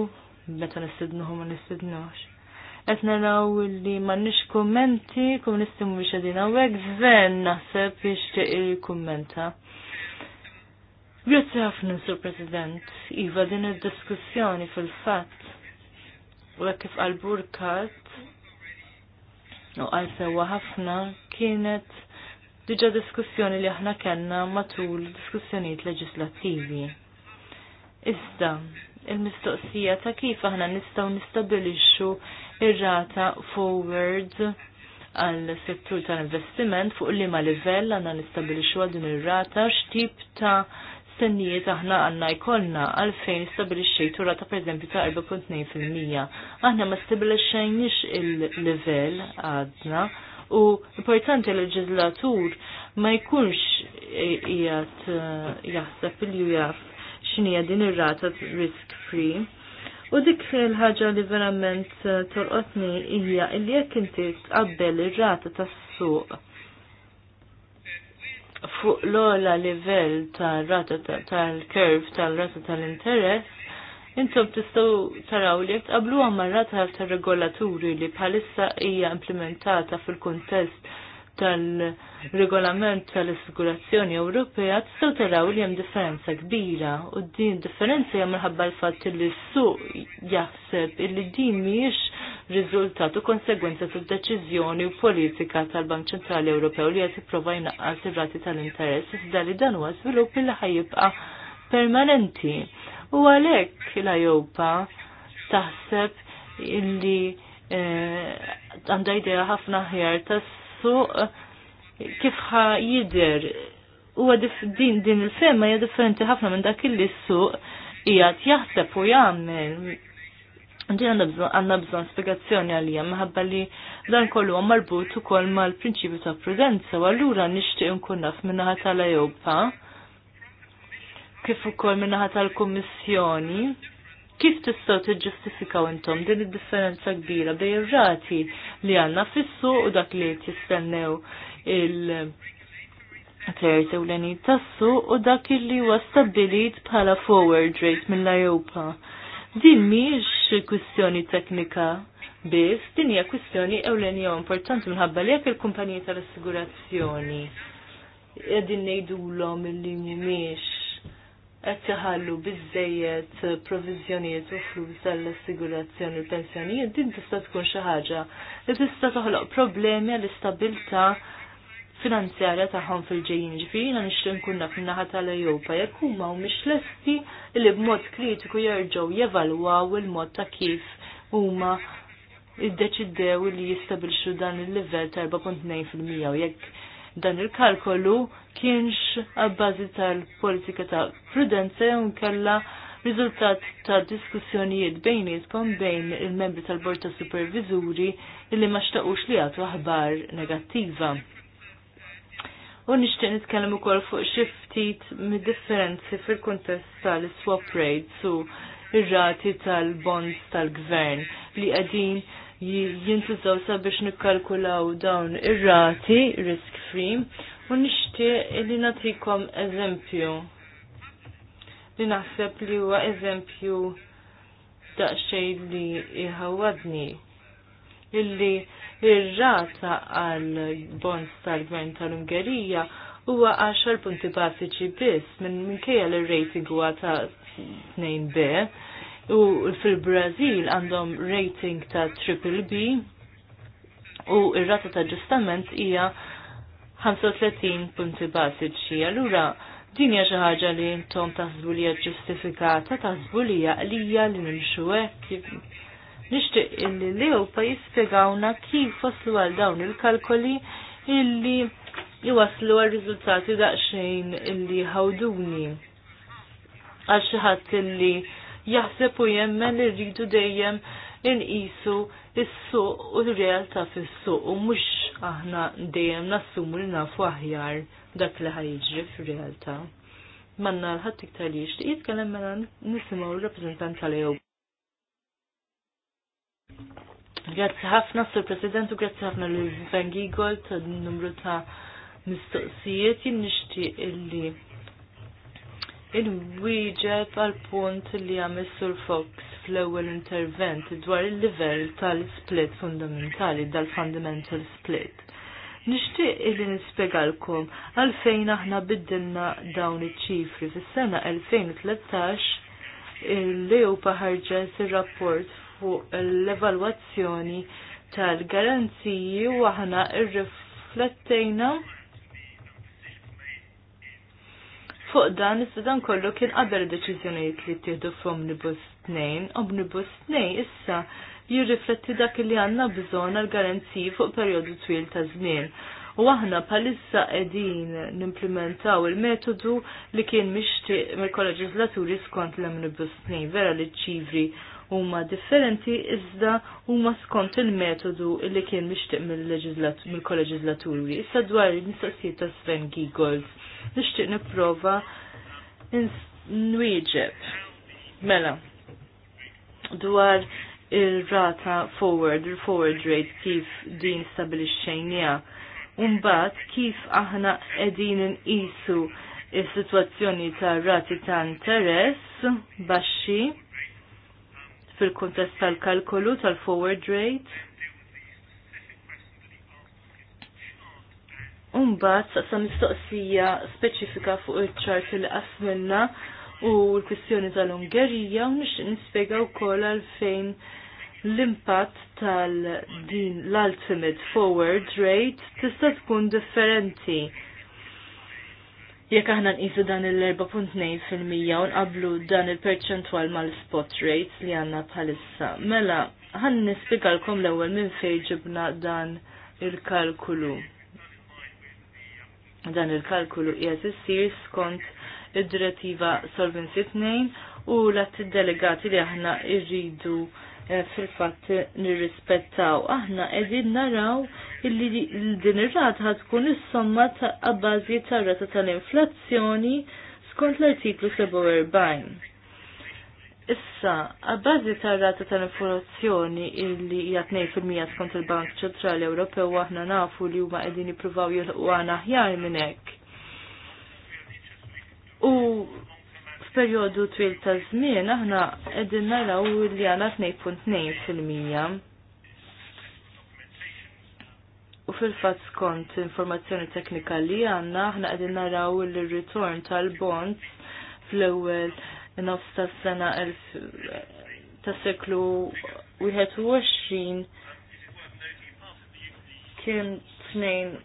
meta nistidnuhom ma nistidnux qed naw li m'għandniex kummenti, komunisti mhuwiex qegħdin hawnhekk, Zven naħseb jixtieq kommenta Grazzi ħafna, Sur President, iva din id-diskussjoni fil-fatt. U kif qal burkat u għal sewa ħafna kienet diġa diskussjoni li aħna kellna matul diskussjonijiet leġislattivi. Issa, il-mistoqsija ta' kif aħna nistgħu nistabilixxu ir-rata forward għal settur tal-investiment fuq li ma livell għanna nistabilixu għal din ir-rata x'tip ta' stennijiet aħna għanna jkollna għalfejn stabilixxejtu rata per eżempju ta' 4.2%. Aħna ma stabilixxejniex il-livell għadna u importanti l ġizlatur ma jkunx jgħat eh, jaħseb li jaf x'inhi din ir-rata risk free U dik il ħagġa li verament eh, torqotni hija li jekk inti tqabbel ir-rata tas-suq fuq l ogħla livell tar rata tal kerv tal-rata tal-interess, intom tistgħu taraw li jekk tqablu mar rata tar regolaturi li bħalissa hija implementata fil-kuntest tal-regolament tal-assigurazzjoni Ewropea tistgħu taraw li hemm differenza kbira u din differenza hija minħabba l-fatt li s-suq jaħseb illi din mhijiex riżultat u konsegwenza tad-deċiżjoni u politika tal-Bank Ċentrali Ewropew li qed jipprova jnaqqas ir-rati tal-interess iżda li dan huwa żvilupp illi ħajjibqa' permanenti. U għalhekk l-Ajopa taħseb illi eh, għandha idea ħafna ħjar tas suq eh, kif ħa jidher huwa din din il-fema hija differenti ħafna minn dak illi s-suq qiegħed jaħseb u jagħmel. Ġien għandna bżonn spjegazzjoni għalija minħabba li dan kollu huwa marbut ukoll mal-prinċipju ta' prudenza u allura nixtieq nkun naf min-naħa tal-Ewpa kif ukoll min-naħa tal-Kummissjoni Kif tistgħu tiġġustifikaw intom din id-differenza kbira bejn ir-rati li għandna fissu u dak li tistennew il- Terz ewleni tassu u dak li huwa stabbilit bħala forward rate mill-Ajopa. Din mhix kwistjoni teknika biss, din hija kwistjoni ewlenija importanti minħabba li jekk il-kumpaniji tal-assigurazzjoni qegħdin ngħidulhom illi mhumiex qed jaħallu biżejjed proviżjonijiet u flus għall-assigurazzjoni u pensjonijiet din tista' tkun xi ħaġa li tista' toħloq problemi għall-istabilità finanzjarja tagħhom fil-ġejjin ġifieri jiena nixtieq nkun naf min-naħa tal-Ewropa jekk huma mhumiex lesti li b'mod kritiku jerġgħu jevalwaw il-mod ta' kif huma iddeċidew li jistabilxu dan il-livell ta' 4.2% u jekk dan il-kalkolu kienx għabbażi tal-politika ta' prudenza u nkella riżultat ta' diskussjonijiet bejnietkom bejn il-membri tal-Bord ta' Supervizuri li ma xtaqux li għatu aħbar negattiva. U nixtieq nitkellem ukoll fuq xi ftit mid-differenzi fil-kuntest tal-swap rates u ir-rati tal-bonds tal-gvern li qegħdin jintużaw sabiex nikkalkulaw dawn ir-rati risk free u nixtieq li nagħtikom eżempju li naħseb li huwa eżempju daqsxejn li jħawadni illi ir-rata għal bonds tal-gvern tal-Ungerija huwa 10 punti bażiċi biss minn minkejja l-rating huwa ta' 2B u fil-Brazil għandhom rating ta' triple B u ir-rata ta' ġustament hija 35 punti basiċi. Allura din hija xi ħaġa li intom taħsbu li ġustifikata, taħsbu li hija qlija li nimxu hekk. Nixtieq illi l-Ewpa jispjegawna kif waslu għal dawn il-kalkoli illi jwaslu għal riżultati daqsxejn illi ħawduni għal xi ħadd illi jaħseb u jemmen li rridu dejjem inqisu il suq u l-realtà fis-suq u mhux aħna dejjem nassumu li nafu aħjar dak li ħajġri fir-realtà. Manna l-ħadd iktar li jitkellem mela nisimgħu l-rappreżentant tal-EU. Grazzi ħafna, Sur President, u grazzi ħafna l-Van Gigol ta' numru ta' mistoqsijiet jien nixtieq illi il-wieġeb għal punt li għamil sur Fox fl-ewwel intervent dwar il-livell tal-split fundamentali, dal-fundamental split. Nishtiq li nispiegalkom għalfejn aħna biddilna dawn iċ-ċifri fis-sena 2013 il-Lewpa ħarġet ir-rapport fuq l-evalwazzjoni tal-garanziji u aħna irriflettejna Fuq dan, is-sudan kollu kien qabel deċiżjonijiet li ttieħdu f'Omnibus 2. Omnibus 2 issa jirrifletti dak li għandna bżonn għal garanziji fuq perjodu twil ta' żmien. U aħna bħalissa qegħdin nimplementaw il-metodu li kien mixtieq mill-kolleġislaturi skont l-Omnibus 2 vera li ċivri huma differenti iżda huma skont il-metodu li kien mixtieq mill-koleġislaturi. Issa dwar il-mistoqsijiet ta' Sven Giegold nixtieq nipprova nwieġeb. Mela, dwar il-rata forward, il-forward rate kif din stabilixxejnija. Umbat kif aħna edin n-isu il sitwazzjoni ta' rati ta' interess baxxi fil-kuntest tal-kalkolu tal-forward rate. Umbat, sa' mistoqsija speċifika fuq il-ċart li qasmenna u l-kwistjoni tal-Ungerija u nix nispiega u kol għalfejn l-impatt tal-din l-ultimate forward rate tista' tkun differenti Jekk aħna nqisu dan il-4.2% u nqablu dan il-perċentwal mal-spot rates li għandna bħalissa, mela ħan nispjegalkom l-ewwel minn fejn ġibna dan il-kalkulu. Dan il-kalkulu qiegħed issir skont id-direttiva Solvency 2 u l-att delegati li aħna irridu eh, fil-fatt nirrispettaw. Aħna qegħdin naraw illi din ir-rata tkun is-somma għabbażi tar-rata tal-inflazzjoni skont l-artiklu 47. Issa, għabbażi tar-rata tal-inflazzjoni illi hija 2% skont il-Bank Ċentrali Ewropew aħna nafu li huma qegħdin jippruvaw jilqu għana aħjar minn hekk. U f'perjodu twil ta' żmien aħna qegħdin naraw li għana 2.2 fil-mija. U fil-fat skont informazzjoni teknika li għanna, ħna għedin naraw il-return tal-bonds fl-ewel nofs ta' sena ta' seklu 21 kien 2.3%.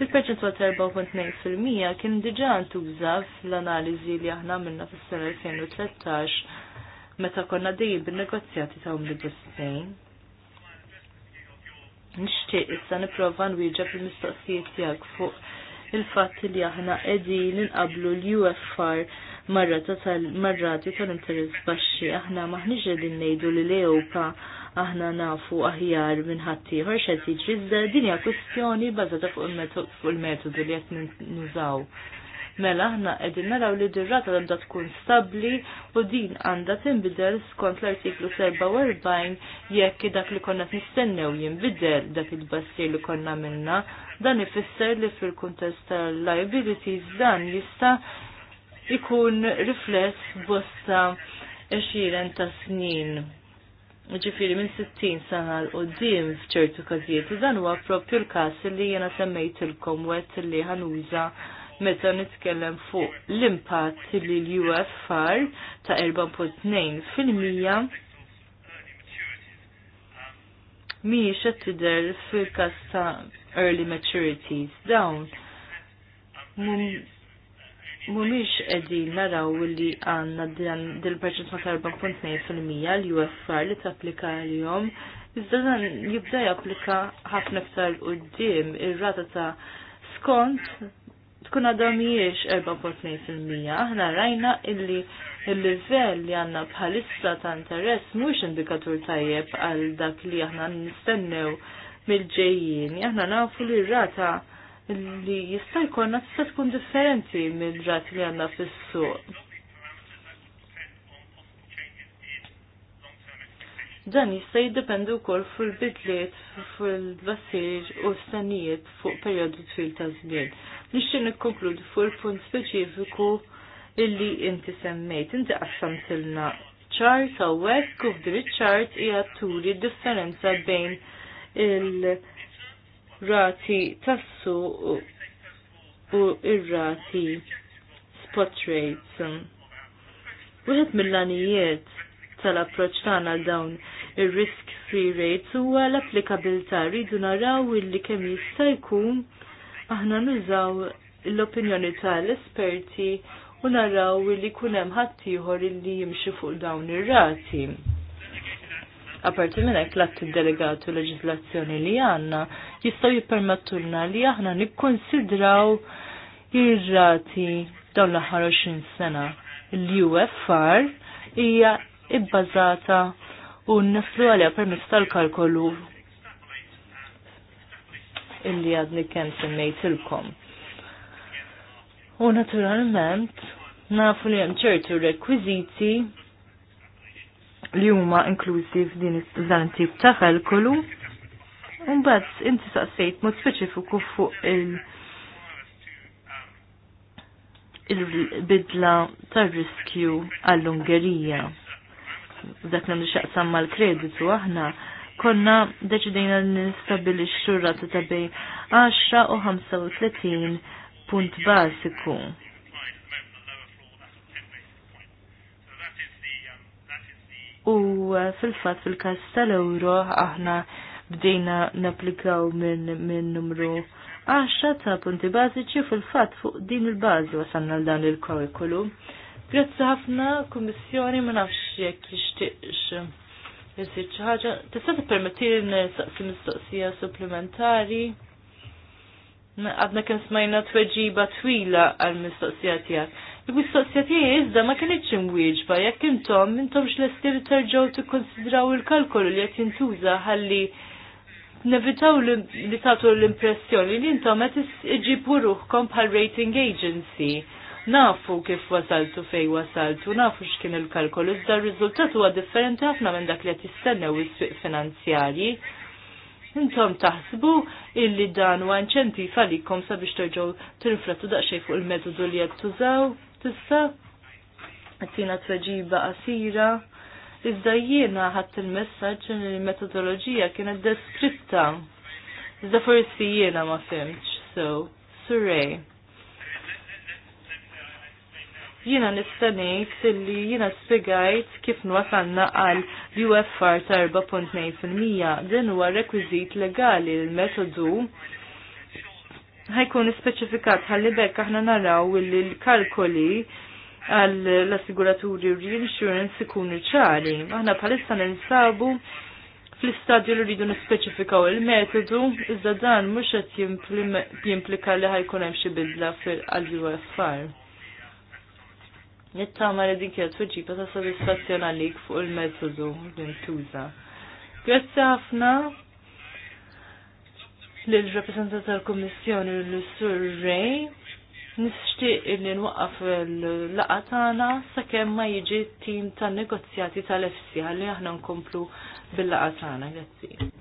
Il-perċentwal ta' 4.9% kien diġan ntuża fl-analiżi li aħna minna fis-sena 2013 meta konna dejjem bin-negozjati ta' omnibus 2. Nixtieq issa nipprova nwieġeb il-mistoqsijiet tiegħek fuq il-fatt li aħna qegħdin inqablu l-UFR marrata tal-marrati tal-interess baxxi aħna maħniġ qegħdin ngħidu li l-Ewpa aħna nafu aħjar minn ħaddieħor x'qed jiġri iżda din hija kwestjoni bbażata fuq il-metodu li qed nużaw. Mela aħna qegħdin naraw li dirrata rata għandha tkun stabbli u din għandha tinbidel skont l-artiklu 47 jekk dak li konna nistennew jinbidel dak il-bassir li konna minna dan ifisser li fil-kuntest tal-liabilities dan jista' ikun rifless bosta 20 ta' snin. Ġifiri minn 60 sena l-qoddim fċertu kazijiet, dan huwa propju l-kas li jena il komwet li ħanuża meta nitkellem fuq l-impatt li l-UFR ta' 4.2 fil-mija miex qed tidher fil-każ ta' early maturities dawn mumiex qegħdin naraw li għandna dil perċent ta' 4.2% l-UFR li tapplika għalihom iżda dan jibda japplika ħafna d quddiem ir-rata ta' skont tkun għadhom jiex 4.2%. Aħna rajna illi il-livell li għanna bħalissa ta' interess mhux indikatur tajjeb għal dak li aħna nistennew mill-ġejjin. Aħna nafu li rata li jista' jkollna tista' tkun differenti mill-rat li għandna fis-suq. Dan jista' jiddependi wkoll fuq il bidliet fil-bassir u s-sanijiet fuq perjodu twil ta' żmien. Nixtieq nikkonkludi fuq il-punt speċifiku illi inti semmejt. Inti qassamtilna ċart hawnhekk u f'din ċart hija turi differenza bejn il-rati tassu u il rati spot rates. Wieħed mill-għanijiet tal-approċ tagħna dawn ir-risk free rates huwa l-applikabilta rridu naraw illi kemm jista' jkun aħna nużaw l-opinjoni tal-esperti u naraw li kunem ħattijħor li jimxi fuq dawn ir-rati. Aparti minn hekk l-att delegatu leġislazzjoni li għandna jistgħu jippermettulna li aħna nikkonsidraw ir-rati dawn l-aħħar 20 sena. L-UFR hija ibbażata u nniflu għalja permezz tal-kalkolu illi għadni kem semmejtilkom. U naturalment, nafu li hemm ċertu rekwiżiti li huma inklużi f'din it-tip ta' kalkolu. mbagħad inti saqsejt mod speċifiku fuq il- il-bidla tar-riskju għall-Ungerija. Dak li xaqsam mal-kreditu aħna konna deċidejna nistabilixxu rata ta' bejn 10 u 35 punt bażiku. U eh, fil-fat fil-kas tal-euro aħna bdejna naplikaw minn min numru 10 ta' punti bażiċi fil-fat fuq din il-bażi wasanna l dan il-kurrikulum. Grazzi ħafna, Kummissjoni ma nafx jekk jixtieqx jisir ċaħġa. Tista t-permetti n mistoqsija supplementari? Għadna kien smajna tweġiba twila għal-mistoqsija tijak. Il-mistoqsija tijak jizda ma kienieċ imwieġba, jekk intom, intom x-lestir terġaw t-konsidraw il kalkol li għet jintuża ħalli nevitaw li tatu l-impressjoni li intom għet iġibu ruħkom bħal rating agency nafu kif wasaltu fej wasaltu, nafu x'kien il-kalkolu, iżda r-riżultat huwa differenti ħafna minn dak li qed jistennew is-swieq finanzjarji. Intom taħsbu illi dan huwa inċentiv għalikom sabiex terġgħu tirriflettu daqsxejn fuq il-metodu li qed tużaw tista' għatina tweġiba qasira. Iżda jiena ħadd il-messaġġ li l-metodoloġija kienet deskritta. Iżda forsi jiena ma fimx, so, surrej jiena nista' ngħid li jiena spjegajt kif nwasanna għal UFR 4.9% 4.2%. Din huwa rekwiżit legali l-metodu ħajkun ispeċifikat ħalli bekk aħna naraw li l-kalkoli għal l-assiguraturi u reinsurance ikunu ċari. Aħna bħalissa ninsabu fl-istadju li rridu nispeċifikaw il-metodu, iżda dan mhux qed jimplika li ħajkun hemm xi bidla fil-UFR. Nittama li dik jgħat fuġiba ta' soddisfazzjon għalik fuq il-metodu li ntuża. Grazzi ħafna lill-rappresentant tal-Kummissjoni l-Sur Rej. Nixtieq li nwaqqaf l laqatana tagħna sakemm ma jiġi t-tim tan-negozjati tal fca li aħna nkomplu bil laqatana tagħna. Grazzi.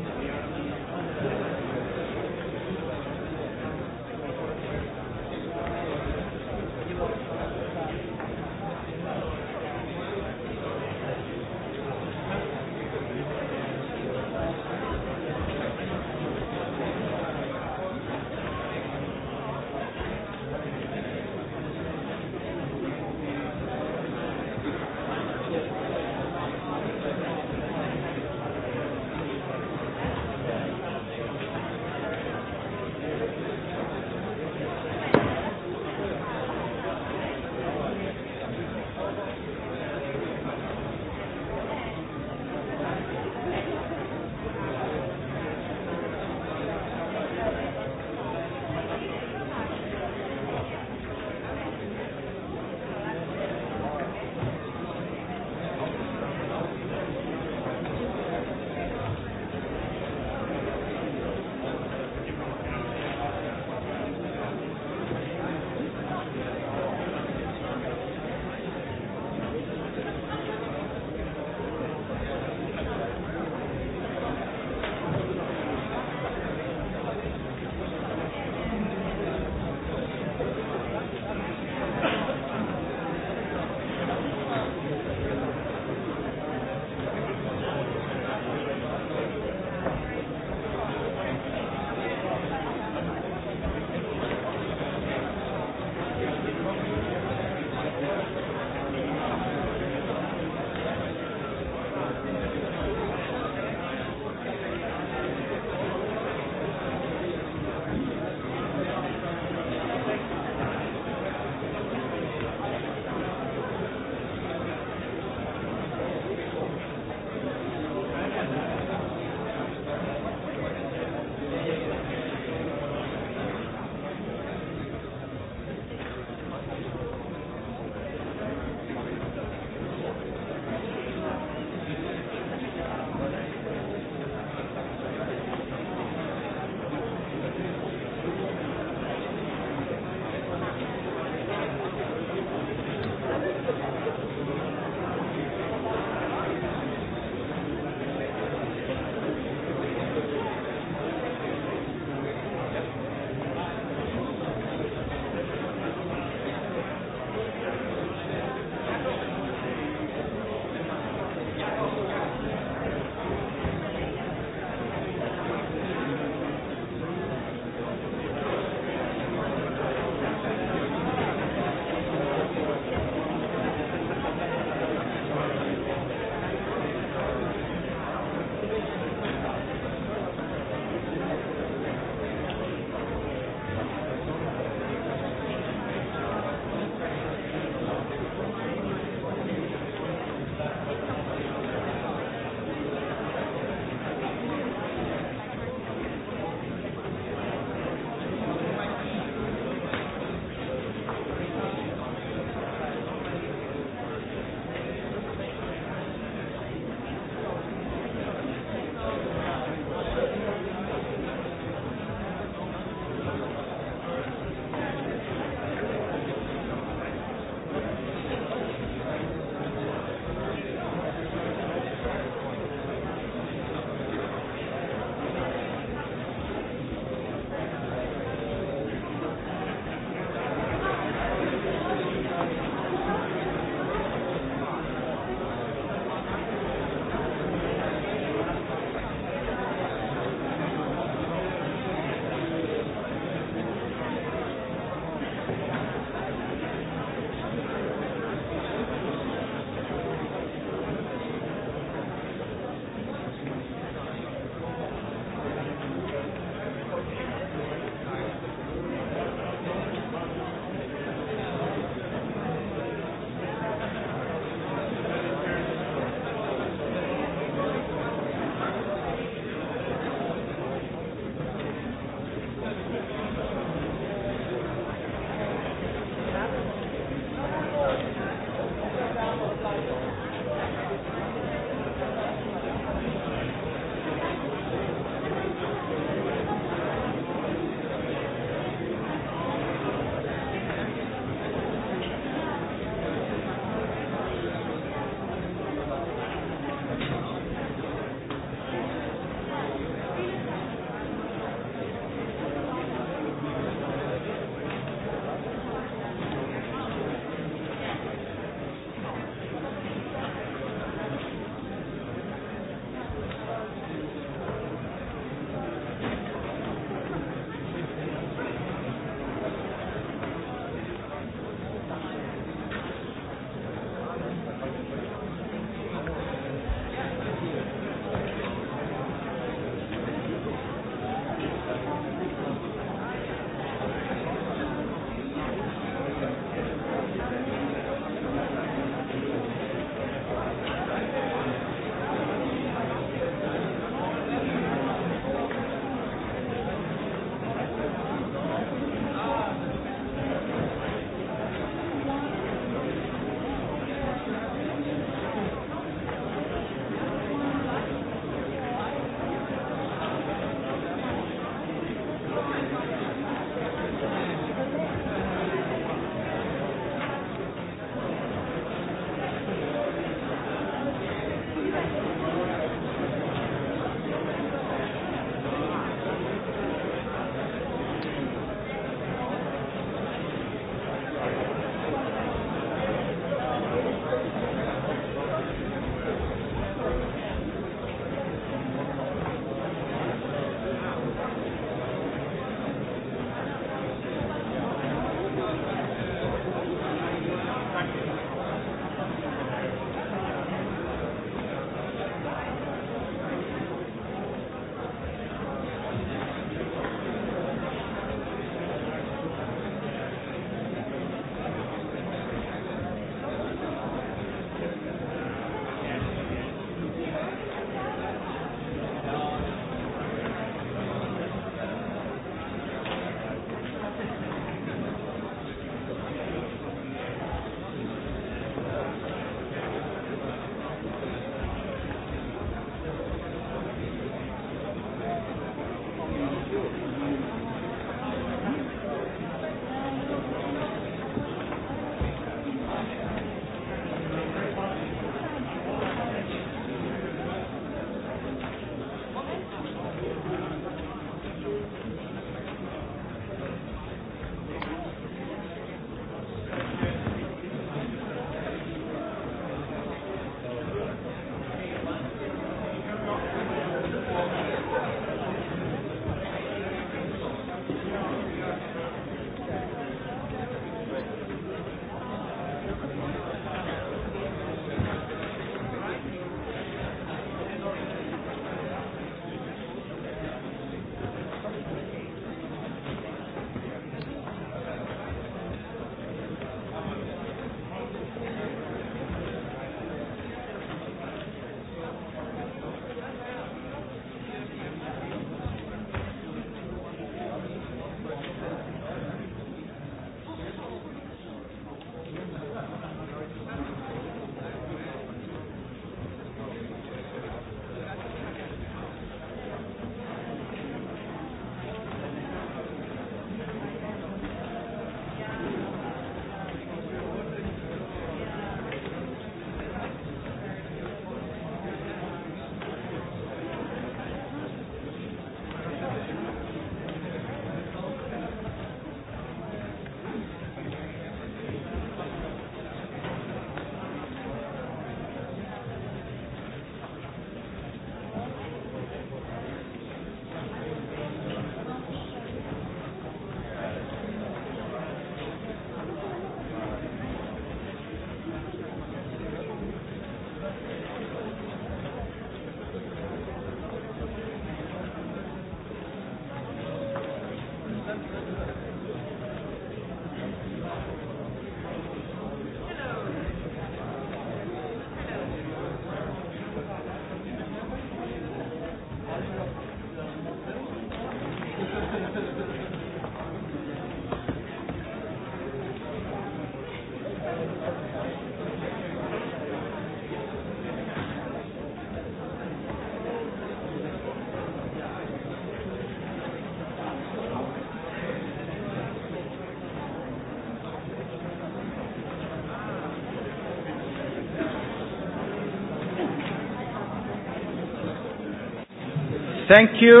Thank you.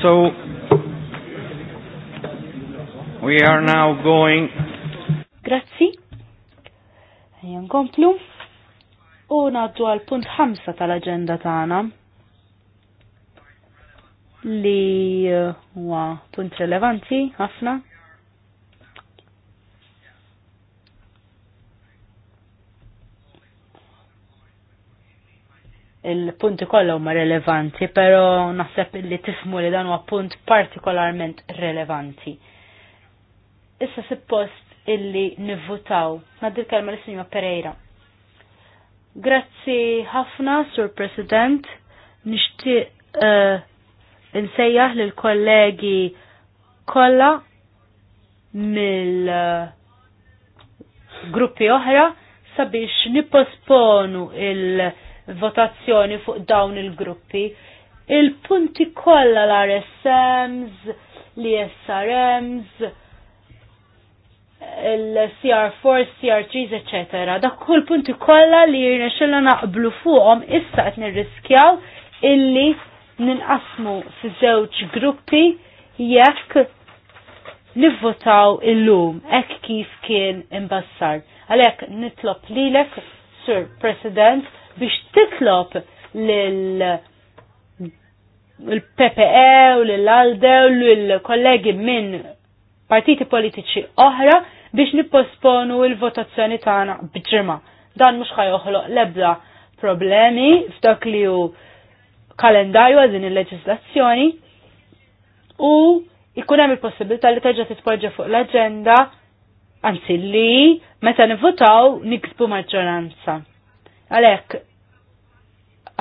So we are now going. Grazzi. Ejjan komplu. U naddu għal punt 5 tal-agenda tagħna li huwa punt relevanti ħafna il-punti kollha huma relevanti, però naħseb li tifmu li dan huwa punt partikolarment relevanti. Issa suppost illi nivvutaw, naddil kelma l sinjuma Pereira. Grazzi ħafna, Sur President, nixtieq uh, insejjaħ lil kollegi kollha mill eh, gruppi oħra sabiex nipposponu il- votazzjoni fuq dawn il-gruppi. Il-punti kollha l-RSMs, isrms l il-CR4, CR3s, etc. Dak kull punti kollha li jirnexxilna naqblu fuqhom issa qed nirriskjaw illi ninqasmu fi żewġ gruppi jekk nivvotaw illum hekk kif kien imbassar. Għalhekk nitlob lilek, Sur President, biex titlob lil l-PPE u l-ALDE u l-kollegi minn partiti politiċi oħra biex nipposponu il-votazzjoni tagħna bġimgħa. Dan mhux ħajoħloq l-ebda problemi f'dak li hu kalendarju għal din il-leġislazzjoni u jkun hemm il-possibilità li terġa' tispoġġa fuq l-aġenda anzi li meta nivvotaw niksbu maġġoranza. Għalek,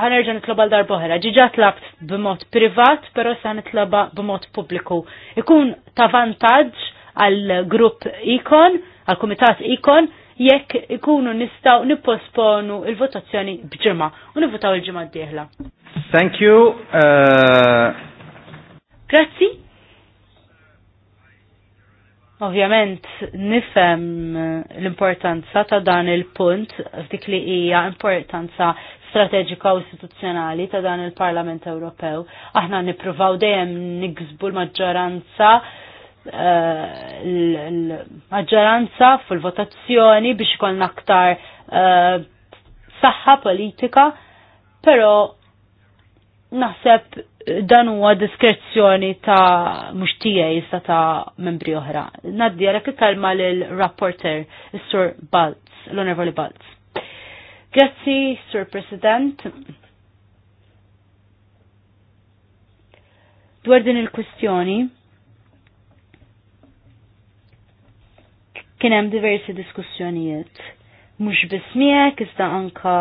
ħanerġa nitloba l darboħra oħra, ġiġa b b'mod privat, pero sa nitloba b'mod pubbliku. Ikun ta' vantaġġ għal grupp ikon, għal komitat ikon, jekk ikunu nistaw nipposponu il-votazzjoni bġimma u nivvotaw il-ġimma d-dieħla. Thank you. Uh... Grazzi. Ovvjament nifhem l-importanza ta' dan il-punt f'dik li hija importanza strateġika u istituzzjonali ta' dan il-Parlament Ewropew. Aħna nippruvaw dejjem niksbu l-maġġoranza eh, l-maġġoranza fil-votazzjoni biex ikollna aktar eh, saħħa politika, però naħseb dan huwa diskrezzjoni ta' mhux tiegħi issa ta' membri oħra. Naddi għalhekk ikkalma lil rapporter is-Sur Balz, l-Onorevoli Balz. Grazzi, Sur President. Dwar din il-kwistjoni kien hemm diversi diskussjonijiet mhux biss miegħek iżda anka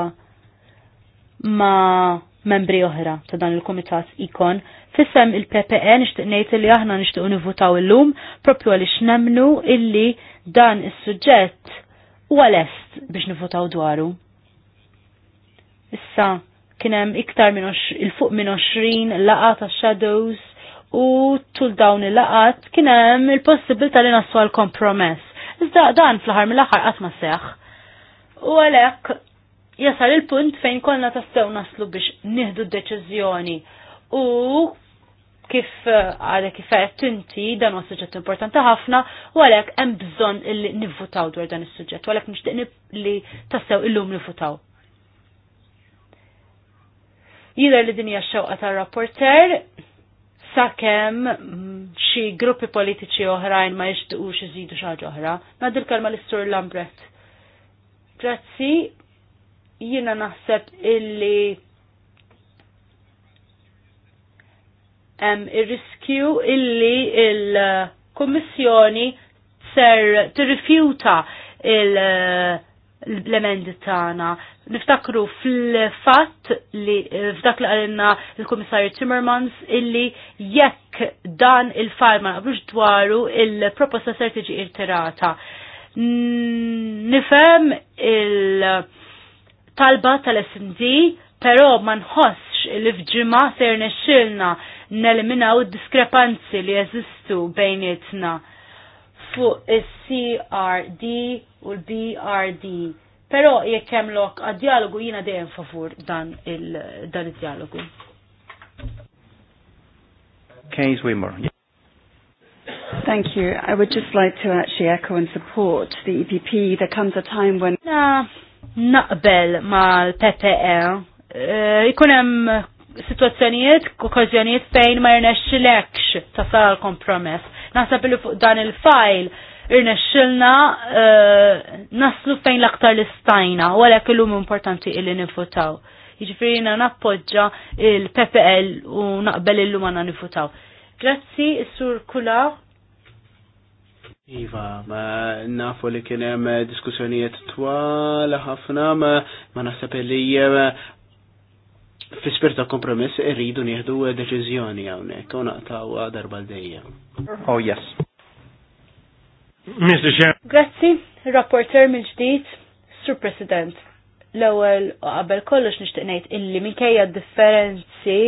ma' membri oħra ta' dan il-Komitat Ikon. Fissem il-PPE nixtieq nejt li aħna nixtieq nivutaw illum propju għaliex nemnu illi dan is-suġġett huwa lest biex nivutaw dwaru. Issa kien hemm iktar minn il-fuq minn 20 laqata shadows u tul dawn il-laqat kien hemm il-possibilità li naslu għal kompromess. Iżda dan fl-aħħar mill-aħħar qatt ma seħħ. U għalhekk jasal il-punt fejn konna tassew naslu biex nieħdu d-deċiżjoni u kif eh, għadek kifet inti dan huwa suġġett importanti ħafna u għalhekk hemm bżonn illi nivvutaw dwar dan is-suġġett u għalhekk nixtieq li tassew illum nivvutaw. Jidher li din hija x-xewqa tar-rapporter sakemm mm, xi gruppi politiċi oħrajn ma jixtiequx iżidu xi ħaġa oħra. Nad l kelma lis Lambret. Grazzi, Jiena naħseb illi hemm ir-riskju illi il-Kummissjoni ser tirrifjuta eh, l-emendi tagħna. Niftakru fil-fatt li eh, f'dak li għalina il-Kummissarju Timmermans illi jekk dan il farma ma dwaru il-proposta ser tiġi irtirata. Nifhem il-, -il talba tal smd pero ma nħossx li fġima ser nexxilna neliminaw id-diskrepanzi li jeżistu bejnietna fuq il crd u l-BRD. Pero jekk hemm lok għad-dialogu jiena dejjem favur dan il-dialogu. Keynes Wimmer. Thank you. I would just like to actually echo and support the EPP. There comes a time when... Na, naqbel mal-PPE. Ikun e, hemm situazzjonijiet, okkażjonijiet fejn ma jirnexxilekx tasal kompromess. Naħseb li fuq dan il-fajl irnexxilna e, naslu fejn l-aktar l-istajna, u għalhekk illum importanti illi nifutaw. Jiġifieri nappoġġa il-PPL e u naqbel illum na nifutaw. Grazzi, Sur Kula. Iva, ma nafu li kienem diskussjonijiet twal ħafna, ma nasab li fi spirta kompromiss irridu nieħdu deċiżjoni hawnhekk u naqtaw darba l Oh yes. Mr. Chair. Grazzi, rapporter mill-ġdid, Sur President. L-ewwel qabel kollox nixtieq ngħid illi minkejja differenzi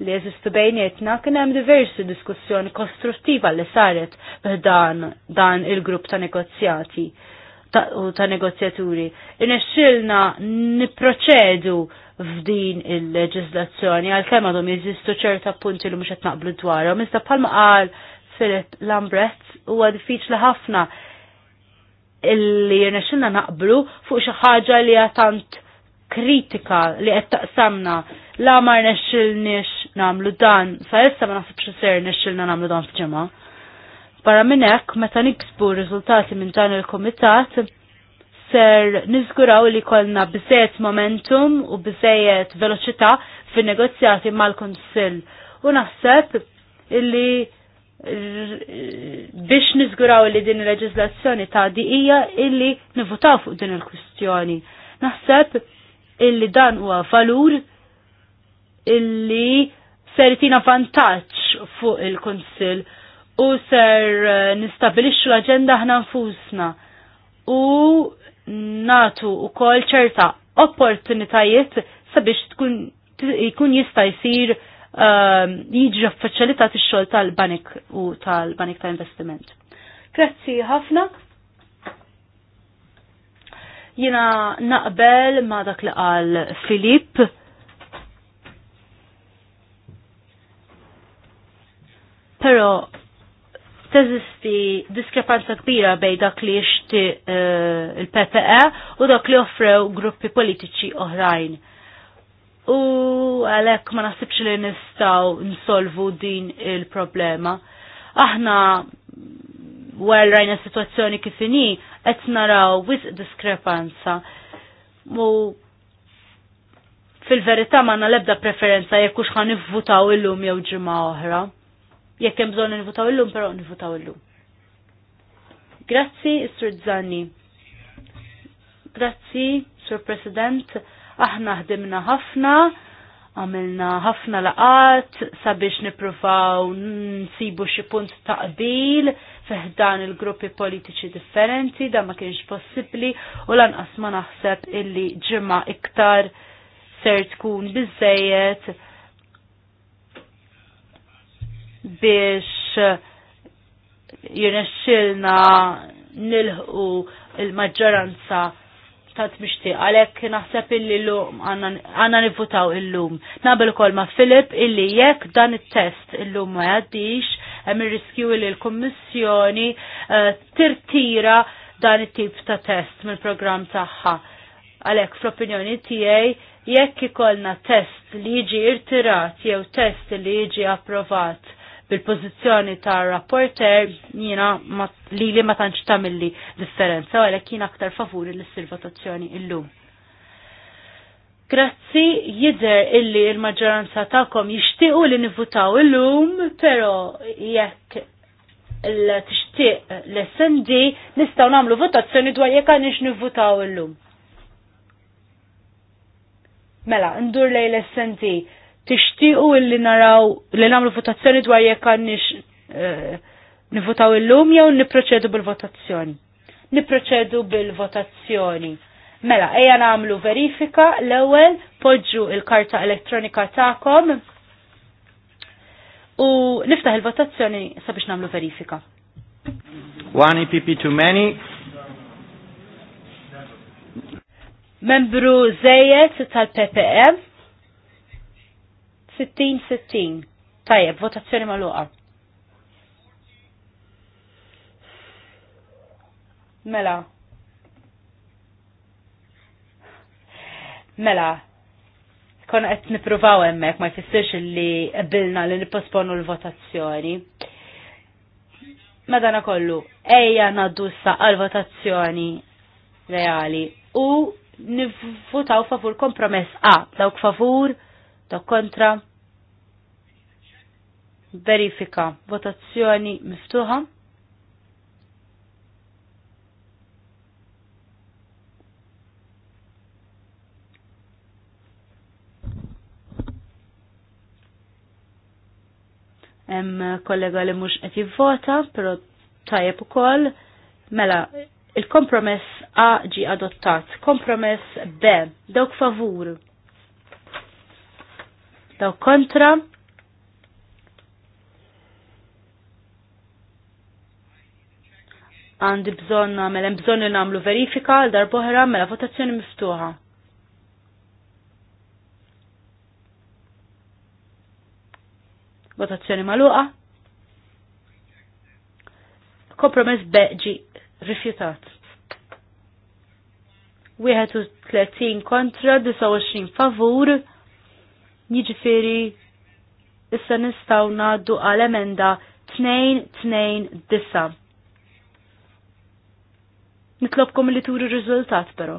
li jeżistu bejnietna kien hemm diversi diskussjoni kostruttiva li saret dan dan il-grupp ta' negozjati ta, u ta' negozjaturi. Inexxilna niproċedu f'din il-leġislazzjoni għalkemm għadhom jeżistu ċerta punti li mhux qed naqblu dwarhom. Iżda bħalma qal Philip Lambret huwa diffiċli ħafna illi jirnexxilna naqblu fuq xi ħaġa li hija tant kritika li qed taqsamna la mar nix namlu dan, sa issa ma naħsibx ser na namlu dan f'ġimgħa. Barra minn hekk meta niksbu riżultati minn dan il-kumitat, ser niżguraw li kolna bizzejet momentum u biżejjed veloċità fin-negozjati mal-Kunsill. U naħseb illi biex nizguraw li din il-leġislazzjoni ta' diqija illi nivutaw fuq din il-kwistjoni. Naħseb illi dan huwa valur illi ser tina vantaċ fuq il-Konsil u ser eh, nistabilixxu l-agenda ħna nfusna u natu u kol ċerta opportunitajiet sabiex tkun jkun jista jisir eh, jiġi faċilitat ix-xogħol tal-banik u tal-banik ta' investiment. Grazzi ħafna. Jina naqbel ma dak li qal Filipp. Pero teżisti diskrepanza kbira bej dak li jixti uh, eh, il-PPE u dak li offrew gruppi politiċi oħrajn. U għalek ma nasibx li nistaw nsolvu din il-problema. Aħna għal rajna situazzjoni kifini, qed naraw wis diskrepanza. U fil-verità ma lebda preferenza jekk hux ħan ivvutaw illum jew ġimgħa oħra. Jekk hemm bżonn nivutaw illum, però nivutaw illum. Grazzi, Sur Zanni. Grazzi, Sur President. Aħna ħdimna ħafna, għamilna ħafna laqat sabiex nipruvaw nsibu xi punt taqbil dan il-gruppi politiċi differenti, da ma kienx possibbli u lanqas ma naħseb illi ġimma iktar ser tkun biżejjed biex jirnexxilna nilħu il-maġġoranza ta' t-mixti, għalek naħseb illi l-lum għanna nifutaw il-lum. Nabel kol ma' Filip illi jekk dan il-test il-lum ma' jaddix, hemm il-riskju illi l-Kommissjoni eh, tirtira dan it-tip ta' test mill-programm tagħha. Għalek fl-opinjoni tiegħi jekk ikolna test li jiġi irtirat jew test li jiġi approvat bil-pozizjoni ta' rapporter jina li li ma tantx tamilli differenza, għalek jina aktar favuri l votazzjoni illum. Grazzi jider illi il-maġġoranza ta'kom jishtiqu li nivutaw illum, pero jekk l tishtiq l-SND nistaw namlu votazzjoni dwar jekk għanix nivutaw illum. Mela, ndur lej l-SND tixtiequ illi naraw li nagħmlu votazzjoni dwar jekk għandniex eh, nivvotaw illum jew nipproċedu bil-votazzjoni. Nipproċedu bil-votazzjoni. Mela, eja nagħmlu verifika l-ewwel poġġu il-karta elettronika tagħkom u niftaħ il-votazzjoni sabiex nagħmlu verifika. One EPP too many. Membru Zejet tal-PPM. 60-60. Tajjeb, votazzjoni maluqa. Mela. Mela. Konna qed nippruvaw hemmhekk ma jfissirx li qbilna li nipposponu l-votazzjoni. Madana kollu, ejja naddu għal votazzjoni reali u nivvotaw favur kompromess A, dawk favur da kontra verifika votazzjoni miftuħa Hemm kollega li mhux qed jivvota, però tajjeb ukoll mela il-kompromess A ġi adottat. Kompromess B, dawk favur daw kontra għandi bżon namel, hemm bżonn li nagħmlu verifika għal darbohra mela votazzjoni miftuħa. Votazzjoni magħluqa. Kompromess beġi rifjutat. 31 kontra, 29 favur, Jiġifieri issa nistgħu ngħaddu għal emenda 229. Nitlobkom li turi riżultat però.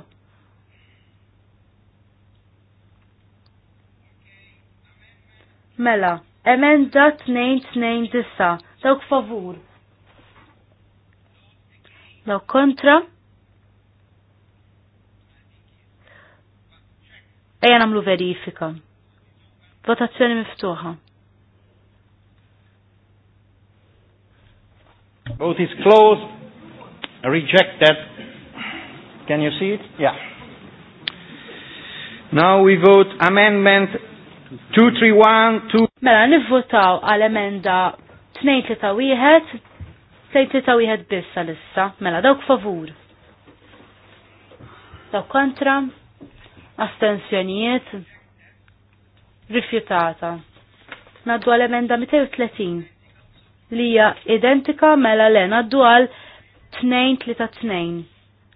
Mela, emenda 229, dawk favur. Dawk kontra. Ejja namlu verifika. Votazzjoni miftuħa. Vote is closed. Rejected. Can you see it? Yeah. Now we vote amendment 231 Mela, nivvotaw għal-emenda 231 231 bissa lissa. Mela, dawk favur. Dawk kontra. Astensjonijiet rifjutata. Naddu għal emenda 230 li hija identika mela le naddu għal 232.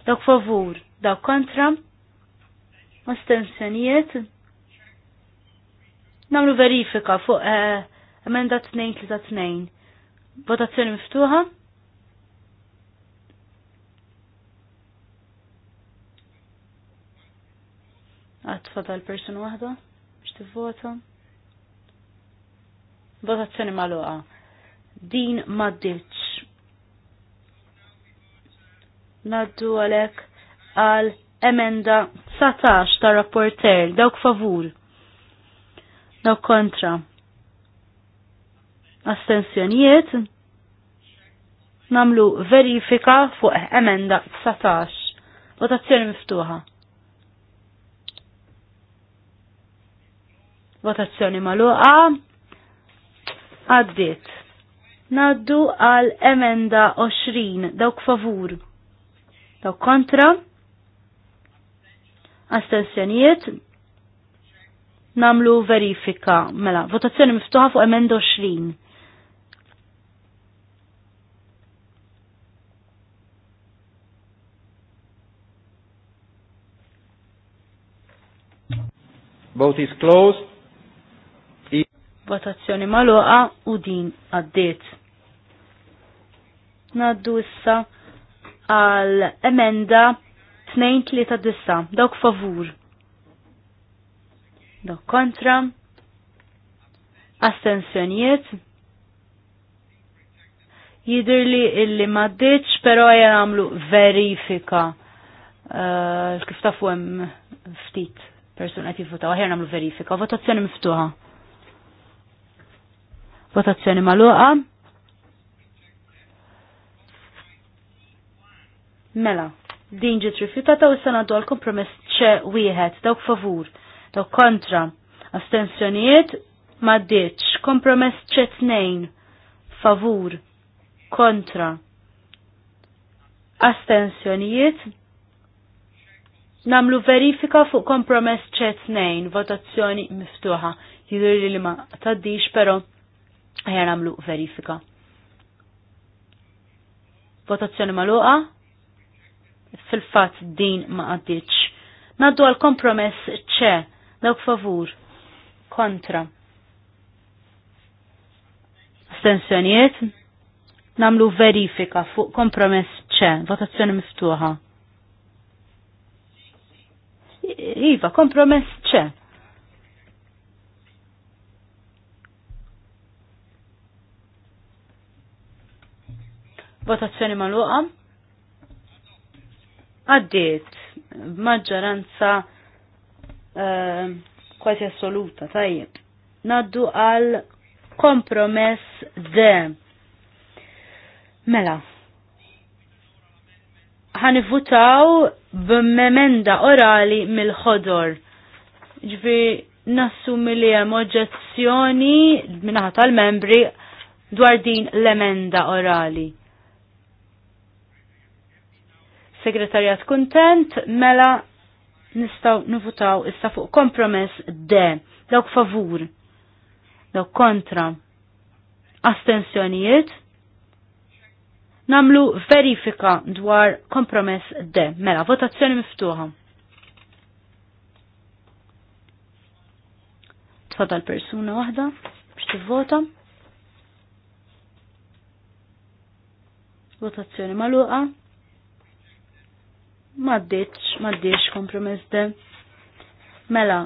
Dawk favur, dawk kontra, astensjonijiet. Namlu verifika fuq eh, emenda 232. Votazzjoni miftuħa. Għatfa tal-person wahda tivvota. Votazzjoni maluqa. Din maddiċ. Naddu għalek għal emenda 19 ta' rapporter, dawk favur. Dawk kontra. Astensjonijiet. Namlu verifika fuq emenda 19. Votazzjoni miftuħa. Votazzjoni maluqa. Għaddit. Naddu għal emenda 20. Dawk favur. Dawk kontra. Astensjonijiet. Namlu verifika. Mela, votazzjoni miftuħa fuq emenda 20. Vote is closed votazzjoni maloqa u din għaddiet. Naddu issa għal emenda 2-3 dawk favur. Dawk kontra. Astensjonijiet. li illi maddiċ, pero għajan għamlu verifika. Uh, kif tafu hemm ftit persuna qed jivvutaw, aħjar nagħmlu verifika, votazzjoni miftuħa. Votazzjoni maluqa. Mela, din ġiet rifjutata u s-sanadu għal kompromess ċe wieħed, dawk favur, dawk kontra, astensjonijiet, maddiċ, kompromess ċe t-nejn, favur, kontra, astensjonijiet, namlu verifika fuq kompromess ċe t-nejn, votazzjoni miftuħa, jidur li ma taddix pero Ejja nagħmlu verifika. Votazzjoni magħluqa? Fil-fatt din ma għaddiċ. Naddu għal kompromess ċe, dawk favur, kontra. Astensjonijiet? Namlu verifika fuq kompromess ċe, votazzjoni miftuħa. Iva, kompromess ċe. Votazzjoni maluqa. Għaddiet b'maġġoranza ehm, kważi assoluta, tajjeb. Naddu għal kompromess de. Mela, ħanivutaw b'memenda orali mill-ħodor. Ġvi nassu mill hemm oġġezzjoni tal-membri dwar din l-emenda orali. Segretarjat kuntent, mela nistaw nivutaw issa fuq kompromess D. Dawk favur. Dawk kontra. Astensjonijiet. Namlu verifika dwar kompromess D. Mela, votazzjoni miftuħa. Tfadal persuna wahda biex tivvota. Votazzjoni maluqa maddiċ, maddiċ kompromess de. Mela,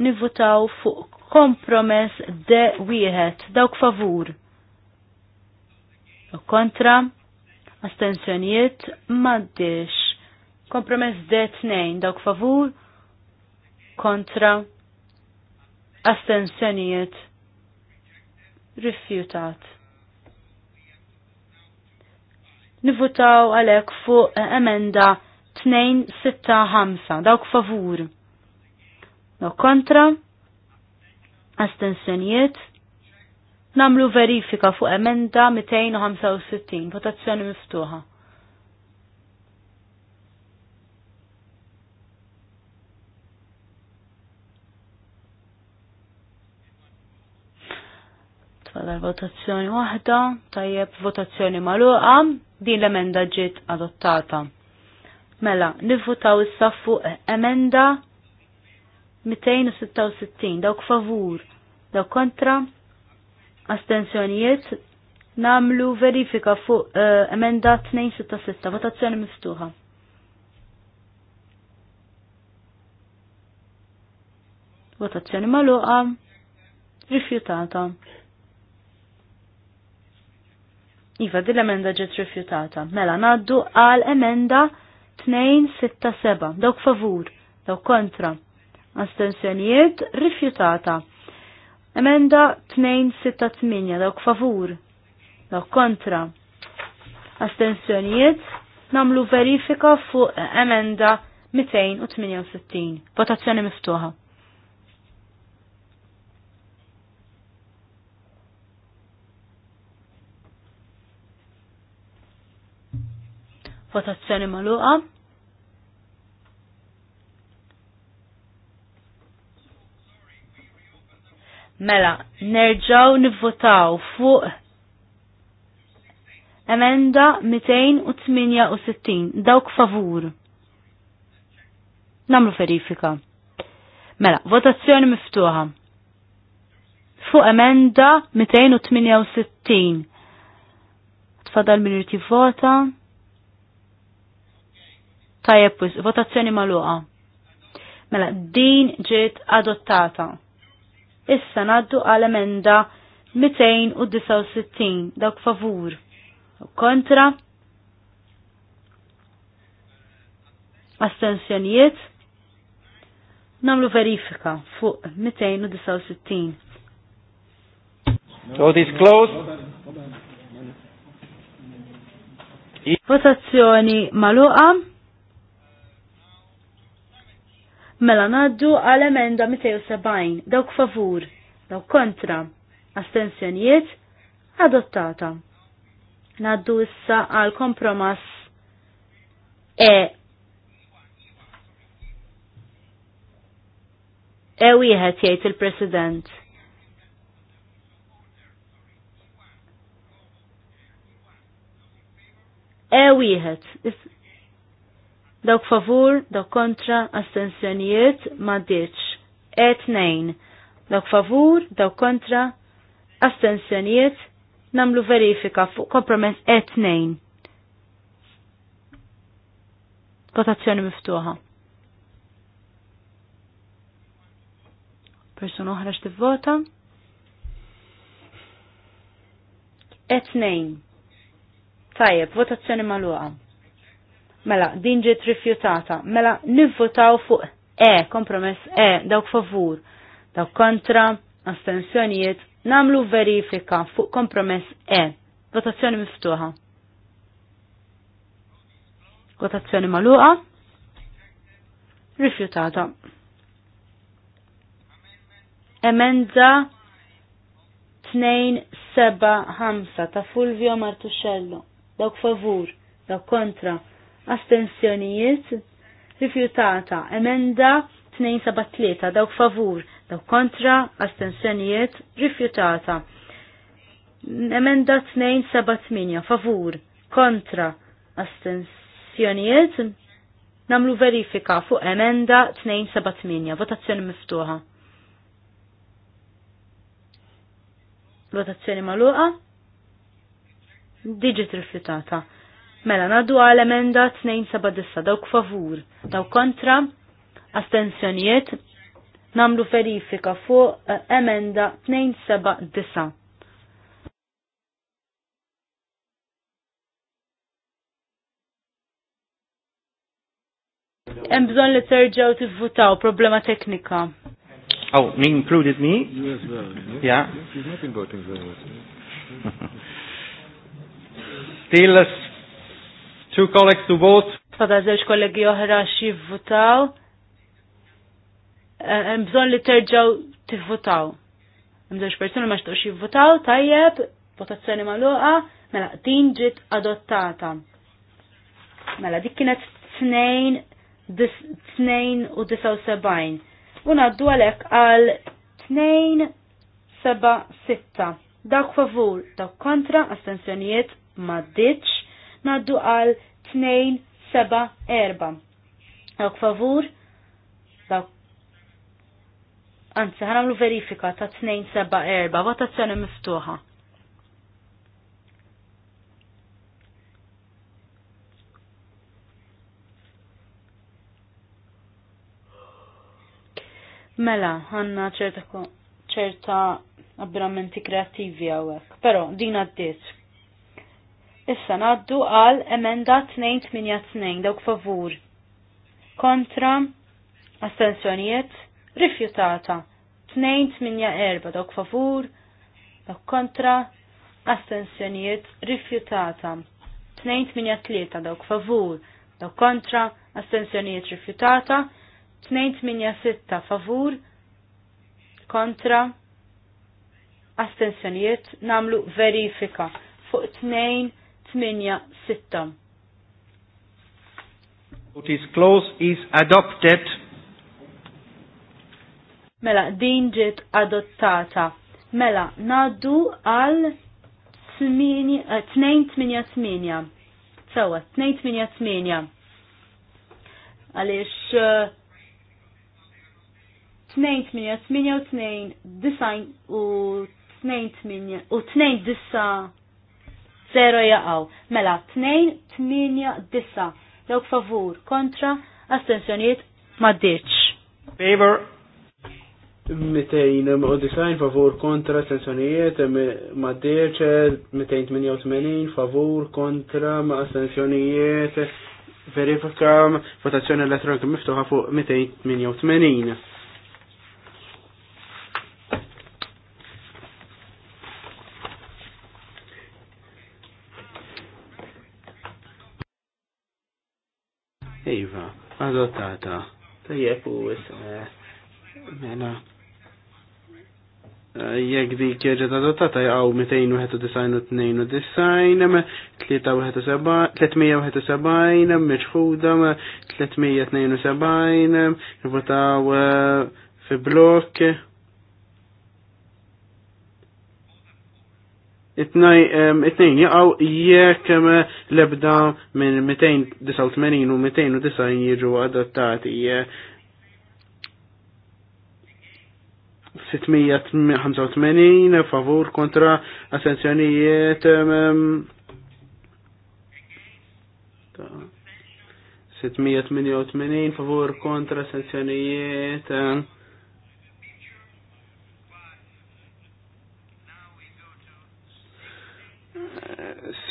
nivutaw fuq kompromess de wieħed, dawk favur. U kontra, astensjonijiet, maddiċ. Kompromess de tnejn, dawk favur, kontra, astensjonijiet, rifjutat. Nivutaw għalek fuq emenda Tnejn sitta ħamsa. Dawk favur. No kontra. Astensjonijiet. Namlu verifika fuq emenda 265. Votazzjoni miftuħa. Tfadal votazzjoni waħda, tajjeb votazzjoni maluqa, din l-emenda ġiet adottata. Mela, nivvutaw issa fuq emenda 266, dawk favur, dawk kontra, astensjonijiet, namlu verifika fuq uh, emenda 266, votazzjoni miftuħa. Votazzjoni maluqa, rifjutata. Iva, dil-emenda ġiet rifjutata. Mela, naddu għal emenda 267. 267 dawk favur, dawk kontra. Astensjonijiet rifjutata. Emenda 8, dawk favur, dawk kontra. Astensjonijiet namlu verifika fuq emenda 268. Votazzjoni miftuħa. Votazzjoni maluqa. Mela, nerġaw nivvotaw fuq emenda 268, dawk favur. Namlu verifika. Mela, votazzjoni miftuħa. Fuq emenda 268. Tfadal min vota. Tajjeb, votazzjoni maluqa. Mela, din ġiet adottata. Issa naddu għal emenda 269, dawk favur. Kontra. Astensjonijiet. Namlu verifika fuq 269. So is closed. Votazzjoni maluqa Mela naddu għal emenda 270, dawk favur, dawk kontra, astensjonijiet, adottata. Naddu issa għal kompromass E. E wieħed jgħid il-President. E wieħed. Dawk favur, dawk kontra, astensjonijiet ma ditx. e Dawk favur, dawk kontra, astensjonijiet namlu verifika fuq kompromess e Votazzjoni miftuħa. Persuna oħra x'tivvota. E2. Tajjeb, votazzjoni magħluqa. Mela, din ġiet rifjutata. Mela, nivvotaw fuq E, kompromess E, dawk favur, dawk kontra, astensjonijiet, namlu verifika fuq kompromess E. Votazzjoni miftuħa. Votazzjoni maluqa. Rifjutata. Emenda 275 ta' Fulvio Martuscello. Dawk favur, dawk kontra, astensjonijiet rifjutata emenda 273 dawk favur dawk kontra astensjonijiet rifjutata emenda 278 favur kontra astensjonijiet namlu verifika fuq emenda 278 votazzjoni miftuħa votazzjoni maluqa digit rifjutata Mela nadu għal emenda 279 dawk favur, dawk kontra, astensjonijiet, namlu verifika fuq eh, emenda 279. Hemm bżonn li terġgħu tivvutaw problema teknika. Oh, me included me? Yeah. Still Two colleagues to vote. Fada zewġ kollegi oħra xivvutaw. Eh, hemm bżonn li terġgħu tivvutaw. Hemm żewġ persuni ma xtuqx jivvutaw, tajjeb, votazzjoni magħluqa, mela din ġiet adottata. Mela dik kienet tnejn tnejn u sebgħin. U Unaddu għalhekk għal tnejn seba sitta. Dak favur, dak kontra, astensjonijiet ma ditx naddu għal 274. Dawk favur, dawk Anzi, ħanamlu verifika ta' 274, votazzjoni miftuħa. Mela, għanna ċerta abbramenti kreativi għawek. Pero, din għaddit. Issa naddu għal emenda 282 dawk favur. Kontra astensjonijiet rifjutata. 284 dawk favur. Dawk kontra astensjonijiet rifjutata. 283 dawk favur. Dawk kontra astensjonijiet rifjutata. 286 favur. Kontra astensjonijiet namlu verifika fuq 2 8-6. What is close is adopted. Mela, din ġiet adottata. Mela, naddu għal 2-8-8. Sawa, 2-8-8. Għalix 2-8-8 u 2 u 2 disa 0 jaqaw. Mela 2-8-9 dawk favur kontra astensjoniet maddiċ. Favor 290 um, favur kontra astensjonijiet, um, maddiċ 288 favur kontra ma astensjonijiet, verifikam votazzjoni elettronika miftuħa fuq 288. adottata. Tajjeb u eh, mena. Eh, jekk di kieġet adottata jgħaw 291 371 miċħuda 372 votaw eh, fi blok it-nejn jaqaw jekk lebda minn 289 u 209 jiġu adottati. 685 favur kontra assenzjonijiet 688 favur kontra assenzjonijiet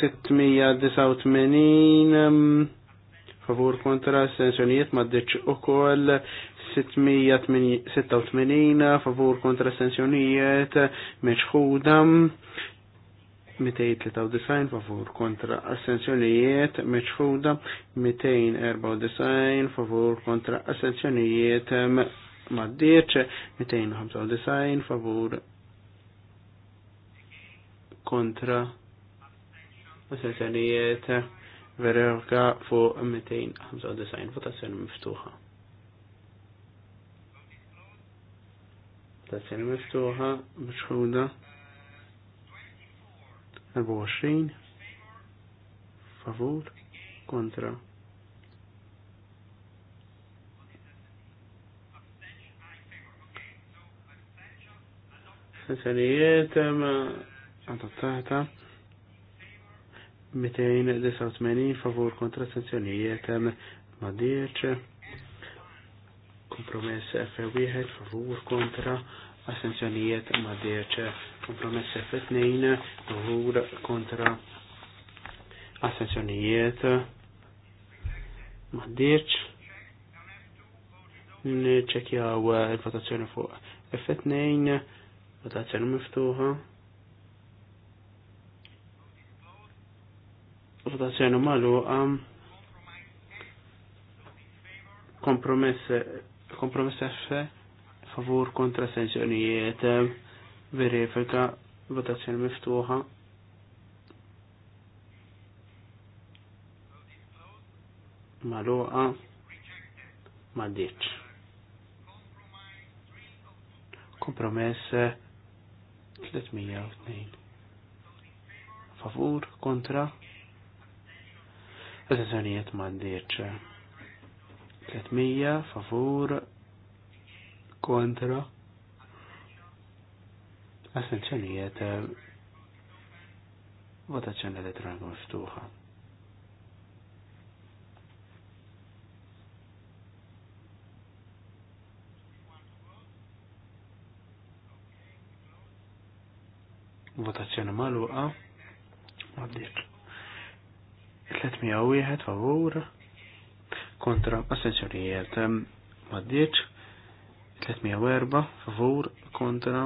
689 um, favur kontra astensjonijiet maddiċ u koll 686 favur kontra astensjonijiet meċħuda 293 favur kontra assenzjonijiet, meċħuda 294 favur kontra assenzjonijiet, um, maddirċ 295 favur kontra u sessjonijiet verifika fuq 295 votazzjoni miftuħa. Votazzjoni miftuħa biex 24 favur kontra sessjonijiet adottata 289 favur kontra sanzjonijiet ma dirċ kompromess F1 favur kontra sanzjonijiet ma dirċ kompromess F2 favur kontra sanzjonijiet ma dirċ nċekjaw il-votazzjoni fuq F2 votazzjoni miftuħa votazzjoni magħluqa kompromess kompromess F favur kontra sanzjonijiet verifika votazzjoni miftuħa magħluqa ma ditx kompromess 302 favur kontra Attenzjonijiet mandiċ. 300 favur kontra. Attenzjonijiet votazzjoni elettronika miftuħa. Votazzjoni maluqa. Għaddiet. 301 favur kontra assenzjonijiet maddiċ 304 favur kontra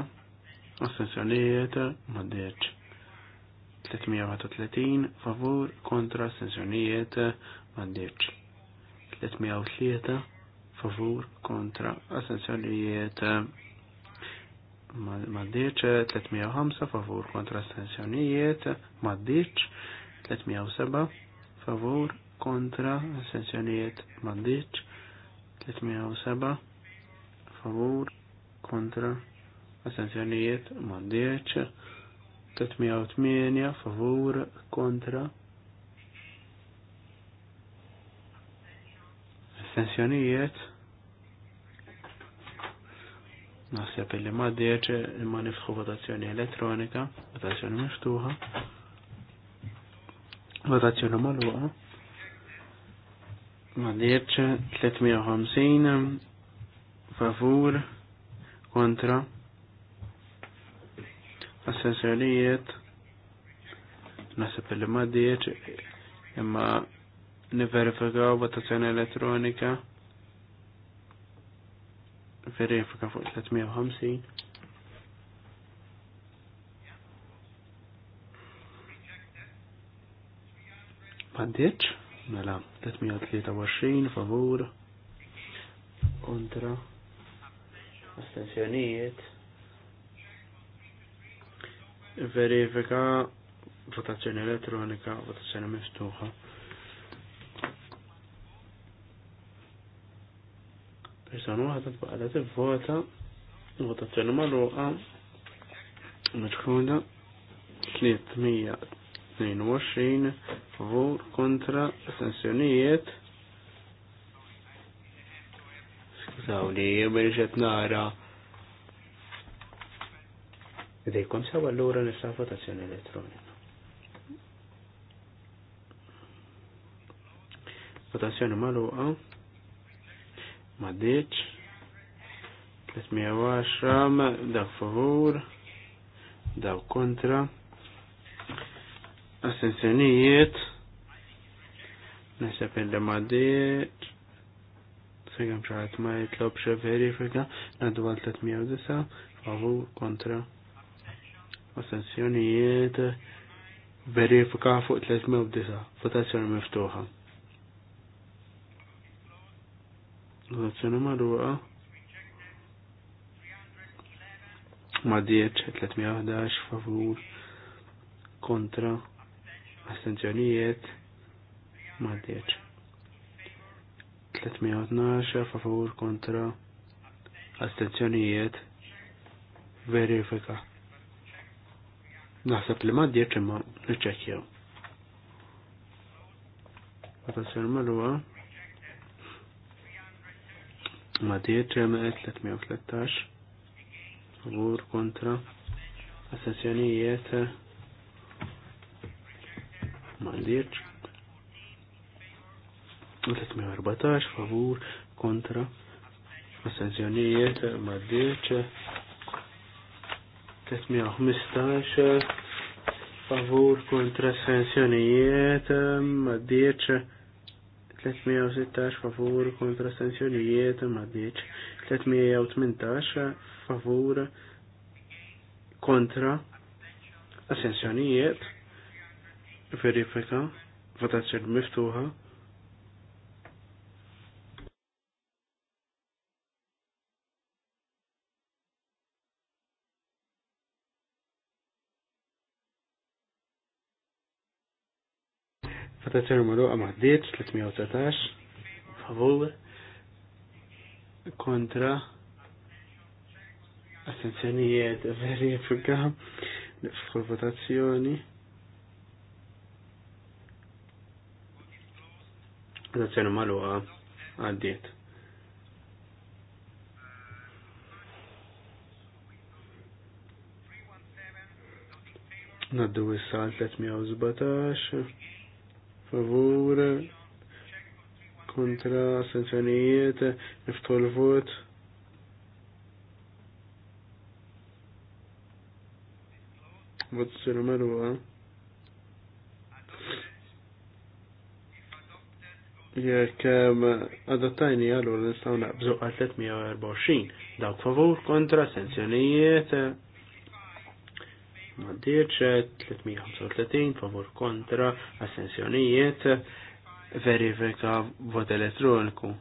assenzjonijiet maddiċ 330 favur kontra assenzjonijiet maddiċ 303 favur kontra assenzjonijiet maddiċ 305 favur kontra assenzjonijiet maddiċ 307 Favor, kontra assenzjonijiet mandiċ 307 favor kontra assenzjonijiet mandiċ 308 favor, kontra assenzjonijiet Nasja pelli maddieċe deċ imma nifħu votazzjoni elettronika, votazzjoni miftuħa. Votazzjoni maluqa. Madirċ 350 favur kontra assessorijiet nasib li madirċ imma niverifikaw votazzjoni elettronika verifika fuq 350 Maddiċ, mela 323 favur kontra astensjonijiet verifika votazzjoni elettronika votazzjoni miftuħa persona waħda tbaqla tivvota votazzjoni magħluqa meġħuda 300 22 favur kontra astensjonijiet skużawni mirġet nara kom sawa l-ura nisa votazzjoni elettronika votazzjoni maluqa ma ditx 310 dak favur dak kontra assenzjonijiet, nasab il-damadir, segħam ċaħat ma jitlob xe verifika, naddu għal 309, favu kontra assenzjonijiet, verifika fuq 309, votazzjoni miftuħa. Votazzjoni marruqa. Ma 311 favur kontra għastanġanijiet ma ddieċ. 312 favur kontra għastanġanijiet verifika. Naħseb li ma imma nċekjaw. Għata s-sermaluwa ma ddieċ imma 313 favur kontra astenzjonijiet ma 314 favur kontra assenzjonijiet ma 315 favur kontra assenzjonijiet ma 316 favur kontra sanzjonijiet ma 318 favur kontra assenzjonijiet verifika, votazzjoni miftuħa. Votazzjoni maluqa maħdiet 313, favur, kontra, astenzjonijiet verifika, fuq votazzjoni. Votazzjoni maluqa għaddiet. Naddu issa għal 317 favur kontra sanzjonijiet niftu l-vot. Votazzjoni maluqa. jekk ehm, adottajni għallu l-nistaw naqbżu għal 324 dawk favur kontra sanzjonijiet maddirċ 335 favur kontra assenzjonijiet verifika vot elettroniku.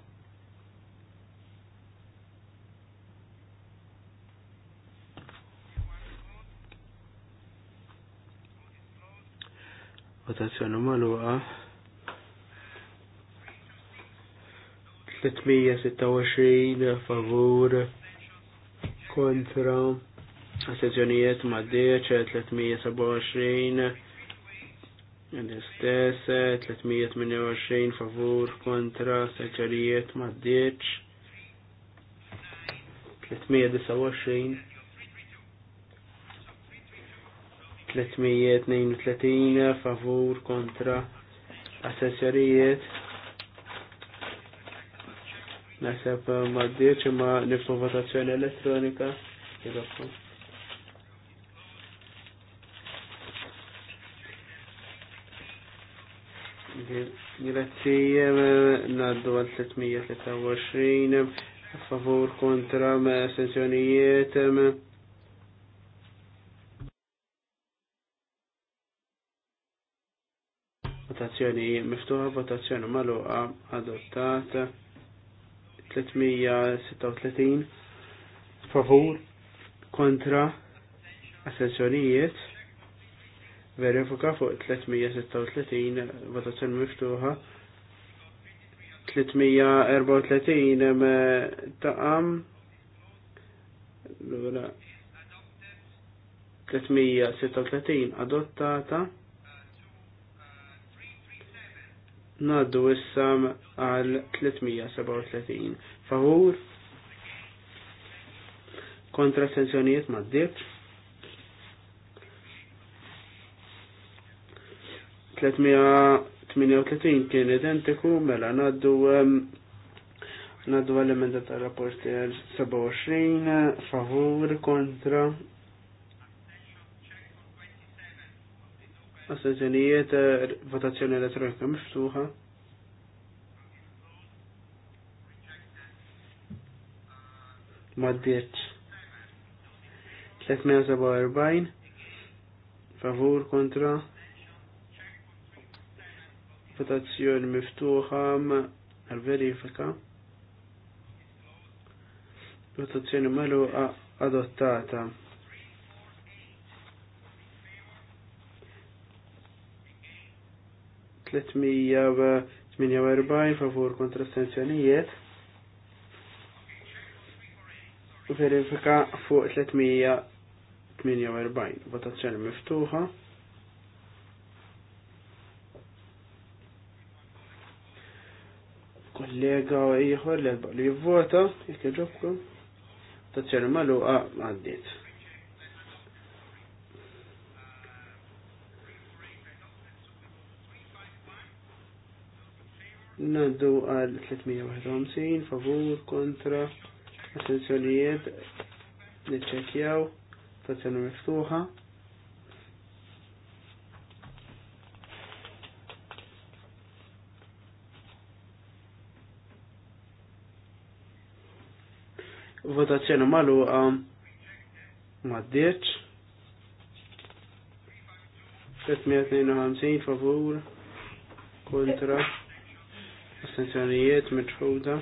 Votazzjoni maluqa. 326 favur kontra sezzjonijiet maddeċ 327 l-istess 328 favur kontra sezzjonijiet maddeċ 329 332 favur kontra assessjonijiet Nasab eh, ma d ma niftu votazzjoni elettronika. Jidokku. Grazie, eh, naddu għal 323, favur kontra sessjonijiet. Eh, votazzjoni miftuħa, votazzjoni maluqa, adottata. 336 favur kontra assenzjonijiet verifika fuq 336 votazzjoni miftuħa 334 taqam 336 adottata Naddu issa għal 337. Favur kontra sanzjonijiet ma' d-dirt. 338 kien identiku, mela naddu naddu għal-emenda tal-rapporter 27 favur kontra Astenzjonijiet, eh, votazzjoni elettronika miftuħa. Maddiet. 347 favur kontra votazzjoni miftuħa għal-verifika votazzjoni maluqa adottata 348 uh, favur kontra astensjonijiet. Verifika fuq 348 votazzjoni miftuħa. Kollega ieħor li jivvota jekk iġobkom. Votazzjoni magħluqa għaddiet. Naddu għal 351 favur kontra attenzjonijiet niċċekjaw tazzjoni miftuħa. Votazzjoni maluqa ma' 10. 352 favur kontra astensjonijiet mitħuda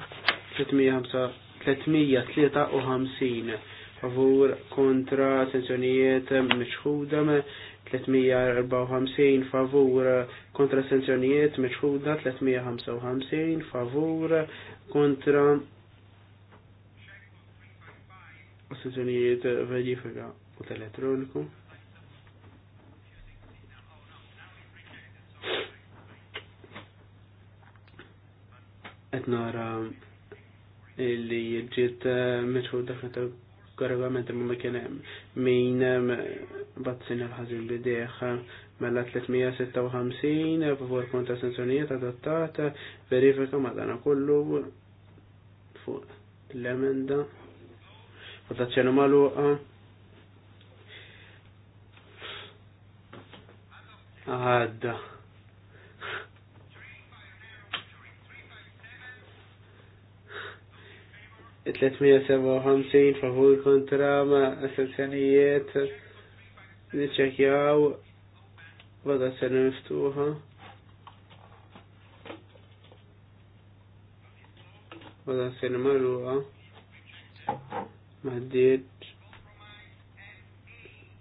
353 favur kontra astensjonijiet mitħuda 354 favur kontra astensjonijiet mitħuda 355 favur kontra astensjonijiet verifika u telettroniku. etnara eh, li ġiet meċħu daħna ta' regolament imma ma kien hemm min bazzin il ħazin li deħ mela 356 eh, favor kontra sanzjonijiet adottata eh, verifika ma' dana kollu fuq l-emenda votazzjoni magħluqa għadda 357 favur kontra ma assenzjonijiet niċċekjaw votazzjoni miftuħa. Votazzjoni marruħa. Maħdiet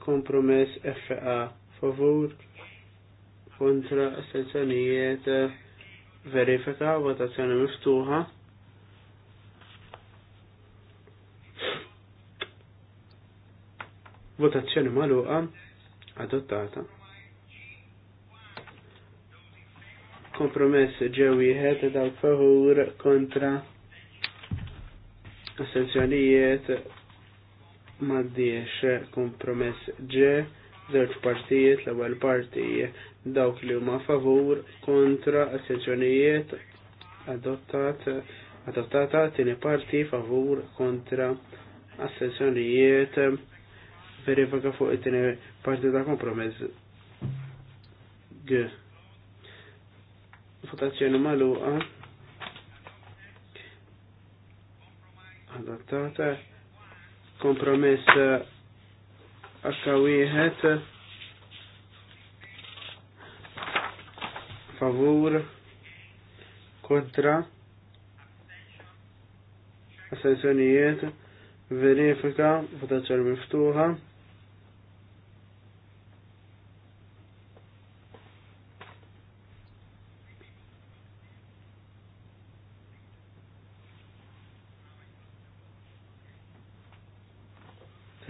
kompromess FA favur kontra assenzjonijiet verifika votazzjoni miftuħa. Votazzjoni maluqa adottata. Kompromess ġewieħed dal favur kontra assenzjonijiet maddiex kompromess ġe żewġ partijiet l-ewwel partiji. dawk li huma favur kontra assenzjonijiet adottat adottata tieni parti favur kontra assenzjonijiet verifika fuq it-tieni parti ta' kompromess. G. Votazzjoni maluqa. Adattata. Kompromess H1 eh, favur kontra assenzjonijiet verifika votazzjoni miftuħa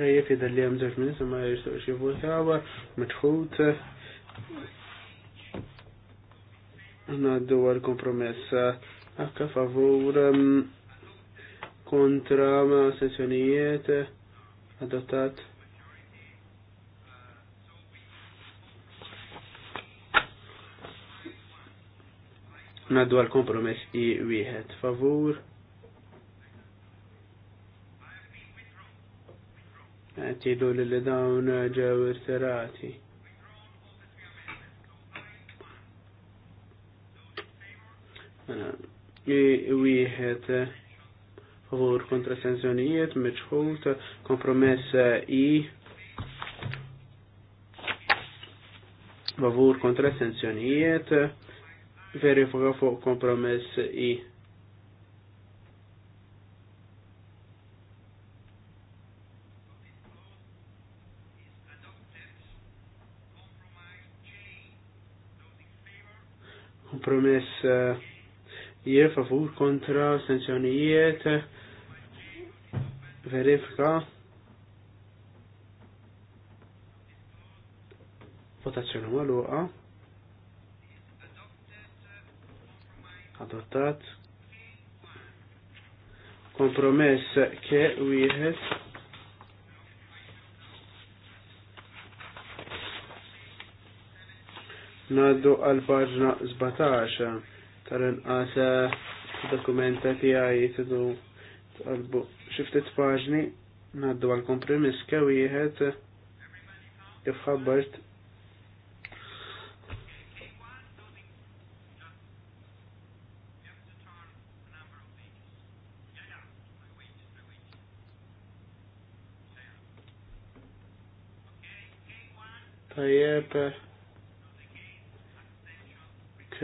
tajjeb jidher dalli hemm żewġ minisa ma jistgħux jivvutaw mitħut ngħaddu għal kompromessa, għakka favur mm, kontra ma sessjonijiet adottat Naddu għal kompromess i wieħed favur tidu li li dawn ġew irserati. Mela, wieħed favur kontra sanzjonijiet, meċħut, kompromess i favur kontra sanzjonijiet, verifika fuq kompromess i. promess eh, je favur kontra sanzjonijiet verifka votazzjoni maluqa adottat kompromess ke wieħed naddu għal-paġna 17 tal-inqas eh, dokumenta tiegħi tidu tqalbu xiftit paġni naddu għal-kompromiss kewieħed kif ħabbart Tajjeb,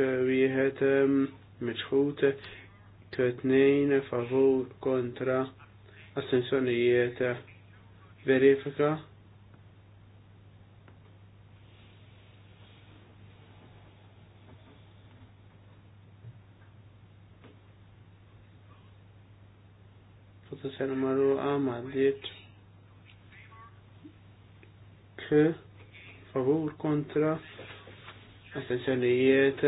wieħed ehm, miċħut tnejn favur kontra astensjonijiet verifika sena marruqa għama ditt k favur kontra attenzjonijiet,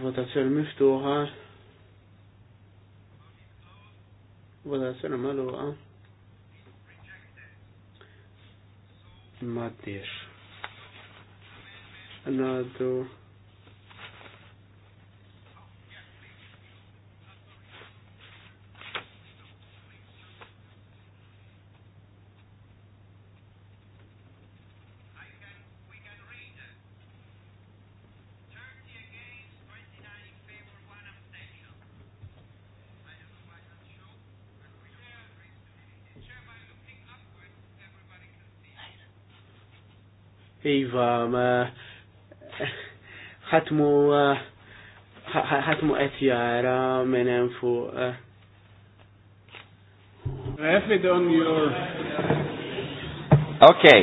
votazzjoni miftuħa, votazzjoni maluqa, maddiex. Għannadu. Iva, ma eh, ħatmu eh, ħatmu qed jara minn hemm fuq. Have eh. it on your Okay.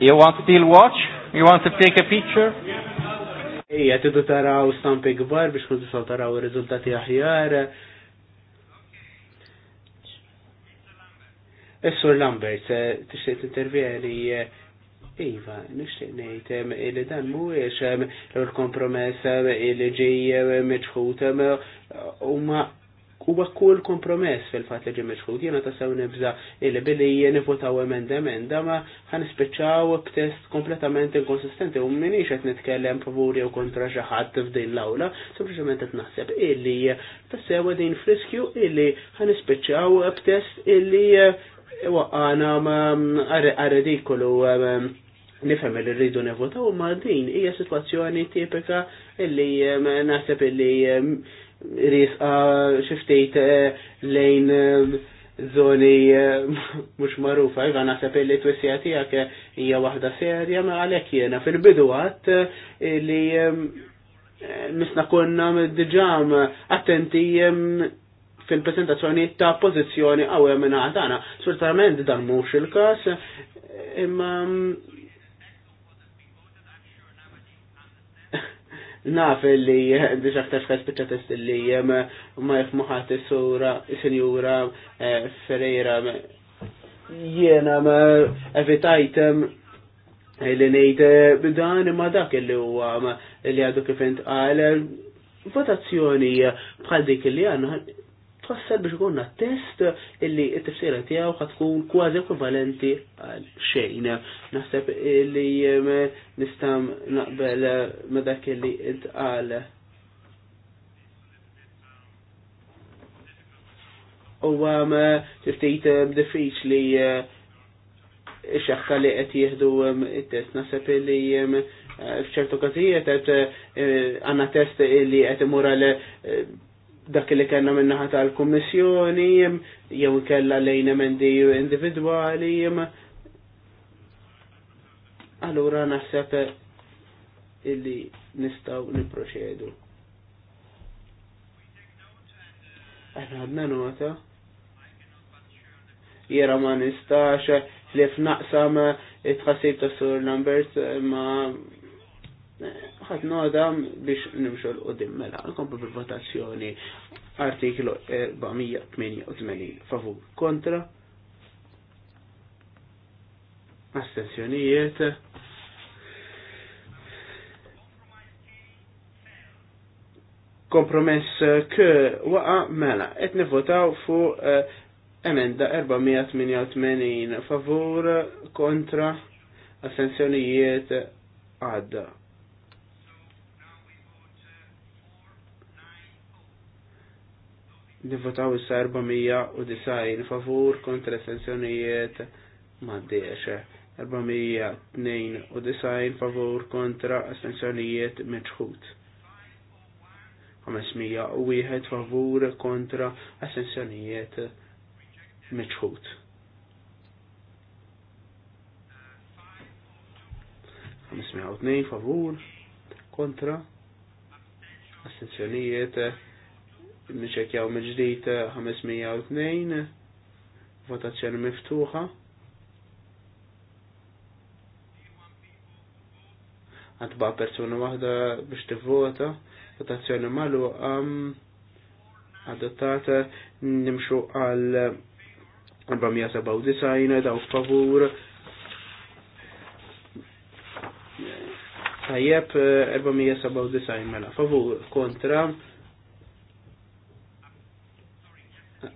You want to still watch? You want to take a picture? Ija, tiddu taraw stampi gbar biex kun tisaw taraw il-rizultati aħjar. Is-Sur Lambert, eh, tixtieq intervjeri eh, Iva, nixtieq ngħid eh, li dan mhuwiex l kompromess li ġej meċħut huma huwa kull kompromess fil-fatt li ġej meċħut. Jiena tasew nibża li billi nivvotaw emenda emenda ma ħanispiċċaw b'test kompletament inkonsistenti u m'iniex qed nitkellem favuri u kontra ġaħat f'din l-awla, sempliċement qed naħseb illi sew din friskju illi speċaw b'test illi Għana għarridikolu mm, mm, mm, nifem li rridu nevotaw ma din hija sitwazzjoni tipika illi naħseb illi risqa xiftejt eh, lejn zoni eh, mhux magħrufa, iva naħseb illi twissija għak hija waħda serja ma għalhekk jiena fil-bidu għat illi eh, misna konna diġam attenti fil-presentazzjoni ta' pożizzjoni għawja minna għatana. Surtament dan mhux il-każ, imma mm, naf li biex aktar xħas bieċa test li jem mm, ma jifmuħat s-sura, s-senjura, eh, Ferreira, mm, jena evitajtem li nejt eh, bidan imma dak li huwa li għadu kif int eh, votazzjoni bħal dik li għanna tfasser biex konna test illi t-tifsira tijaw għat kun kważi ekvivalenti għal xejn. Naħseb illi nistam naqbel ma illi id għal. U għam tiftit diffiċ li xaħka li għet jihdu il-test. Nasab illi fċertu kazijiet għet għanna test illi għet imur għal dak li kellna minnaħa tal-Kummissjoni jew kella lejn emendi individwali allura naħseb illi nistaw niproċedu. Aħna għadna nota. Jera ma nistax li f'naqsam it ħasib ta' Sur numbers ma' ħat noda biex nimxu l-qoddim mela, bil-votazzjoni artiklu 488 favur kontra astensjonijiet kompromess k waqa mela qed nivvotaw fuq eh, emenda 488 favur kontra astenzjonijiet għadda Nivvotaw issa 490 favur kontra astensjonijiet maddiex. 492 favur kontra astensjonijiet meċħut. 501 favur kontra assenzjonijiet meċħut. 502 favur kontra assenzjonijiet nċekjaw mill 502, eh, votazzjoni miftuħa. Għadba persona wahda biex tivvota, votazzjoni malu għam mm, adottata nimxu għal 497 daw favur tajjeb 497 eh, mela favur kontra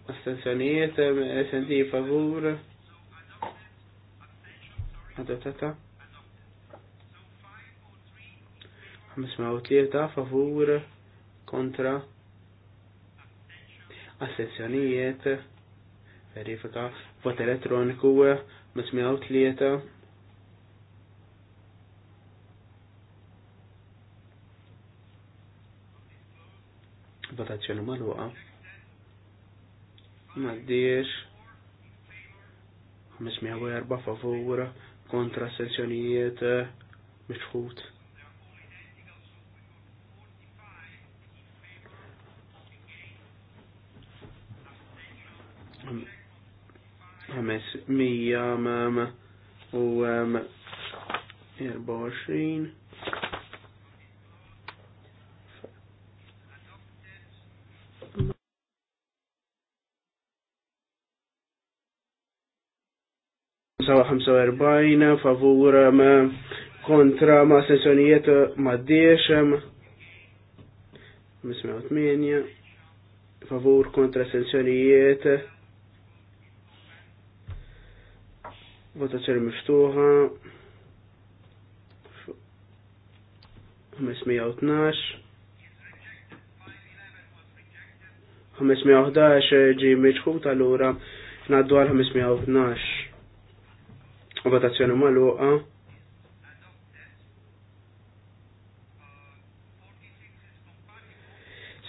astensjonijiet, SND favur, adottata. 503 favur kontra assessjonijiet verifika vot elettroniku 503 votazzjoni maluqa maddiex 504 favur kontra sessjonijiet eh, miċħut. Għames mija mm, mm, u 24 mm, 45 favur kontra ma sessjonijiet ma d-diexem. Mismew favur kontra sessjonijiet. Votazzjoni miftuħa. 512. 511 ġi tal allura naddu għal 512 votazzjoni maluqa.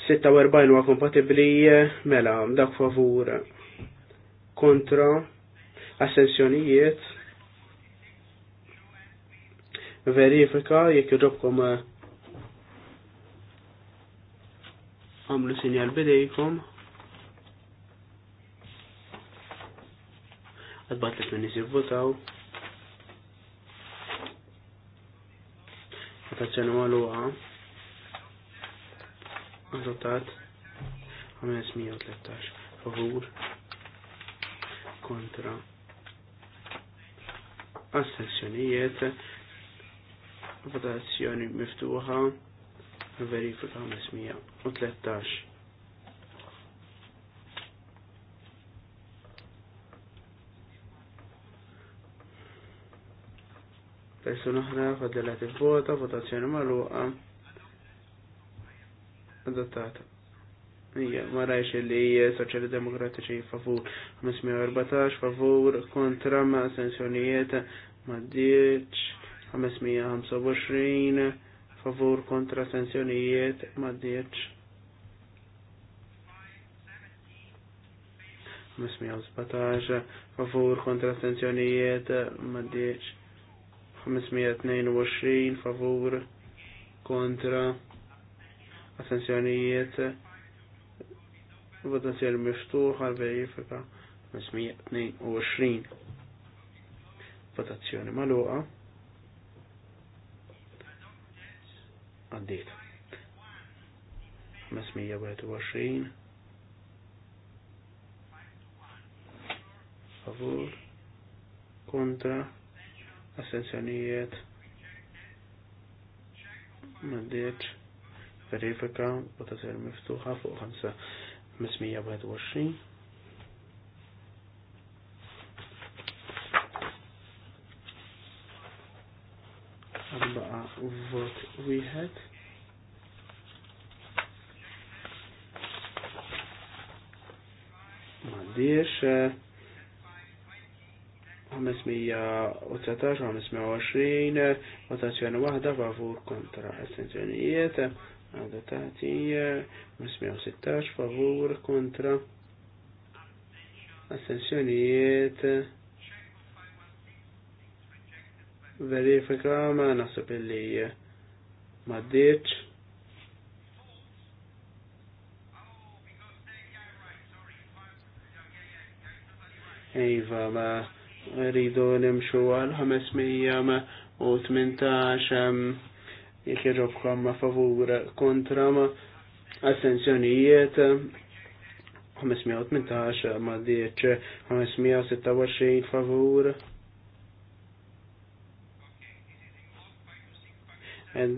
Sitta u erbajn huwa kompatibbli mela dak favur kontra ascensjonijiet. verifika jekk iġobkom għamlu sinjal bidejkom. għadbat li t-minni votaw votazzjoni magħluqa Riżultat 513 favur kontra assessjonijiet votazzjoni miftuħa verifika 513 persuna oħra ħoddelet il-vota, votazzjoni maluqa, Adottata. Ija, ma rajx li soċali demokratiċi favur 514, favur kontra ma sensjonijiet ma 10, 525, favur kontra sensjonijiet ma 10. 517, favur kontra sensjonijiet ma 10. 522 favur kontra attenzjonijiet votazzjoni miftuħ għal verifika 522 votazzjoni maluqa għaddit 522 favur kontra assenzjonijiet maddiċ verifika votazzjoni miftuħa fuq 521 Arbaqa vot wieħed. uh 520 votazzjoni waħda favur kontra astenzjonijiet adottati 516 favur kontra astenzjonijiet verifika ma nasib li iva, ma ddiċ Ejva, ma rridu nimxu għal 518 jek ma favur kontra assenzjonijiet 518 ma dieċ 526 favur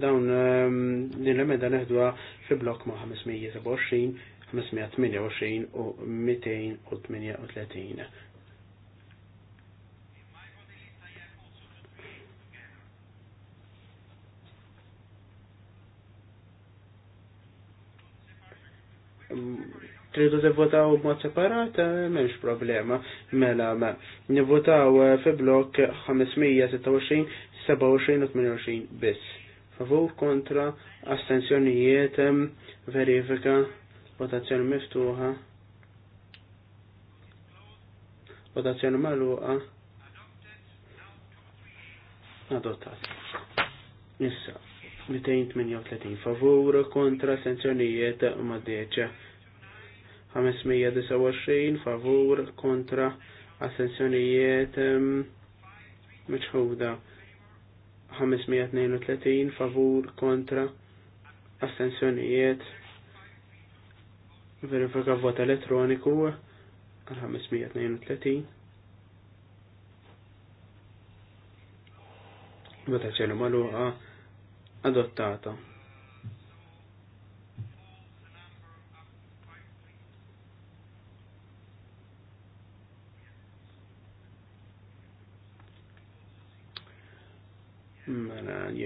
dawn l-lemeda neħdwa fi blok ma 527 528 u 238 tridu tivvotaw b'mod separat, eh, m'hemmx problema. Mela, ma nivvotaw eh, fi blok 526, 27 u 28 biss. Favur kontra astensjonijiet verifika votazzjoni miftuħa. Votazzjoni magħluqa. Adottat. Issa. 238 favur kontra sanzjonijiet ma' 10. 529 favur kontra assenzjonijiet meċħuda 532 favur kontra assenzjonijiet verifika vot elettroniku għal 532 Vota ċenu maluqa adottata.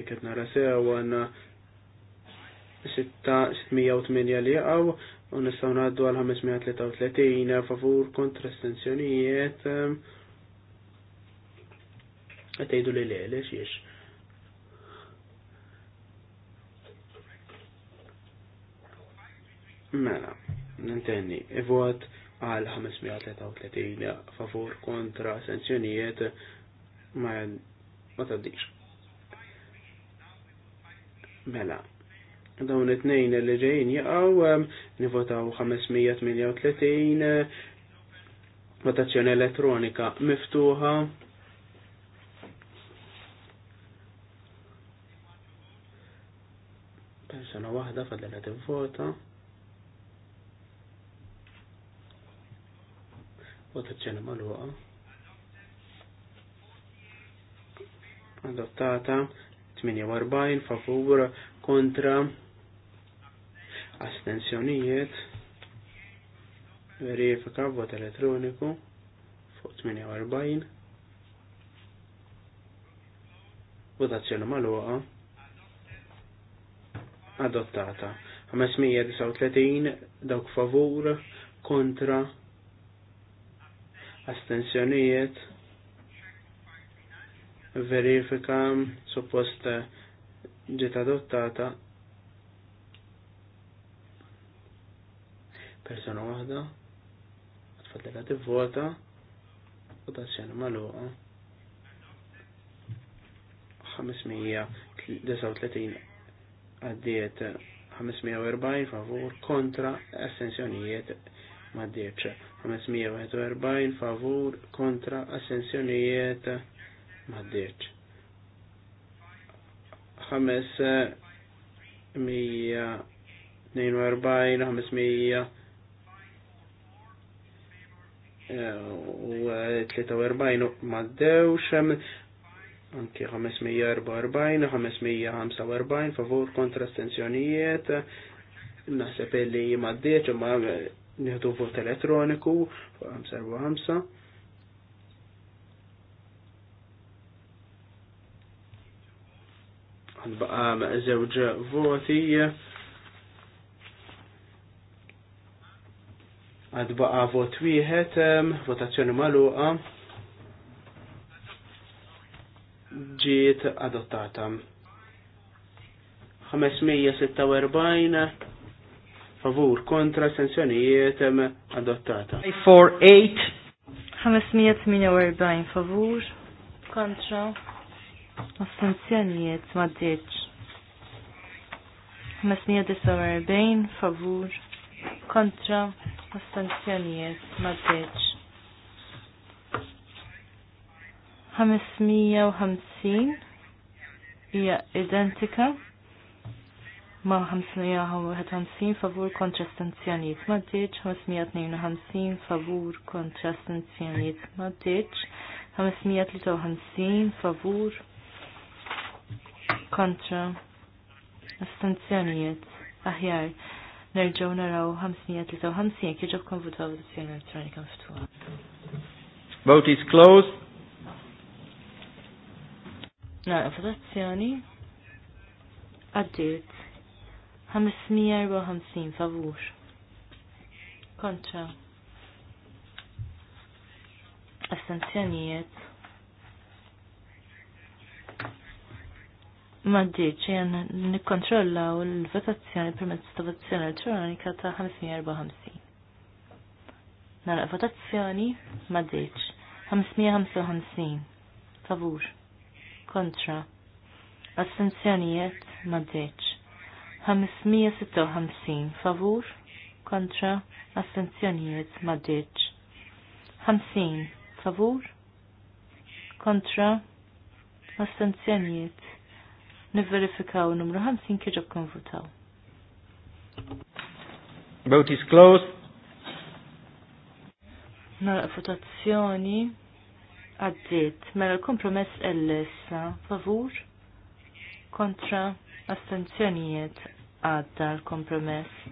jek qed nara sew għandna 608 li jaqgħu u nistgħu ngħaddu għal 533 favur kontra estensjonijiet ehm, qed tgħidu li le xiex. Mela, nintenni, vot għal 533 favur kontra sanzjonijiet ma ma taddix. Mela, dawn it-tnejn li ġejjin jaqgħu ehm, nivotaw 538 eh, votazzjoni elettronika miftuħa. Persona waħda fadla qed ivvota. Votazzjoni magħluqa. Adottata 48 favur kontra astensjonijiet verifika vot elettroniku fuq 48 votazzjoni maluqa adottata 539 dawk favur kontra astensjonijiet verifika suppost ġiet adottata persona waħda tfadlilha tivvota u tazzjoni magħluqa 539 għaddiet 540 favur kontra assenzjonijiet ma' 10 541 favur kontra assenzjonijiet maddiċ. Eh, ħames mija 42, eh, 500 u 43 eh, maddewx, anki 544, 545 favur kontra stenzjonijiet, naħseb li maddeċ, ma nieħdu vot elettroniku, 545. għal-baqam zewġ voti għad vot wieħed votazzjoni maluqa ġiet adottata 546 favur kontra sensjonijiet adottata 548 favur kontra Astenzjonijiet ma d-dieċ. ddiċ. 549 favur kontra astenzjonijiet ma d-dieċ. ddiċ. 550 ija identika ma' 551 favur kontra astenzjonijiet ma ddiċ, 552 favur kontra astenzjonijiet ma ddiċ, 553 favur kontra astanzjonijiet aħjar nerġaw naraw 553 kieġob konvutaw votazzjoni elettronika miftuħa. Vote is closed. Nara votazzjoni għaddiet 554 favur kontra astanzjonijiet Maddiċ, jen nikkontrolla u l-votazzjoni permezz ta' votazzjoni elettronika ta' 554. Nara votazzjoni, maddiċ. 555. Favur. Kontra. Assenzjonijiet, maddiċ. 556. Favur. Kontra. Assenzjonijiet, maddiċ. 50. Favur. Kontra. Assenzjonijiet, nivverifikaw numru 50 kieġob konvutaw. Vote is closed. Nara votazzjoni għaddit mela l-kompromess l lessa favur kontra astenzjonijiet għadda l-kompromess.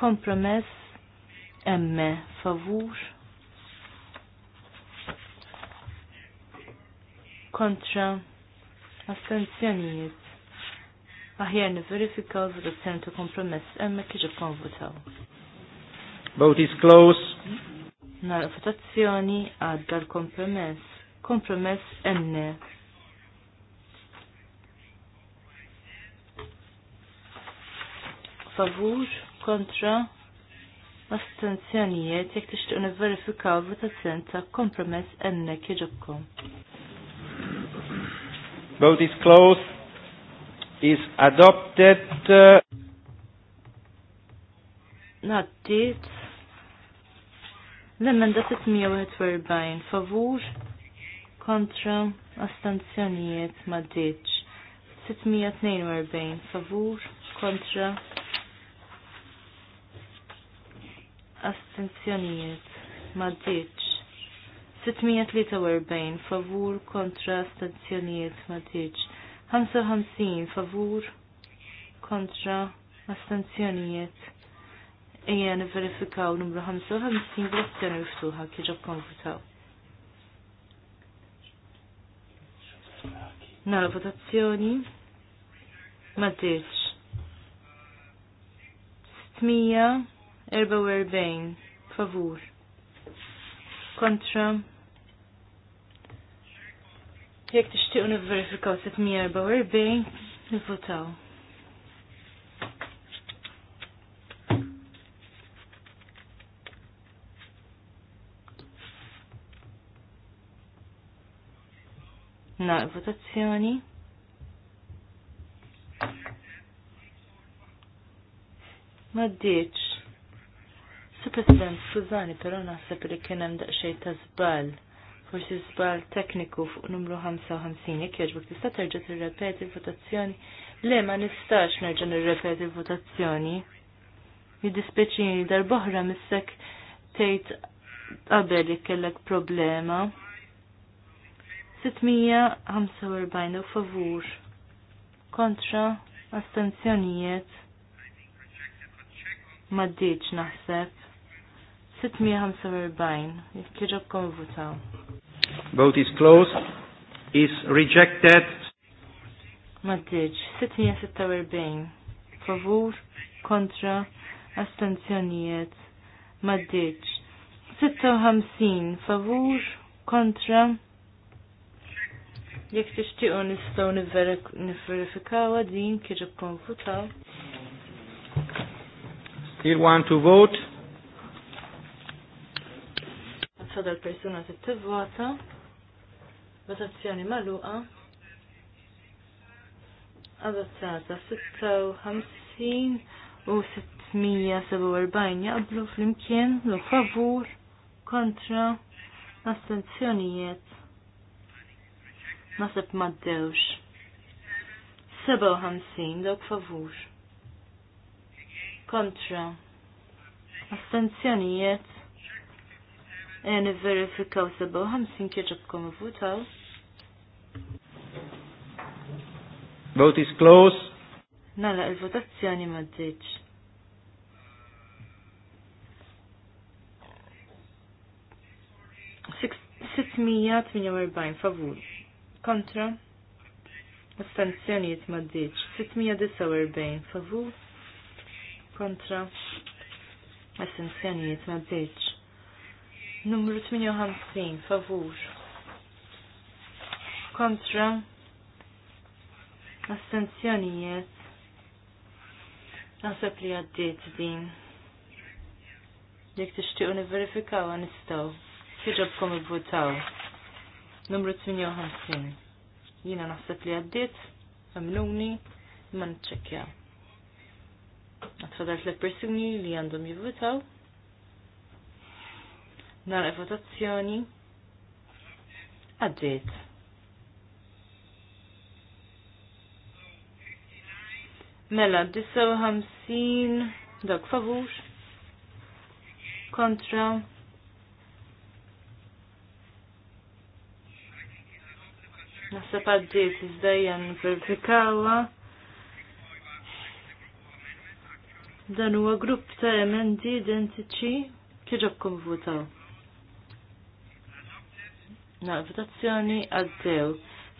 Kompromess emme favur kontra astenzjonijiet aħjar niverifikaw votazzjoni ta' kompromess emma kieġu konvotaw. Vote is close. Nara votazzjoni għadda l-kompromess. Kompromess enne. Favur, kontra, astenzjonijiet jekk tixtieq nivverifikaw votazzjoni ta' kompromess enne kieġobkom. Vote is closed is adopted. Uh, Nattit. L-emenda 641 favur kontra astanzjonijiet ma ditx. 642 favur kontra astanzjonijiet ma ditx. 643 favur kontra astanzjonijiet ma ditx. 55 favur kontra astenzjonijiet. Ejja niverifikaw numru 55 bl-azzjoni miftuħa kieġa konvotaw. Nara votazzjoni. Ma tiġ. 644 favur kontra Jek un nivverifikaw 644, nivvotaw. Na, votazzjoni. Ma ddiċ. Su President Suzani, pero naħseb li kienem daqxej ta' zbal forsi żball tekniku fuq numru 55 jekk jogħġbok tista' terġa' tirrepeti l-votazzjoni. Le ma nistax nerġa' nirrepeti l-votazzjoni. Jiddispjaċini darb'oħra missek tgħid qabel li kellek problema. 645 favur kontra astenzjonijiet maddiċ naħseb 645 jekk jiġobkom votaw. Vote is closed. Is rejected. Maddiġ, 646. Favur, kontra, astenzjonijiet. Maddiġ, 56. Favur, kontra. Jek tixtiqu nistaw niverifikawa din kieġu konfutaw. Still want to vote? ta' dal-persuna t-tivvota, votazzjoni maluqa, adottata 56 u 647 jaqblu fl-imkien l favur kontra astenzjonijiet. Nasib maddewx. 57 dok favur. Kontra. Astenzjonijiet sebaw Niverifikaw 57 kieġabkom votaw. Vote is close. Nala il-votazzjoni ma d ddiċ. favur. Kontra. Astanzjoniet ma d ddiċ. 649 favur. Kontra. Astanzjoniet ma d ddiċ. Numru 58, favur. Kontra. Astenzjonijiet. Nasab li għaddit din. Jek tixtiqu niverifikaw għanistaw. Fiġobkom il votaw Numru 58. Jina naħseb li għaddit. Għamluni. man ċekja. Għatfadar tlet persuni li għandhom jivvotaw. Nara votazzjoni. Għaddit. Mela, 59, dak favur, kontra, naħseb għaddit, iżdajjan verifikawa. Dan huwa grupp ta' emendi identiċi kieġobkom votaw. Na, votazzjoni għaddew.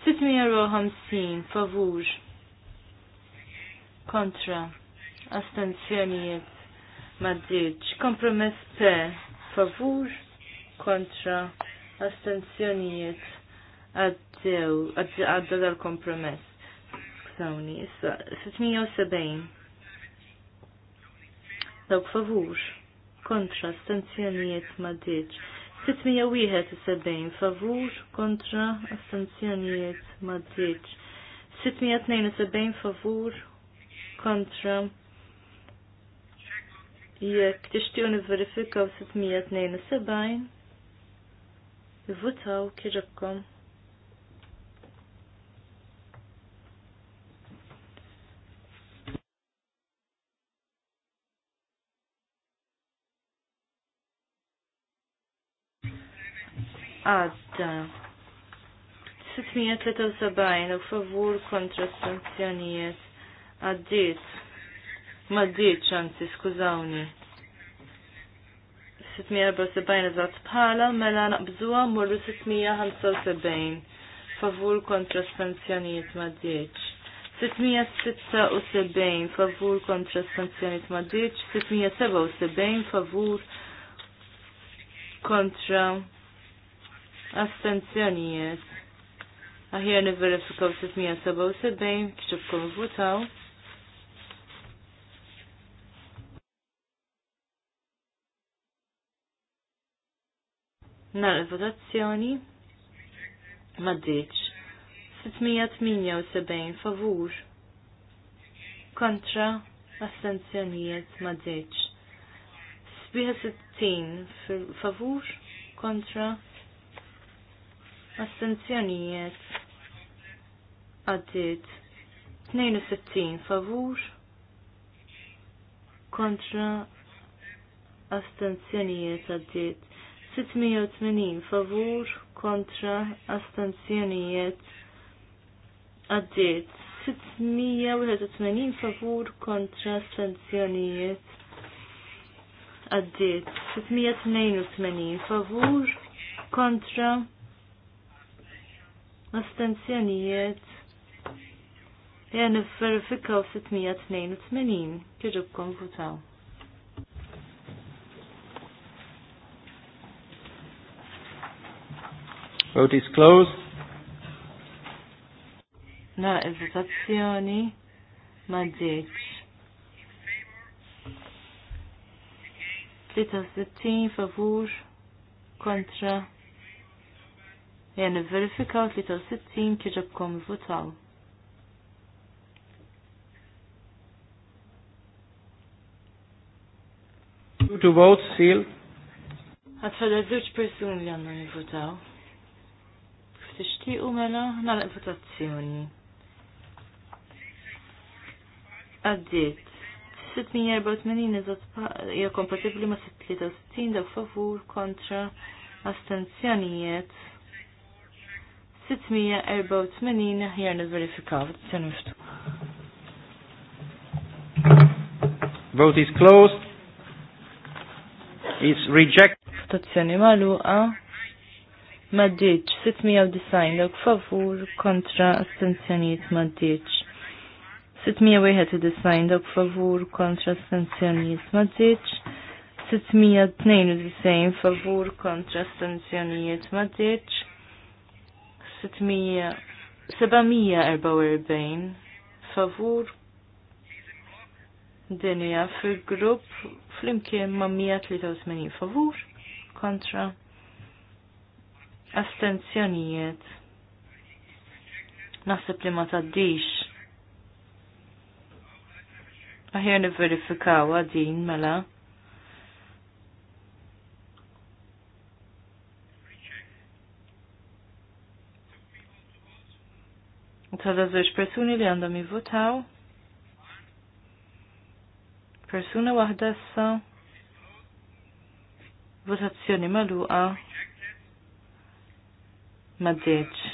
650 favur kontra astenzjonijiet maddiċ. Kompromess P favur kontra astenzjonijiet għaddew għadda dal-kompromess. Sawni, issa 670 dawk favur kontra astenzjonijiet maddiċ. 671 favur kontra astenzjonijiet maddiċ. 672 favur kontra jekk tixtiju niverifikaw 672 votaw kirakkom. għadda. 673 u favur kontra sanzjonijiet għaddit. Maddit ċanti, skużawni. 674 eżatt bħala, mela naqbżuwa morru 675. Favur kontra sanzjonijiet maddit. 676 favur kontra sanzjonijiet maddit. 677 favur kontra Astenzjonijiet. Aħjar niverifikaw 677 kċibkom votaw. Nar votazzjoni. Maddiċ. 678 favur. Kontra astenzjonijiet maddiċ. 67 favur kontra Astenzjonijiet. Għaddit. 62 favur. Kontra. Astenzjonijiet għaddit. 680 favur kontra astenzjonijiet għaddit 681 favur kontra astenzjonijiet għaddit 682 favur kontra astenzjonijiet jen verifikaw 682 kħiġu konfutaw. Vote is closed. Na, il-votazzjoni ma ġieċ. 63 favur kontra Jien nivverifikaw 63 kieġobkom votaw. Two to vote, seal. Għatfadda zewċ persuni li għanna nivvotaw. u mela, nalaq votazzjoni. Għaddit. 684 eżat hija kompatibbli ma' 63 dak favur kontra astenzjonijiet 684 ħjar nil-verifikaw. Vote is closed. It's rejected. Votazzjoni maluqa. Maddiċ 690 dawk favur kontra astenzjoniet maddiċ. 691 dawk favur kontra astenzjoniet maddiċ. 692 favur kontra astenzjoniet maddiċ. 644 favur dinja fil-grupp fl-imkien ma' 183 favur kontra astenzjonijiet nasib li ma taddix aħjar niverifikaw din mela Tada żewġ persuni li għandhom jivvotaw. Persuna waħda issa. Votazzjoni maluqa, Ma ddieċ.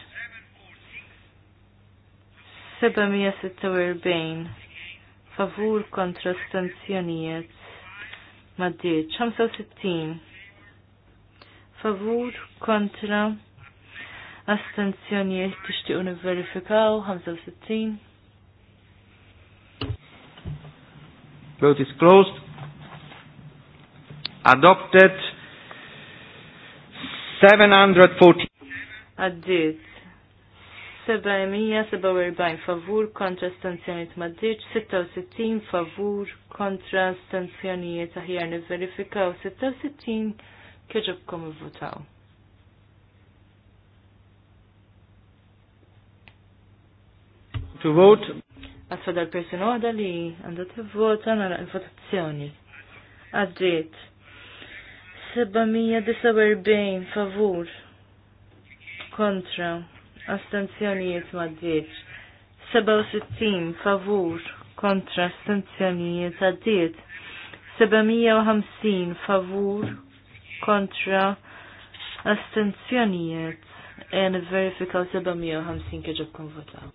746 favur kontra stanzjonijiet maddiet 65 favur kontra astenzjonijiet tixtiqu nivverifikaw 65. Vote is closed. Adopted 740. Addit. 747 favur kontra stanzjoniet maddiċ, 66 favur kontra stanzjoniet aħjar niverifikaw, 66 kieġobkom votaw. To vote. Għatfa dal person għada li għandu t-vota nara il-votazzjoni. Għaddit. 749 favur. Kontra. Astenzjonijiet ma maddiet. 67 favur. Kontra. Astenzjonijiet għaddiet. 750 favur. Kontra. Astenzjonijiet. En verifikaw 750 kieġab konvotaw.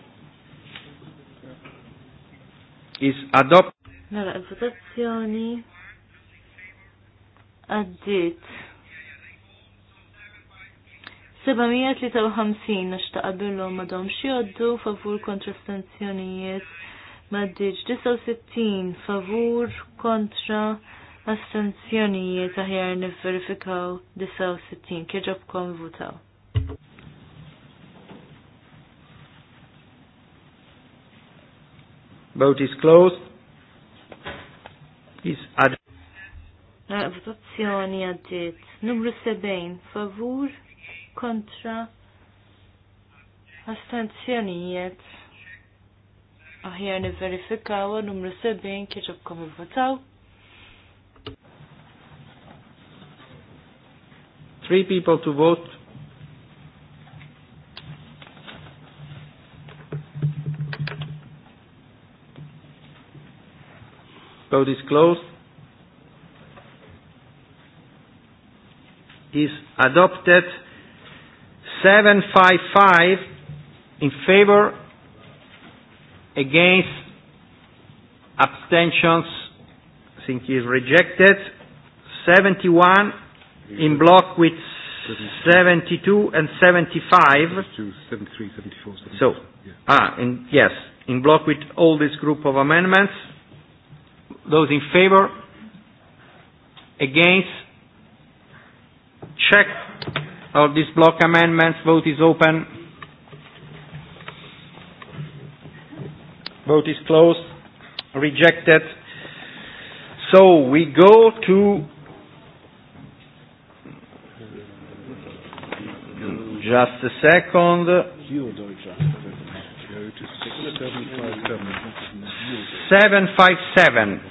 is adopt. Nara, votazzjoni għaddit. 753 nishta qabillu madom xioddu favur kontra stanzjonijiet maddiġ 69 favur kontra astenzjonijiet aħjar verifikaw 69 kieġob votaw. Vote is closed. Is ad. ha detto. Numero 7. Votazzjoni għaddit. Numru 70. Favur kontra astenzjonijiet. numero 7 che 70 come votaw. Three people to vote Vote is closed. Is adopted 755 in favor against abstentions I think is rejected 71 in block with 72 and 75 73, 74, 75. so ah in, yes in block with all this group of amendments Those in favor? Against? Check of this block amendments. Vote is open. Vote is closed. Rejected. So we go to just a second. Seven five seven.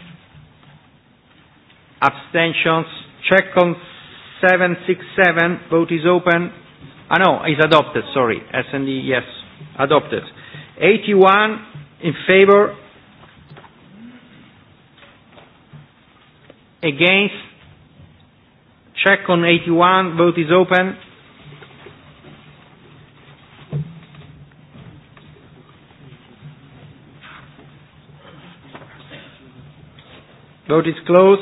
abstentions, check on 767, vote is open. Ah no, is adopted, sorry, SND, yes, adopted. 81 in favor, against, check on 81, vote is open. Vote is closed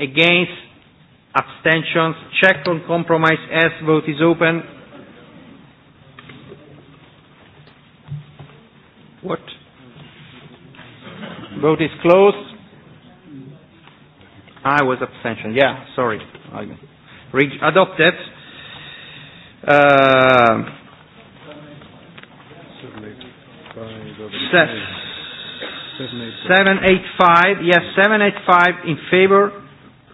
against, abstentions, check on compromise S, vote is open. What? Vote is closed. I was abstention, yeah, sorry. Re adopted. Uh, eight 785, yes, 785 in favor,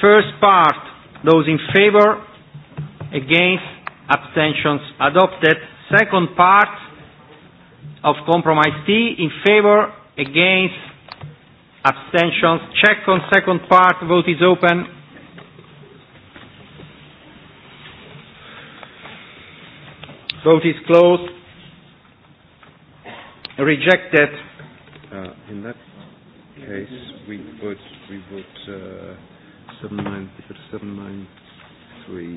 First part, those in favor, against, abstentions adopted. Second part of compromise T, in favor, against, abstentions. Check on second part, vote is open. Vote is closed. Rejected. Uh, in that case, we would, we would uh, 793.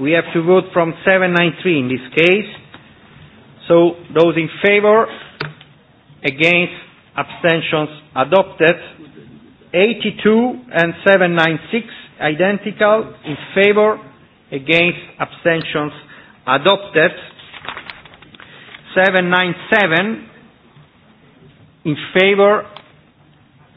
We have to vote from 793 in this case. So those in favor, against, abstentions adopted. 82 and 796 identical in favor, against, abstentions adopted. 797 in favor,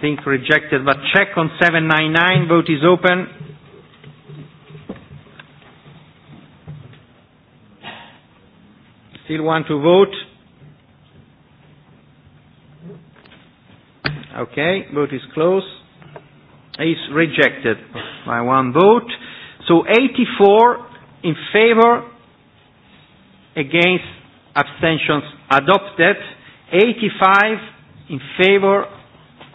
think rejected, but check on 799. Vote is open. Still want to vote? Okay, vote is closed. Is rejected by one vote. So 84 in favor, against abstentions adopted. 85 in favor,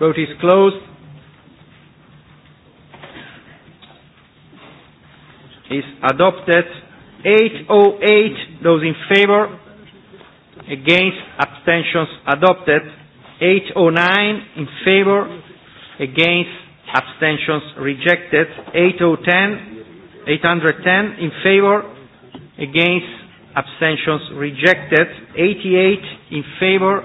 Vote is closed. Is adopted. 808, those in favor. Against, abstentions adopted. 809, in favor. Against, abstentions rejected. 8010, 810, in favor. Against, abstentions rejected. 88, in favor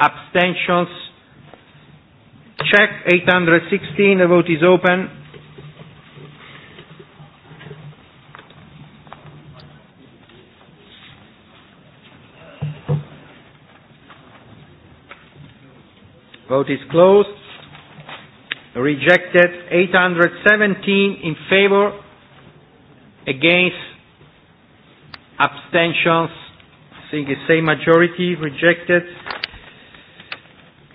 abstentions. Check 816, the vote is open. Vote is closed. Rejected 817 in favor, against, abstentions, I think the same majority, rejected.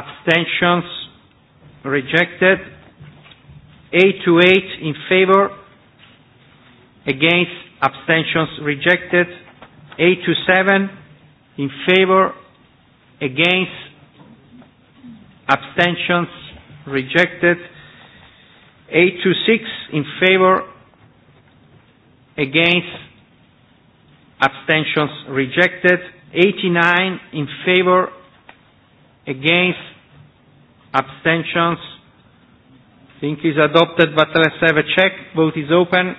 abstentions rejected. 8 to 8 in favor, against abstentions rejected. 8 to 7 in favor, against abstentions rejected. 8 to 6 in favor, against abstentions rejected. 89 in favor, against, abstentions, I think is adopted, but let's have a check. Vote is open.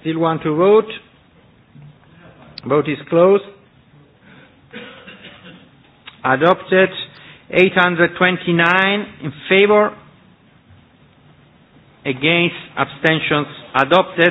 Still want to vote? Vote is closed. Adopted. 829 in favor. Against abstentions adopted.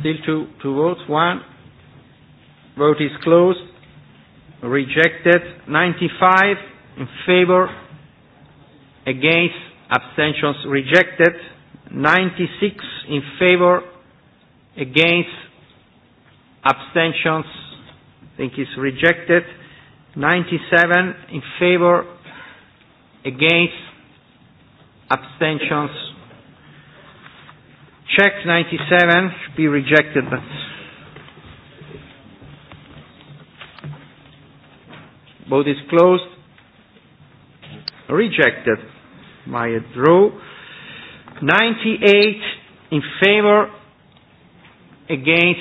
Still two, two votes. One vote is closed. Rejected. 95 in favor. Against. Abstentions rejected. 96 in favor. Against. Abstentions. I think it's rejected. 97 in favor. Against. Abstentions Check 97 should be rejected, but vote is closed. Rejected by a draw. 98 in favor, against,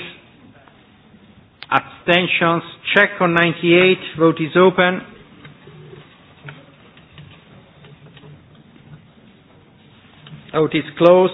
abstentions. Check on 98. Vote is open. Vote is closed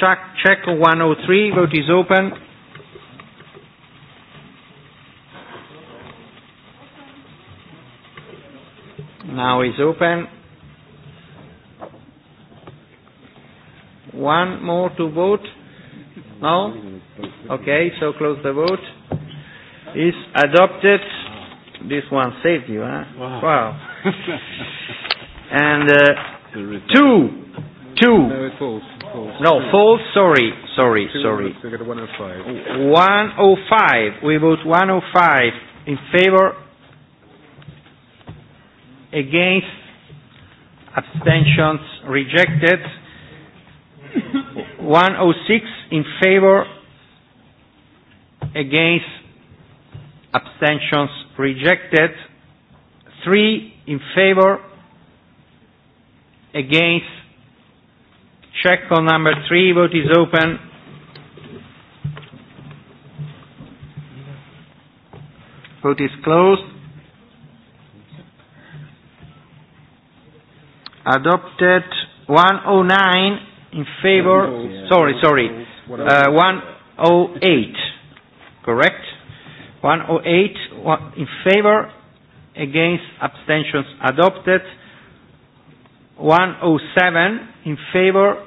Check, check 103, vote is open. Now is open. One more to vote? No? Okay, so close the vote. Is adopted. This one saved you, huh? Wow. wow. and uh, two. Two. No, it falls. No, false, sorry, sorry, Two sorry. One 105. 105, we vote 105 in favor, against, abstentions rejected, 106 in favor, against, abstentions rejected, 3 in favor, against, Check on number three. Vote is open. Vote is closed. Adopted 109 in favor. Sorry, sorry. Uh, 108. Correct? 108 in favor. Against abstentions adopted. 107 in favor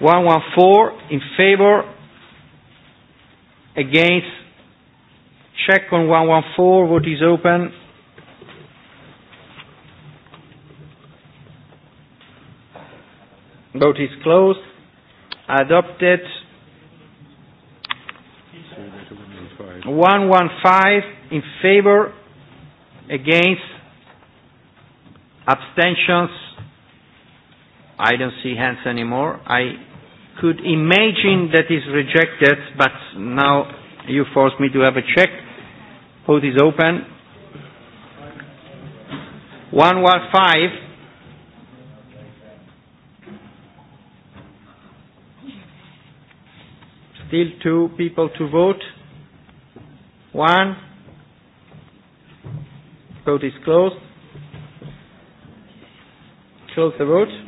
114 in favor against check on 114 vote is open vote is closed adopted 115 in favor against abstentions I don't see hands anymore. I could imagine that is rejected, but now you force me to have a check. Vote is open. One was five. Still two people to vote. One. Vote is closed. Close the vote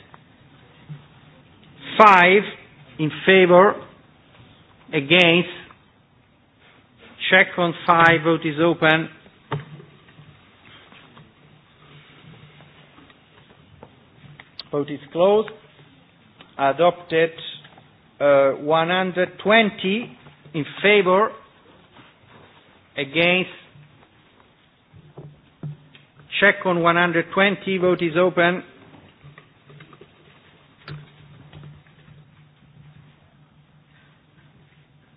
Five in favor, against, check on five, vote is open. Vote is closed. Adopted uh, 120 in favor, against, check on 120, vote is open.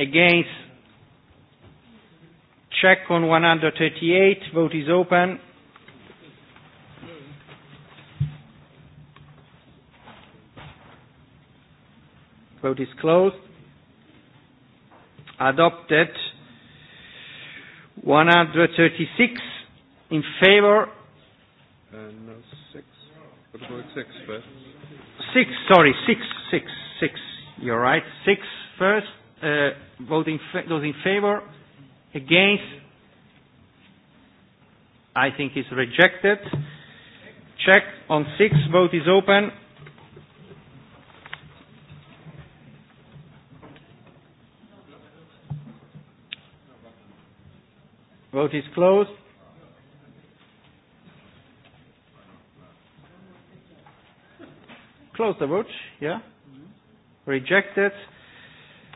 against. Check on 138. Vote is open. Vote is closed. Adopted. 136 in favor. Uh, no, six. What about six first? Six, sorry, six, six, six. You're right. Six first uh, voting fa those in favor, against, I think is rejected. Check on six, vote is open. Vote is closed. Close the vote, yeah? Rejected.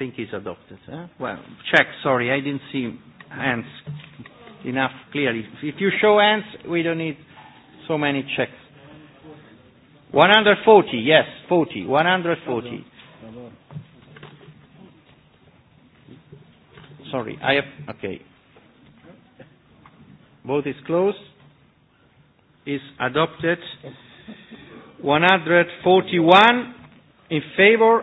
think is adopted. Eh? Well, check, sorry, I didn't see hands enough clearly. If you show hands, we don't need so many checks. 140, yes, 40, 140. Sorry, I have, okay. Vote is closed. Is adopted. 141 in favor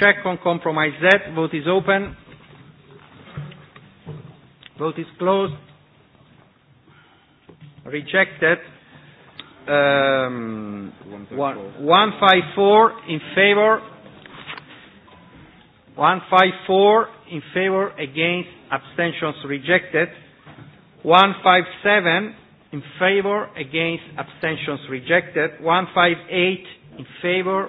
Check on compromise Z. Vote is open. Vote is closed. Rejected. Um, 154. in favor. 154 in favor against abstentions rejected. 157 in favor against abstentions rejected. 158 in favor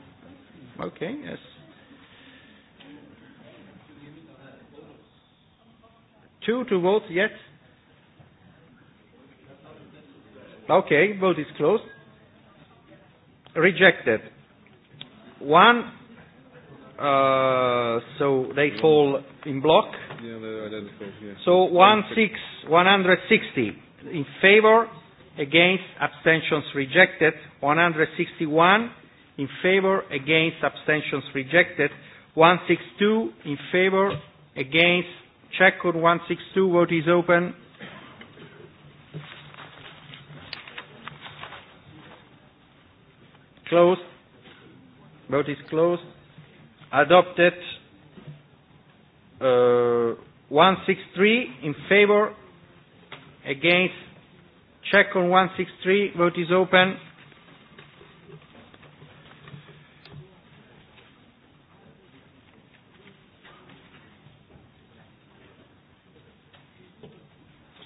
Okay, yes. Two to vote yet? Okay, vote is closed. Rejected. One, uh, so they fall in block. Yeah, they're identical. Yeah. So one six, 160 in favor, against, abstentions rejected. 161 in favor, against, abstentions rejected. 162 in favor, against, check on 162, vote is open. Closed. Vote is closed. Adopted. Uh, 163 in favor, against, check on 163, vote is open.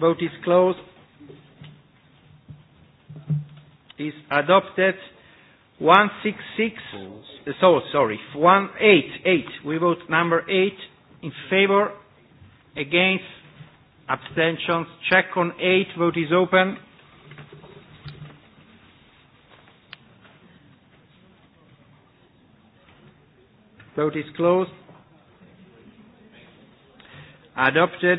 Vote is closed. Is adopted. 166. Uh, so sorry. 188. We vote number 8 in favor, against, abstentions. Check on 8. Vote is open. Vote is closed. Adopted.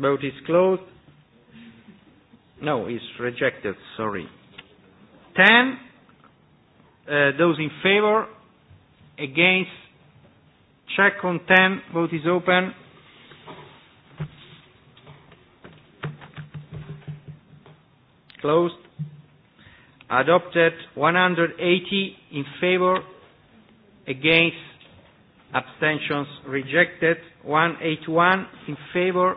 Vote is closed. No, it's rejected, sorry. Ten. Uh, those in favor, against, check on ten. Vote is open. Closed. Adopted 180 in favor, against, abstentions rejected. 181 in favor,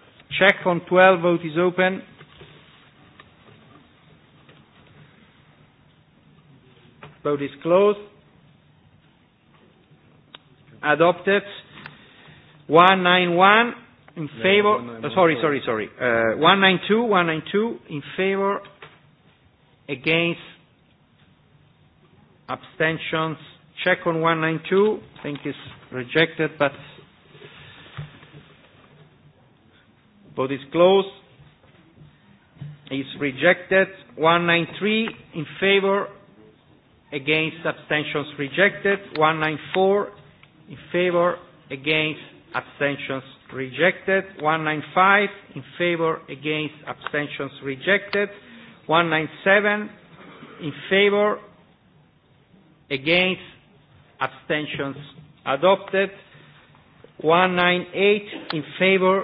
Check on 12, vote is open. Vote is closed. Adopted. 191 in yeah, favor. Uh, sorry, sorry, sorry. Uh, 192, 192 in favor. Against. Abstentions. Check on 192. I think it's rejected, but for this clause Is rejected. 193 in favor. Against abstentions rejected. 194 in favor. Against abstentions rejected. 195 in favor. Against abstentions rejected. 197 in favor. Against abstentions adopted. 198 in favor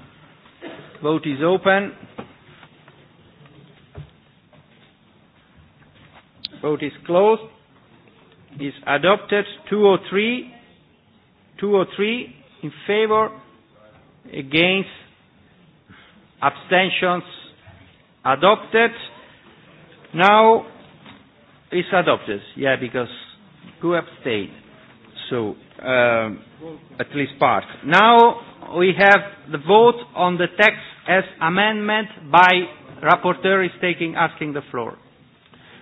Vote is open. Vote is closed. Is adopted 203. 203 in favor, against, abstentions adopted. Now is adopted. Yeah, because who abstained? So um, at least part. Now we have the vote on the text as amendment by rapporteur is taking asking the floor.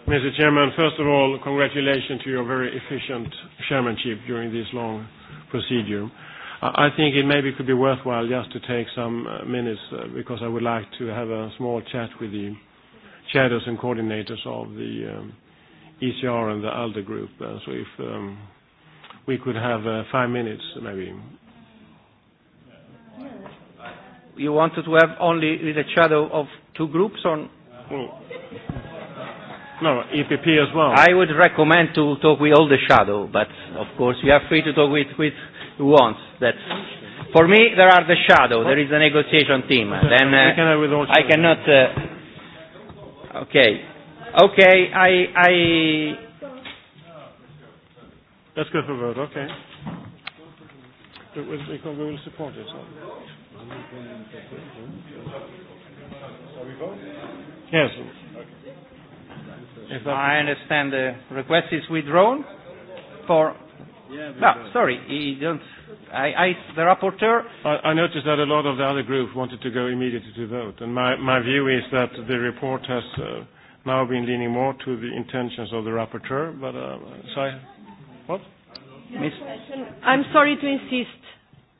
Mr. Chairman, first of all, congratulations to your very efficient chairmanship during this long procedure. I think it maybe could be worthwhile just to take some uh, minutes uh, because I would like to have a small chat with the shadows and coordinators of the um, ECR and the ALDE group. Uh, so if um, we could have uh, five minutes maybe you wanted to have only with a shadow of two groups on? Well, no, EPP as well. I would recommend to talk with all the shadow, but of course you are free to talk with, with who wants. That's, for me, there are the shadow. There is the negotiation team. Okay, Then uh, can I, I cannot. Uh, okay, okay. I I. Let's go for a vote. Okay. We will support it. So. Yes. If I understand the request is withdrawn for. no, sorry, he don't. I, I, the rapporteur. I, I noticed that a lot of the other group wanted to go immediately to vote, and my, my view is that the report has uh, now been leaning more to the intentions of the rapporteur. But uh, so I, what? I'm sorry to insist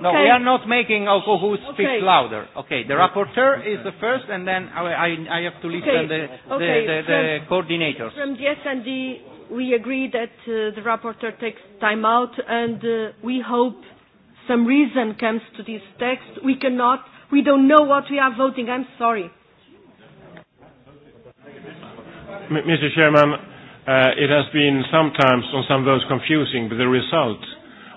No, okay. we are not making alcohol speak okay. louder. Okay, the rapporteur is the first, and then I, I, I have to listen okay. the, the, okay. the, the, the coordinators. From the S&D, we agree that uh, the rapporteur takes time out, and uh, we hope some reason comes to this text. We cannot, we don't know what we are voting. I'm sorry. Mr. Chairman, uh, it has been sometimes on some votes confusing, but the results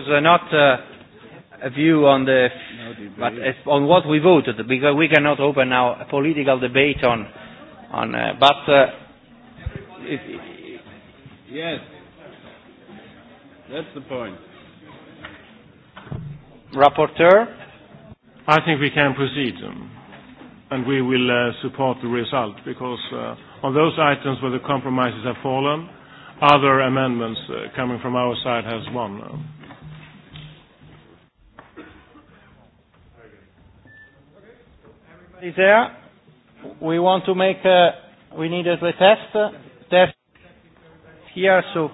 was uh, not uh, a view on the, no but it's on what we voted, because we cannot open now a political debate on, on uh, but. Uh, it, yes, that's the point. Rapporteur? I think we can proceed, um, and we will uh, support the result, because uh, on those items where the compromises have fallen, other amendments uh, coming from our side has won. Uh, Is there? We want to make a, we need a test, test here, so,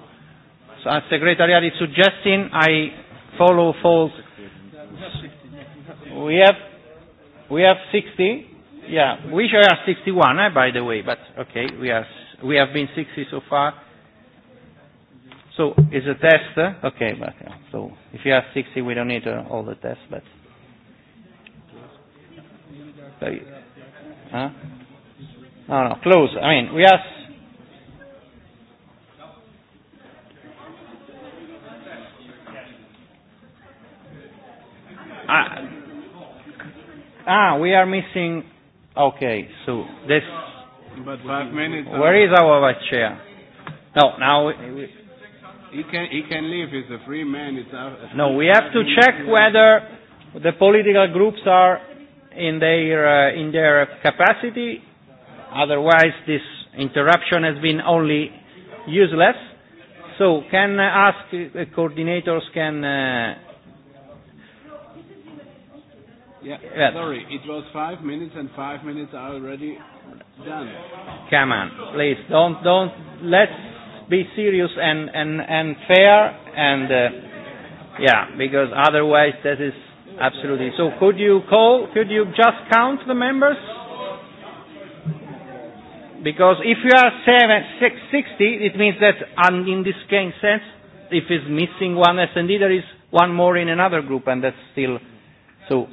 so as Secretariat is suggesting, I follow false. We have, we have 60, yeah, we share are 61, eh, by the way, but okay, we are, we have been 60 so far. So, it's a test, eh? okay, but yeah, so if you have 60, we don't need uh, all the tests, but. Huh? No, no, close. I mean, we ask. Ah, ah, we are missing. Okay, so this. But five minutes. Uh, Where is our vice chair? No, now. We, we, he can he can leave. He's a free man. It's a, a free no, we have to check whether the political groups are in their, uh, in their capacity. Otherwise, this interruption has been only useless. So can I ask uh, coordinators can... Uh, yeah, yeah, sorry, it was five minutes and five minutes are already done. Come on, please, don't, don't, let's be serious and, and, and fair and, uh, yeah, because otherwise that is Absolutely. So could you call, could you just count the members? Because if you are seven, six, 60, it means that and in this case sense, if it's missing one SD, there is one more in another group, and that's still so.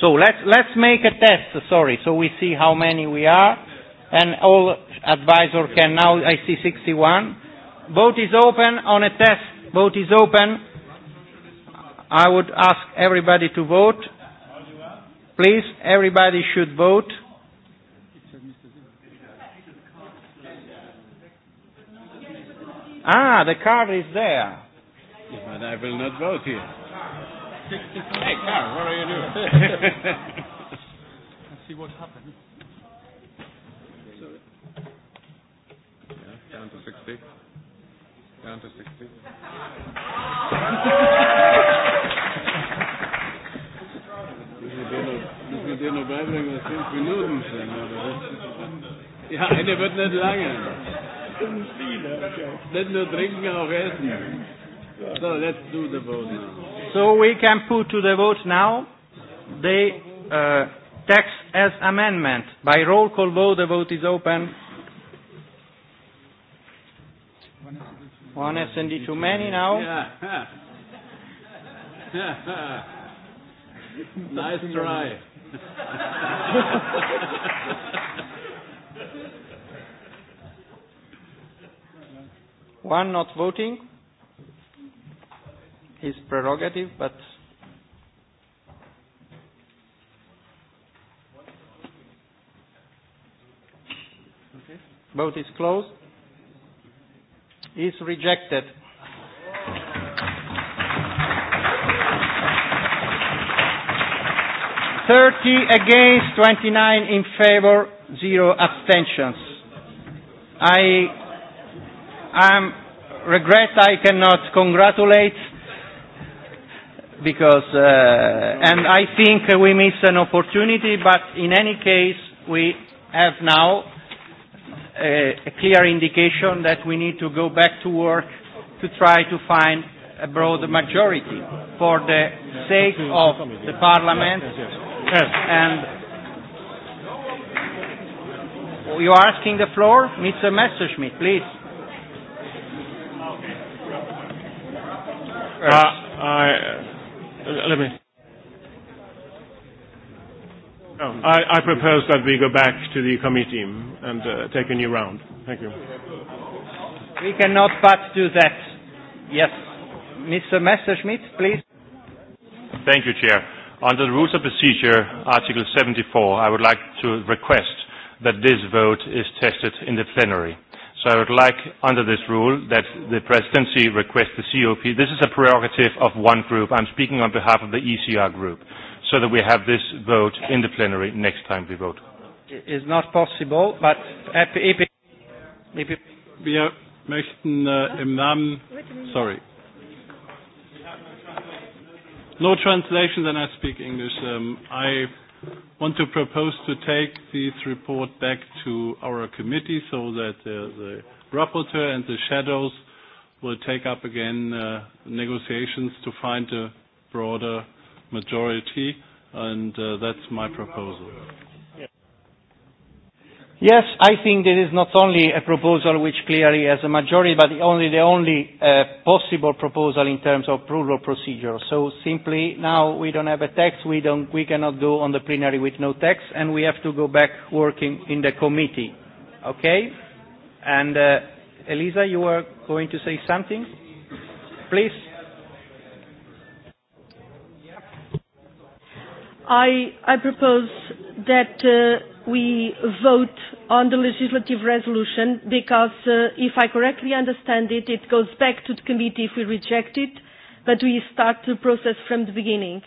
So let's let's make a test. Sorry, so we see how many we are, and all advisor can now. I see 61. Vote is open on a test. Vote is open. I would ask everybody to vote. Please, everybody should vote. Ah, the card is there. Yeah, but I will not vote here. Hey, Carl, what are you doing? Let's see what happened. Yeah, down to 60. Down to 60. dir nur beibringen, dass fünf Minuten sind, oder? Ja, eine wird nicht lange. Nicht nur trinken, auch essen. So, let's do the vote now. So we can put to the vote now the uh, text as amendment. By roll call vote, the vote is open. One SND too many now. Yeah. nice try. One not voting is prerogative, but vote is closed. Is rejected. 30 against, 29 in favor, zero abstentions. I I'm regret I cannot congratulate because, uh, and I think we miss an opportunity, but in any case, we have now a, uh, a clear indication that we need to go back to work to try to find a broad majority for the sake of the Parliament And you are asking the floor? Mr. Messerschmidt, please. Uh, I, uh, let me. I, I propose that we go back to the committee and uh, take a new round. Thank you. We cannot but do that. Yes. Mr. Messerschmidt, please. Thank you, Chair. Under the Rules of Procedure, Article 74, I would like to request that this vote is tested in the plenary. So I would like, under this rule, that the presidency request the COP. This is a prerogative of one group. I'm speaking on behalf of the ECR group, so that we have this vote in the plenary next time we vote. It is not possible, but e e e Wir möchten äh, im Namen, sorry, no translation, then I speak English. Um, I want to propose to take this report back to our committee so that uh, the rapporteur and the shadows will take up again uh, negotiations to find a broader majority, and uh, that's my proposal. Yes, I think this is not only a proposal which clearly has a majority, but only the only uh, possible proposal in terms of approval procedure. So simply now we don't have a text, we, don't, we cannot go on the plenary with no text, and we have to go back working in the committee. Okay? And uh, Elisa, you are going to say something? Please. I, I propose that uh, we vote on the legislative resolution because, uh, if I correctly understand it, it goes back to the committee if we reject it, but we start the process from the beginning.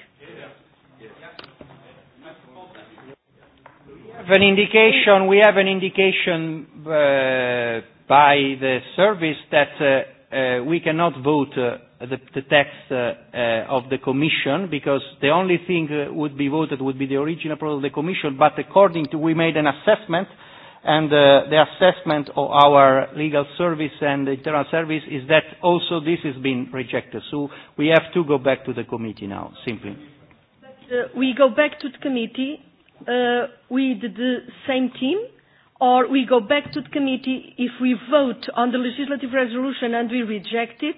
We have an indication, we have an indication uh, by the service that uh, uh, we cannot vote uh, Uh, the, the text uh, uh, of the Commission because the only thing uh, would be voted would be the original proposal of the Commission, but according to we made an assessment and uh, the assessment of our legal service and the internal service is that also this has been rejected. So we have to go back to the committee now, simply. But, uh, we go back to the committee uh, with the same team or we go back to the committee if we vote on the legislative resolution and we reject it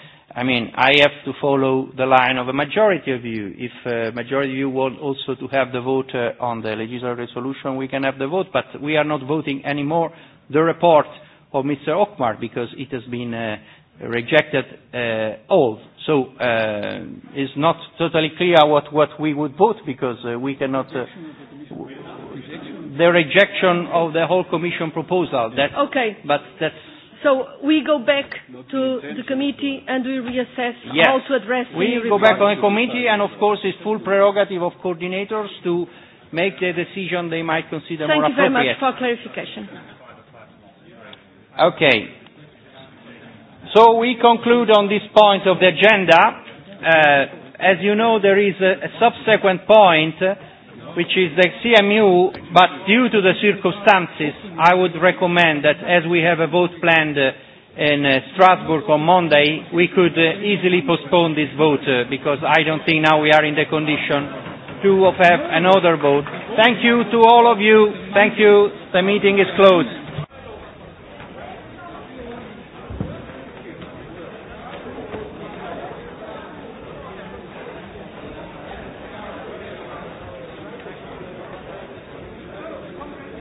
I mean, I have to follow the line of a majority of you. If a uh, majority of you want also to have the vote uh, on the legislative resolution, we can have the vote, but we are not voting anymore the report of Mr. Okmar because it has been uh, rejected uh, all. So uh, it's not totally clear what, what we would vote because uh, we cannot... Uh, the rejection of the whole Commission proposal. That, okay. But that's So we go back to the committee and we reassess yes. how to address We go back on the committee and of course it's full prerogative of coordinators to make the decision they might consider Thank more appropriate. Thank you very much for clarification. Okay. So we conclude on this point of the agenda. Uh, as you know, there is a, a subsequent point uh, which is the CMU, but due to the circumstances, I would recommend that as we have a vote planned uh, in uh, Strasbourg on Monday, we could uh, easily postpone this vote uh, because I don't think now we are in the condition to have another vote. Thank you to all of you. Thank you. The meeting is closed.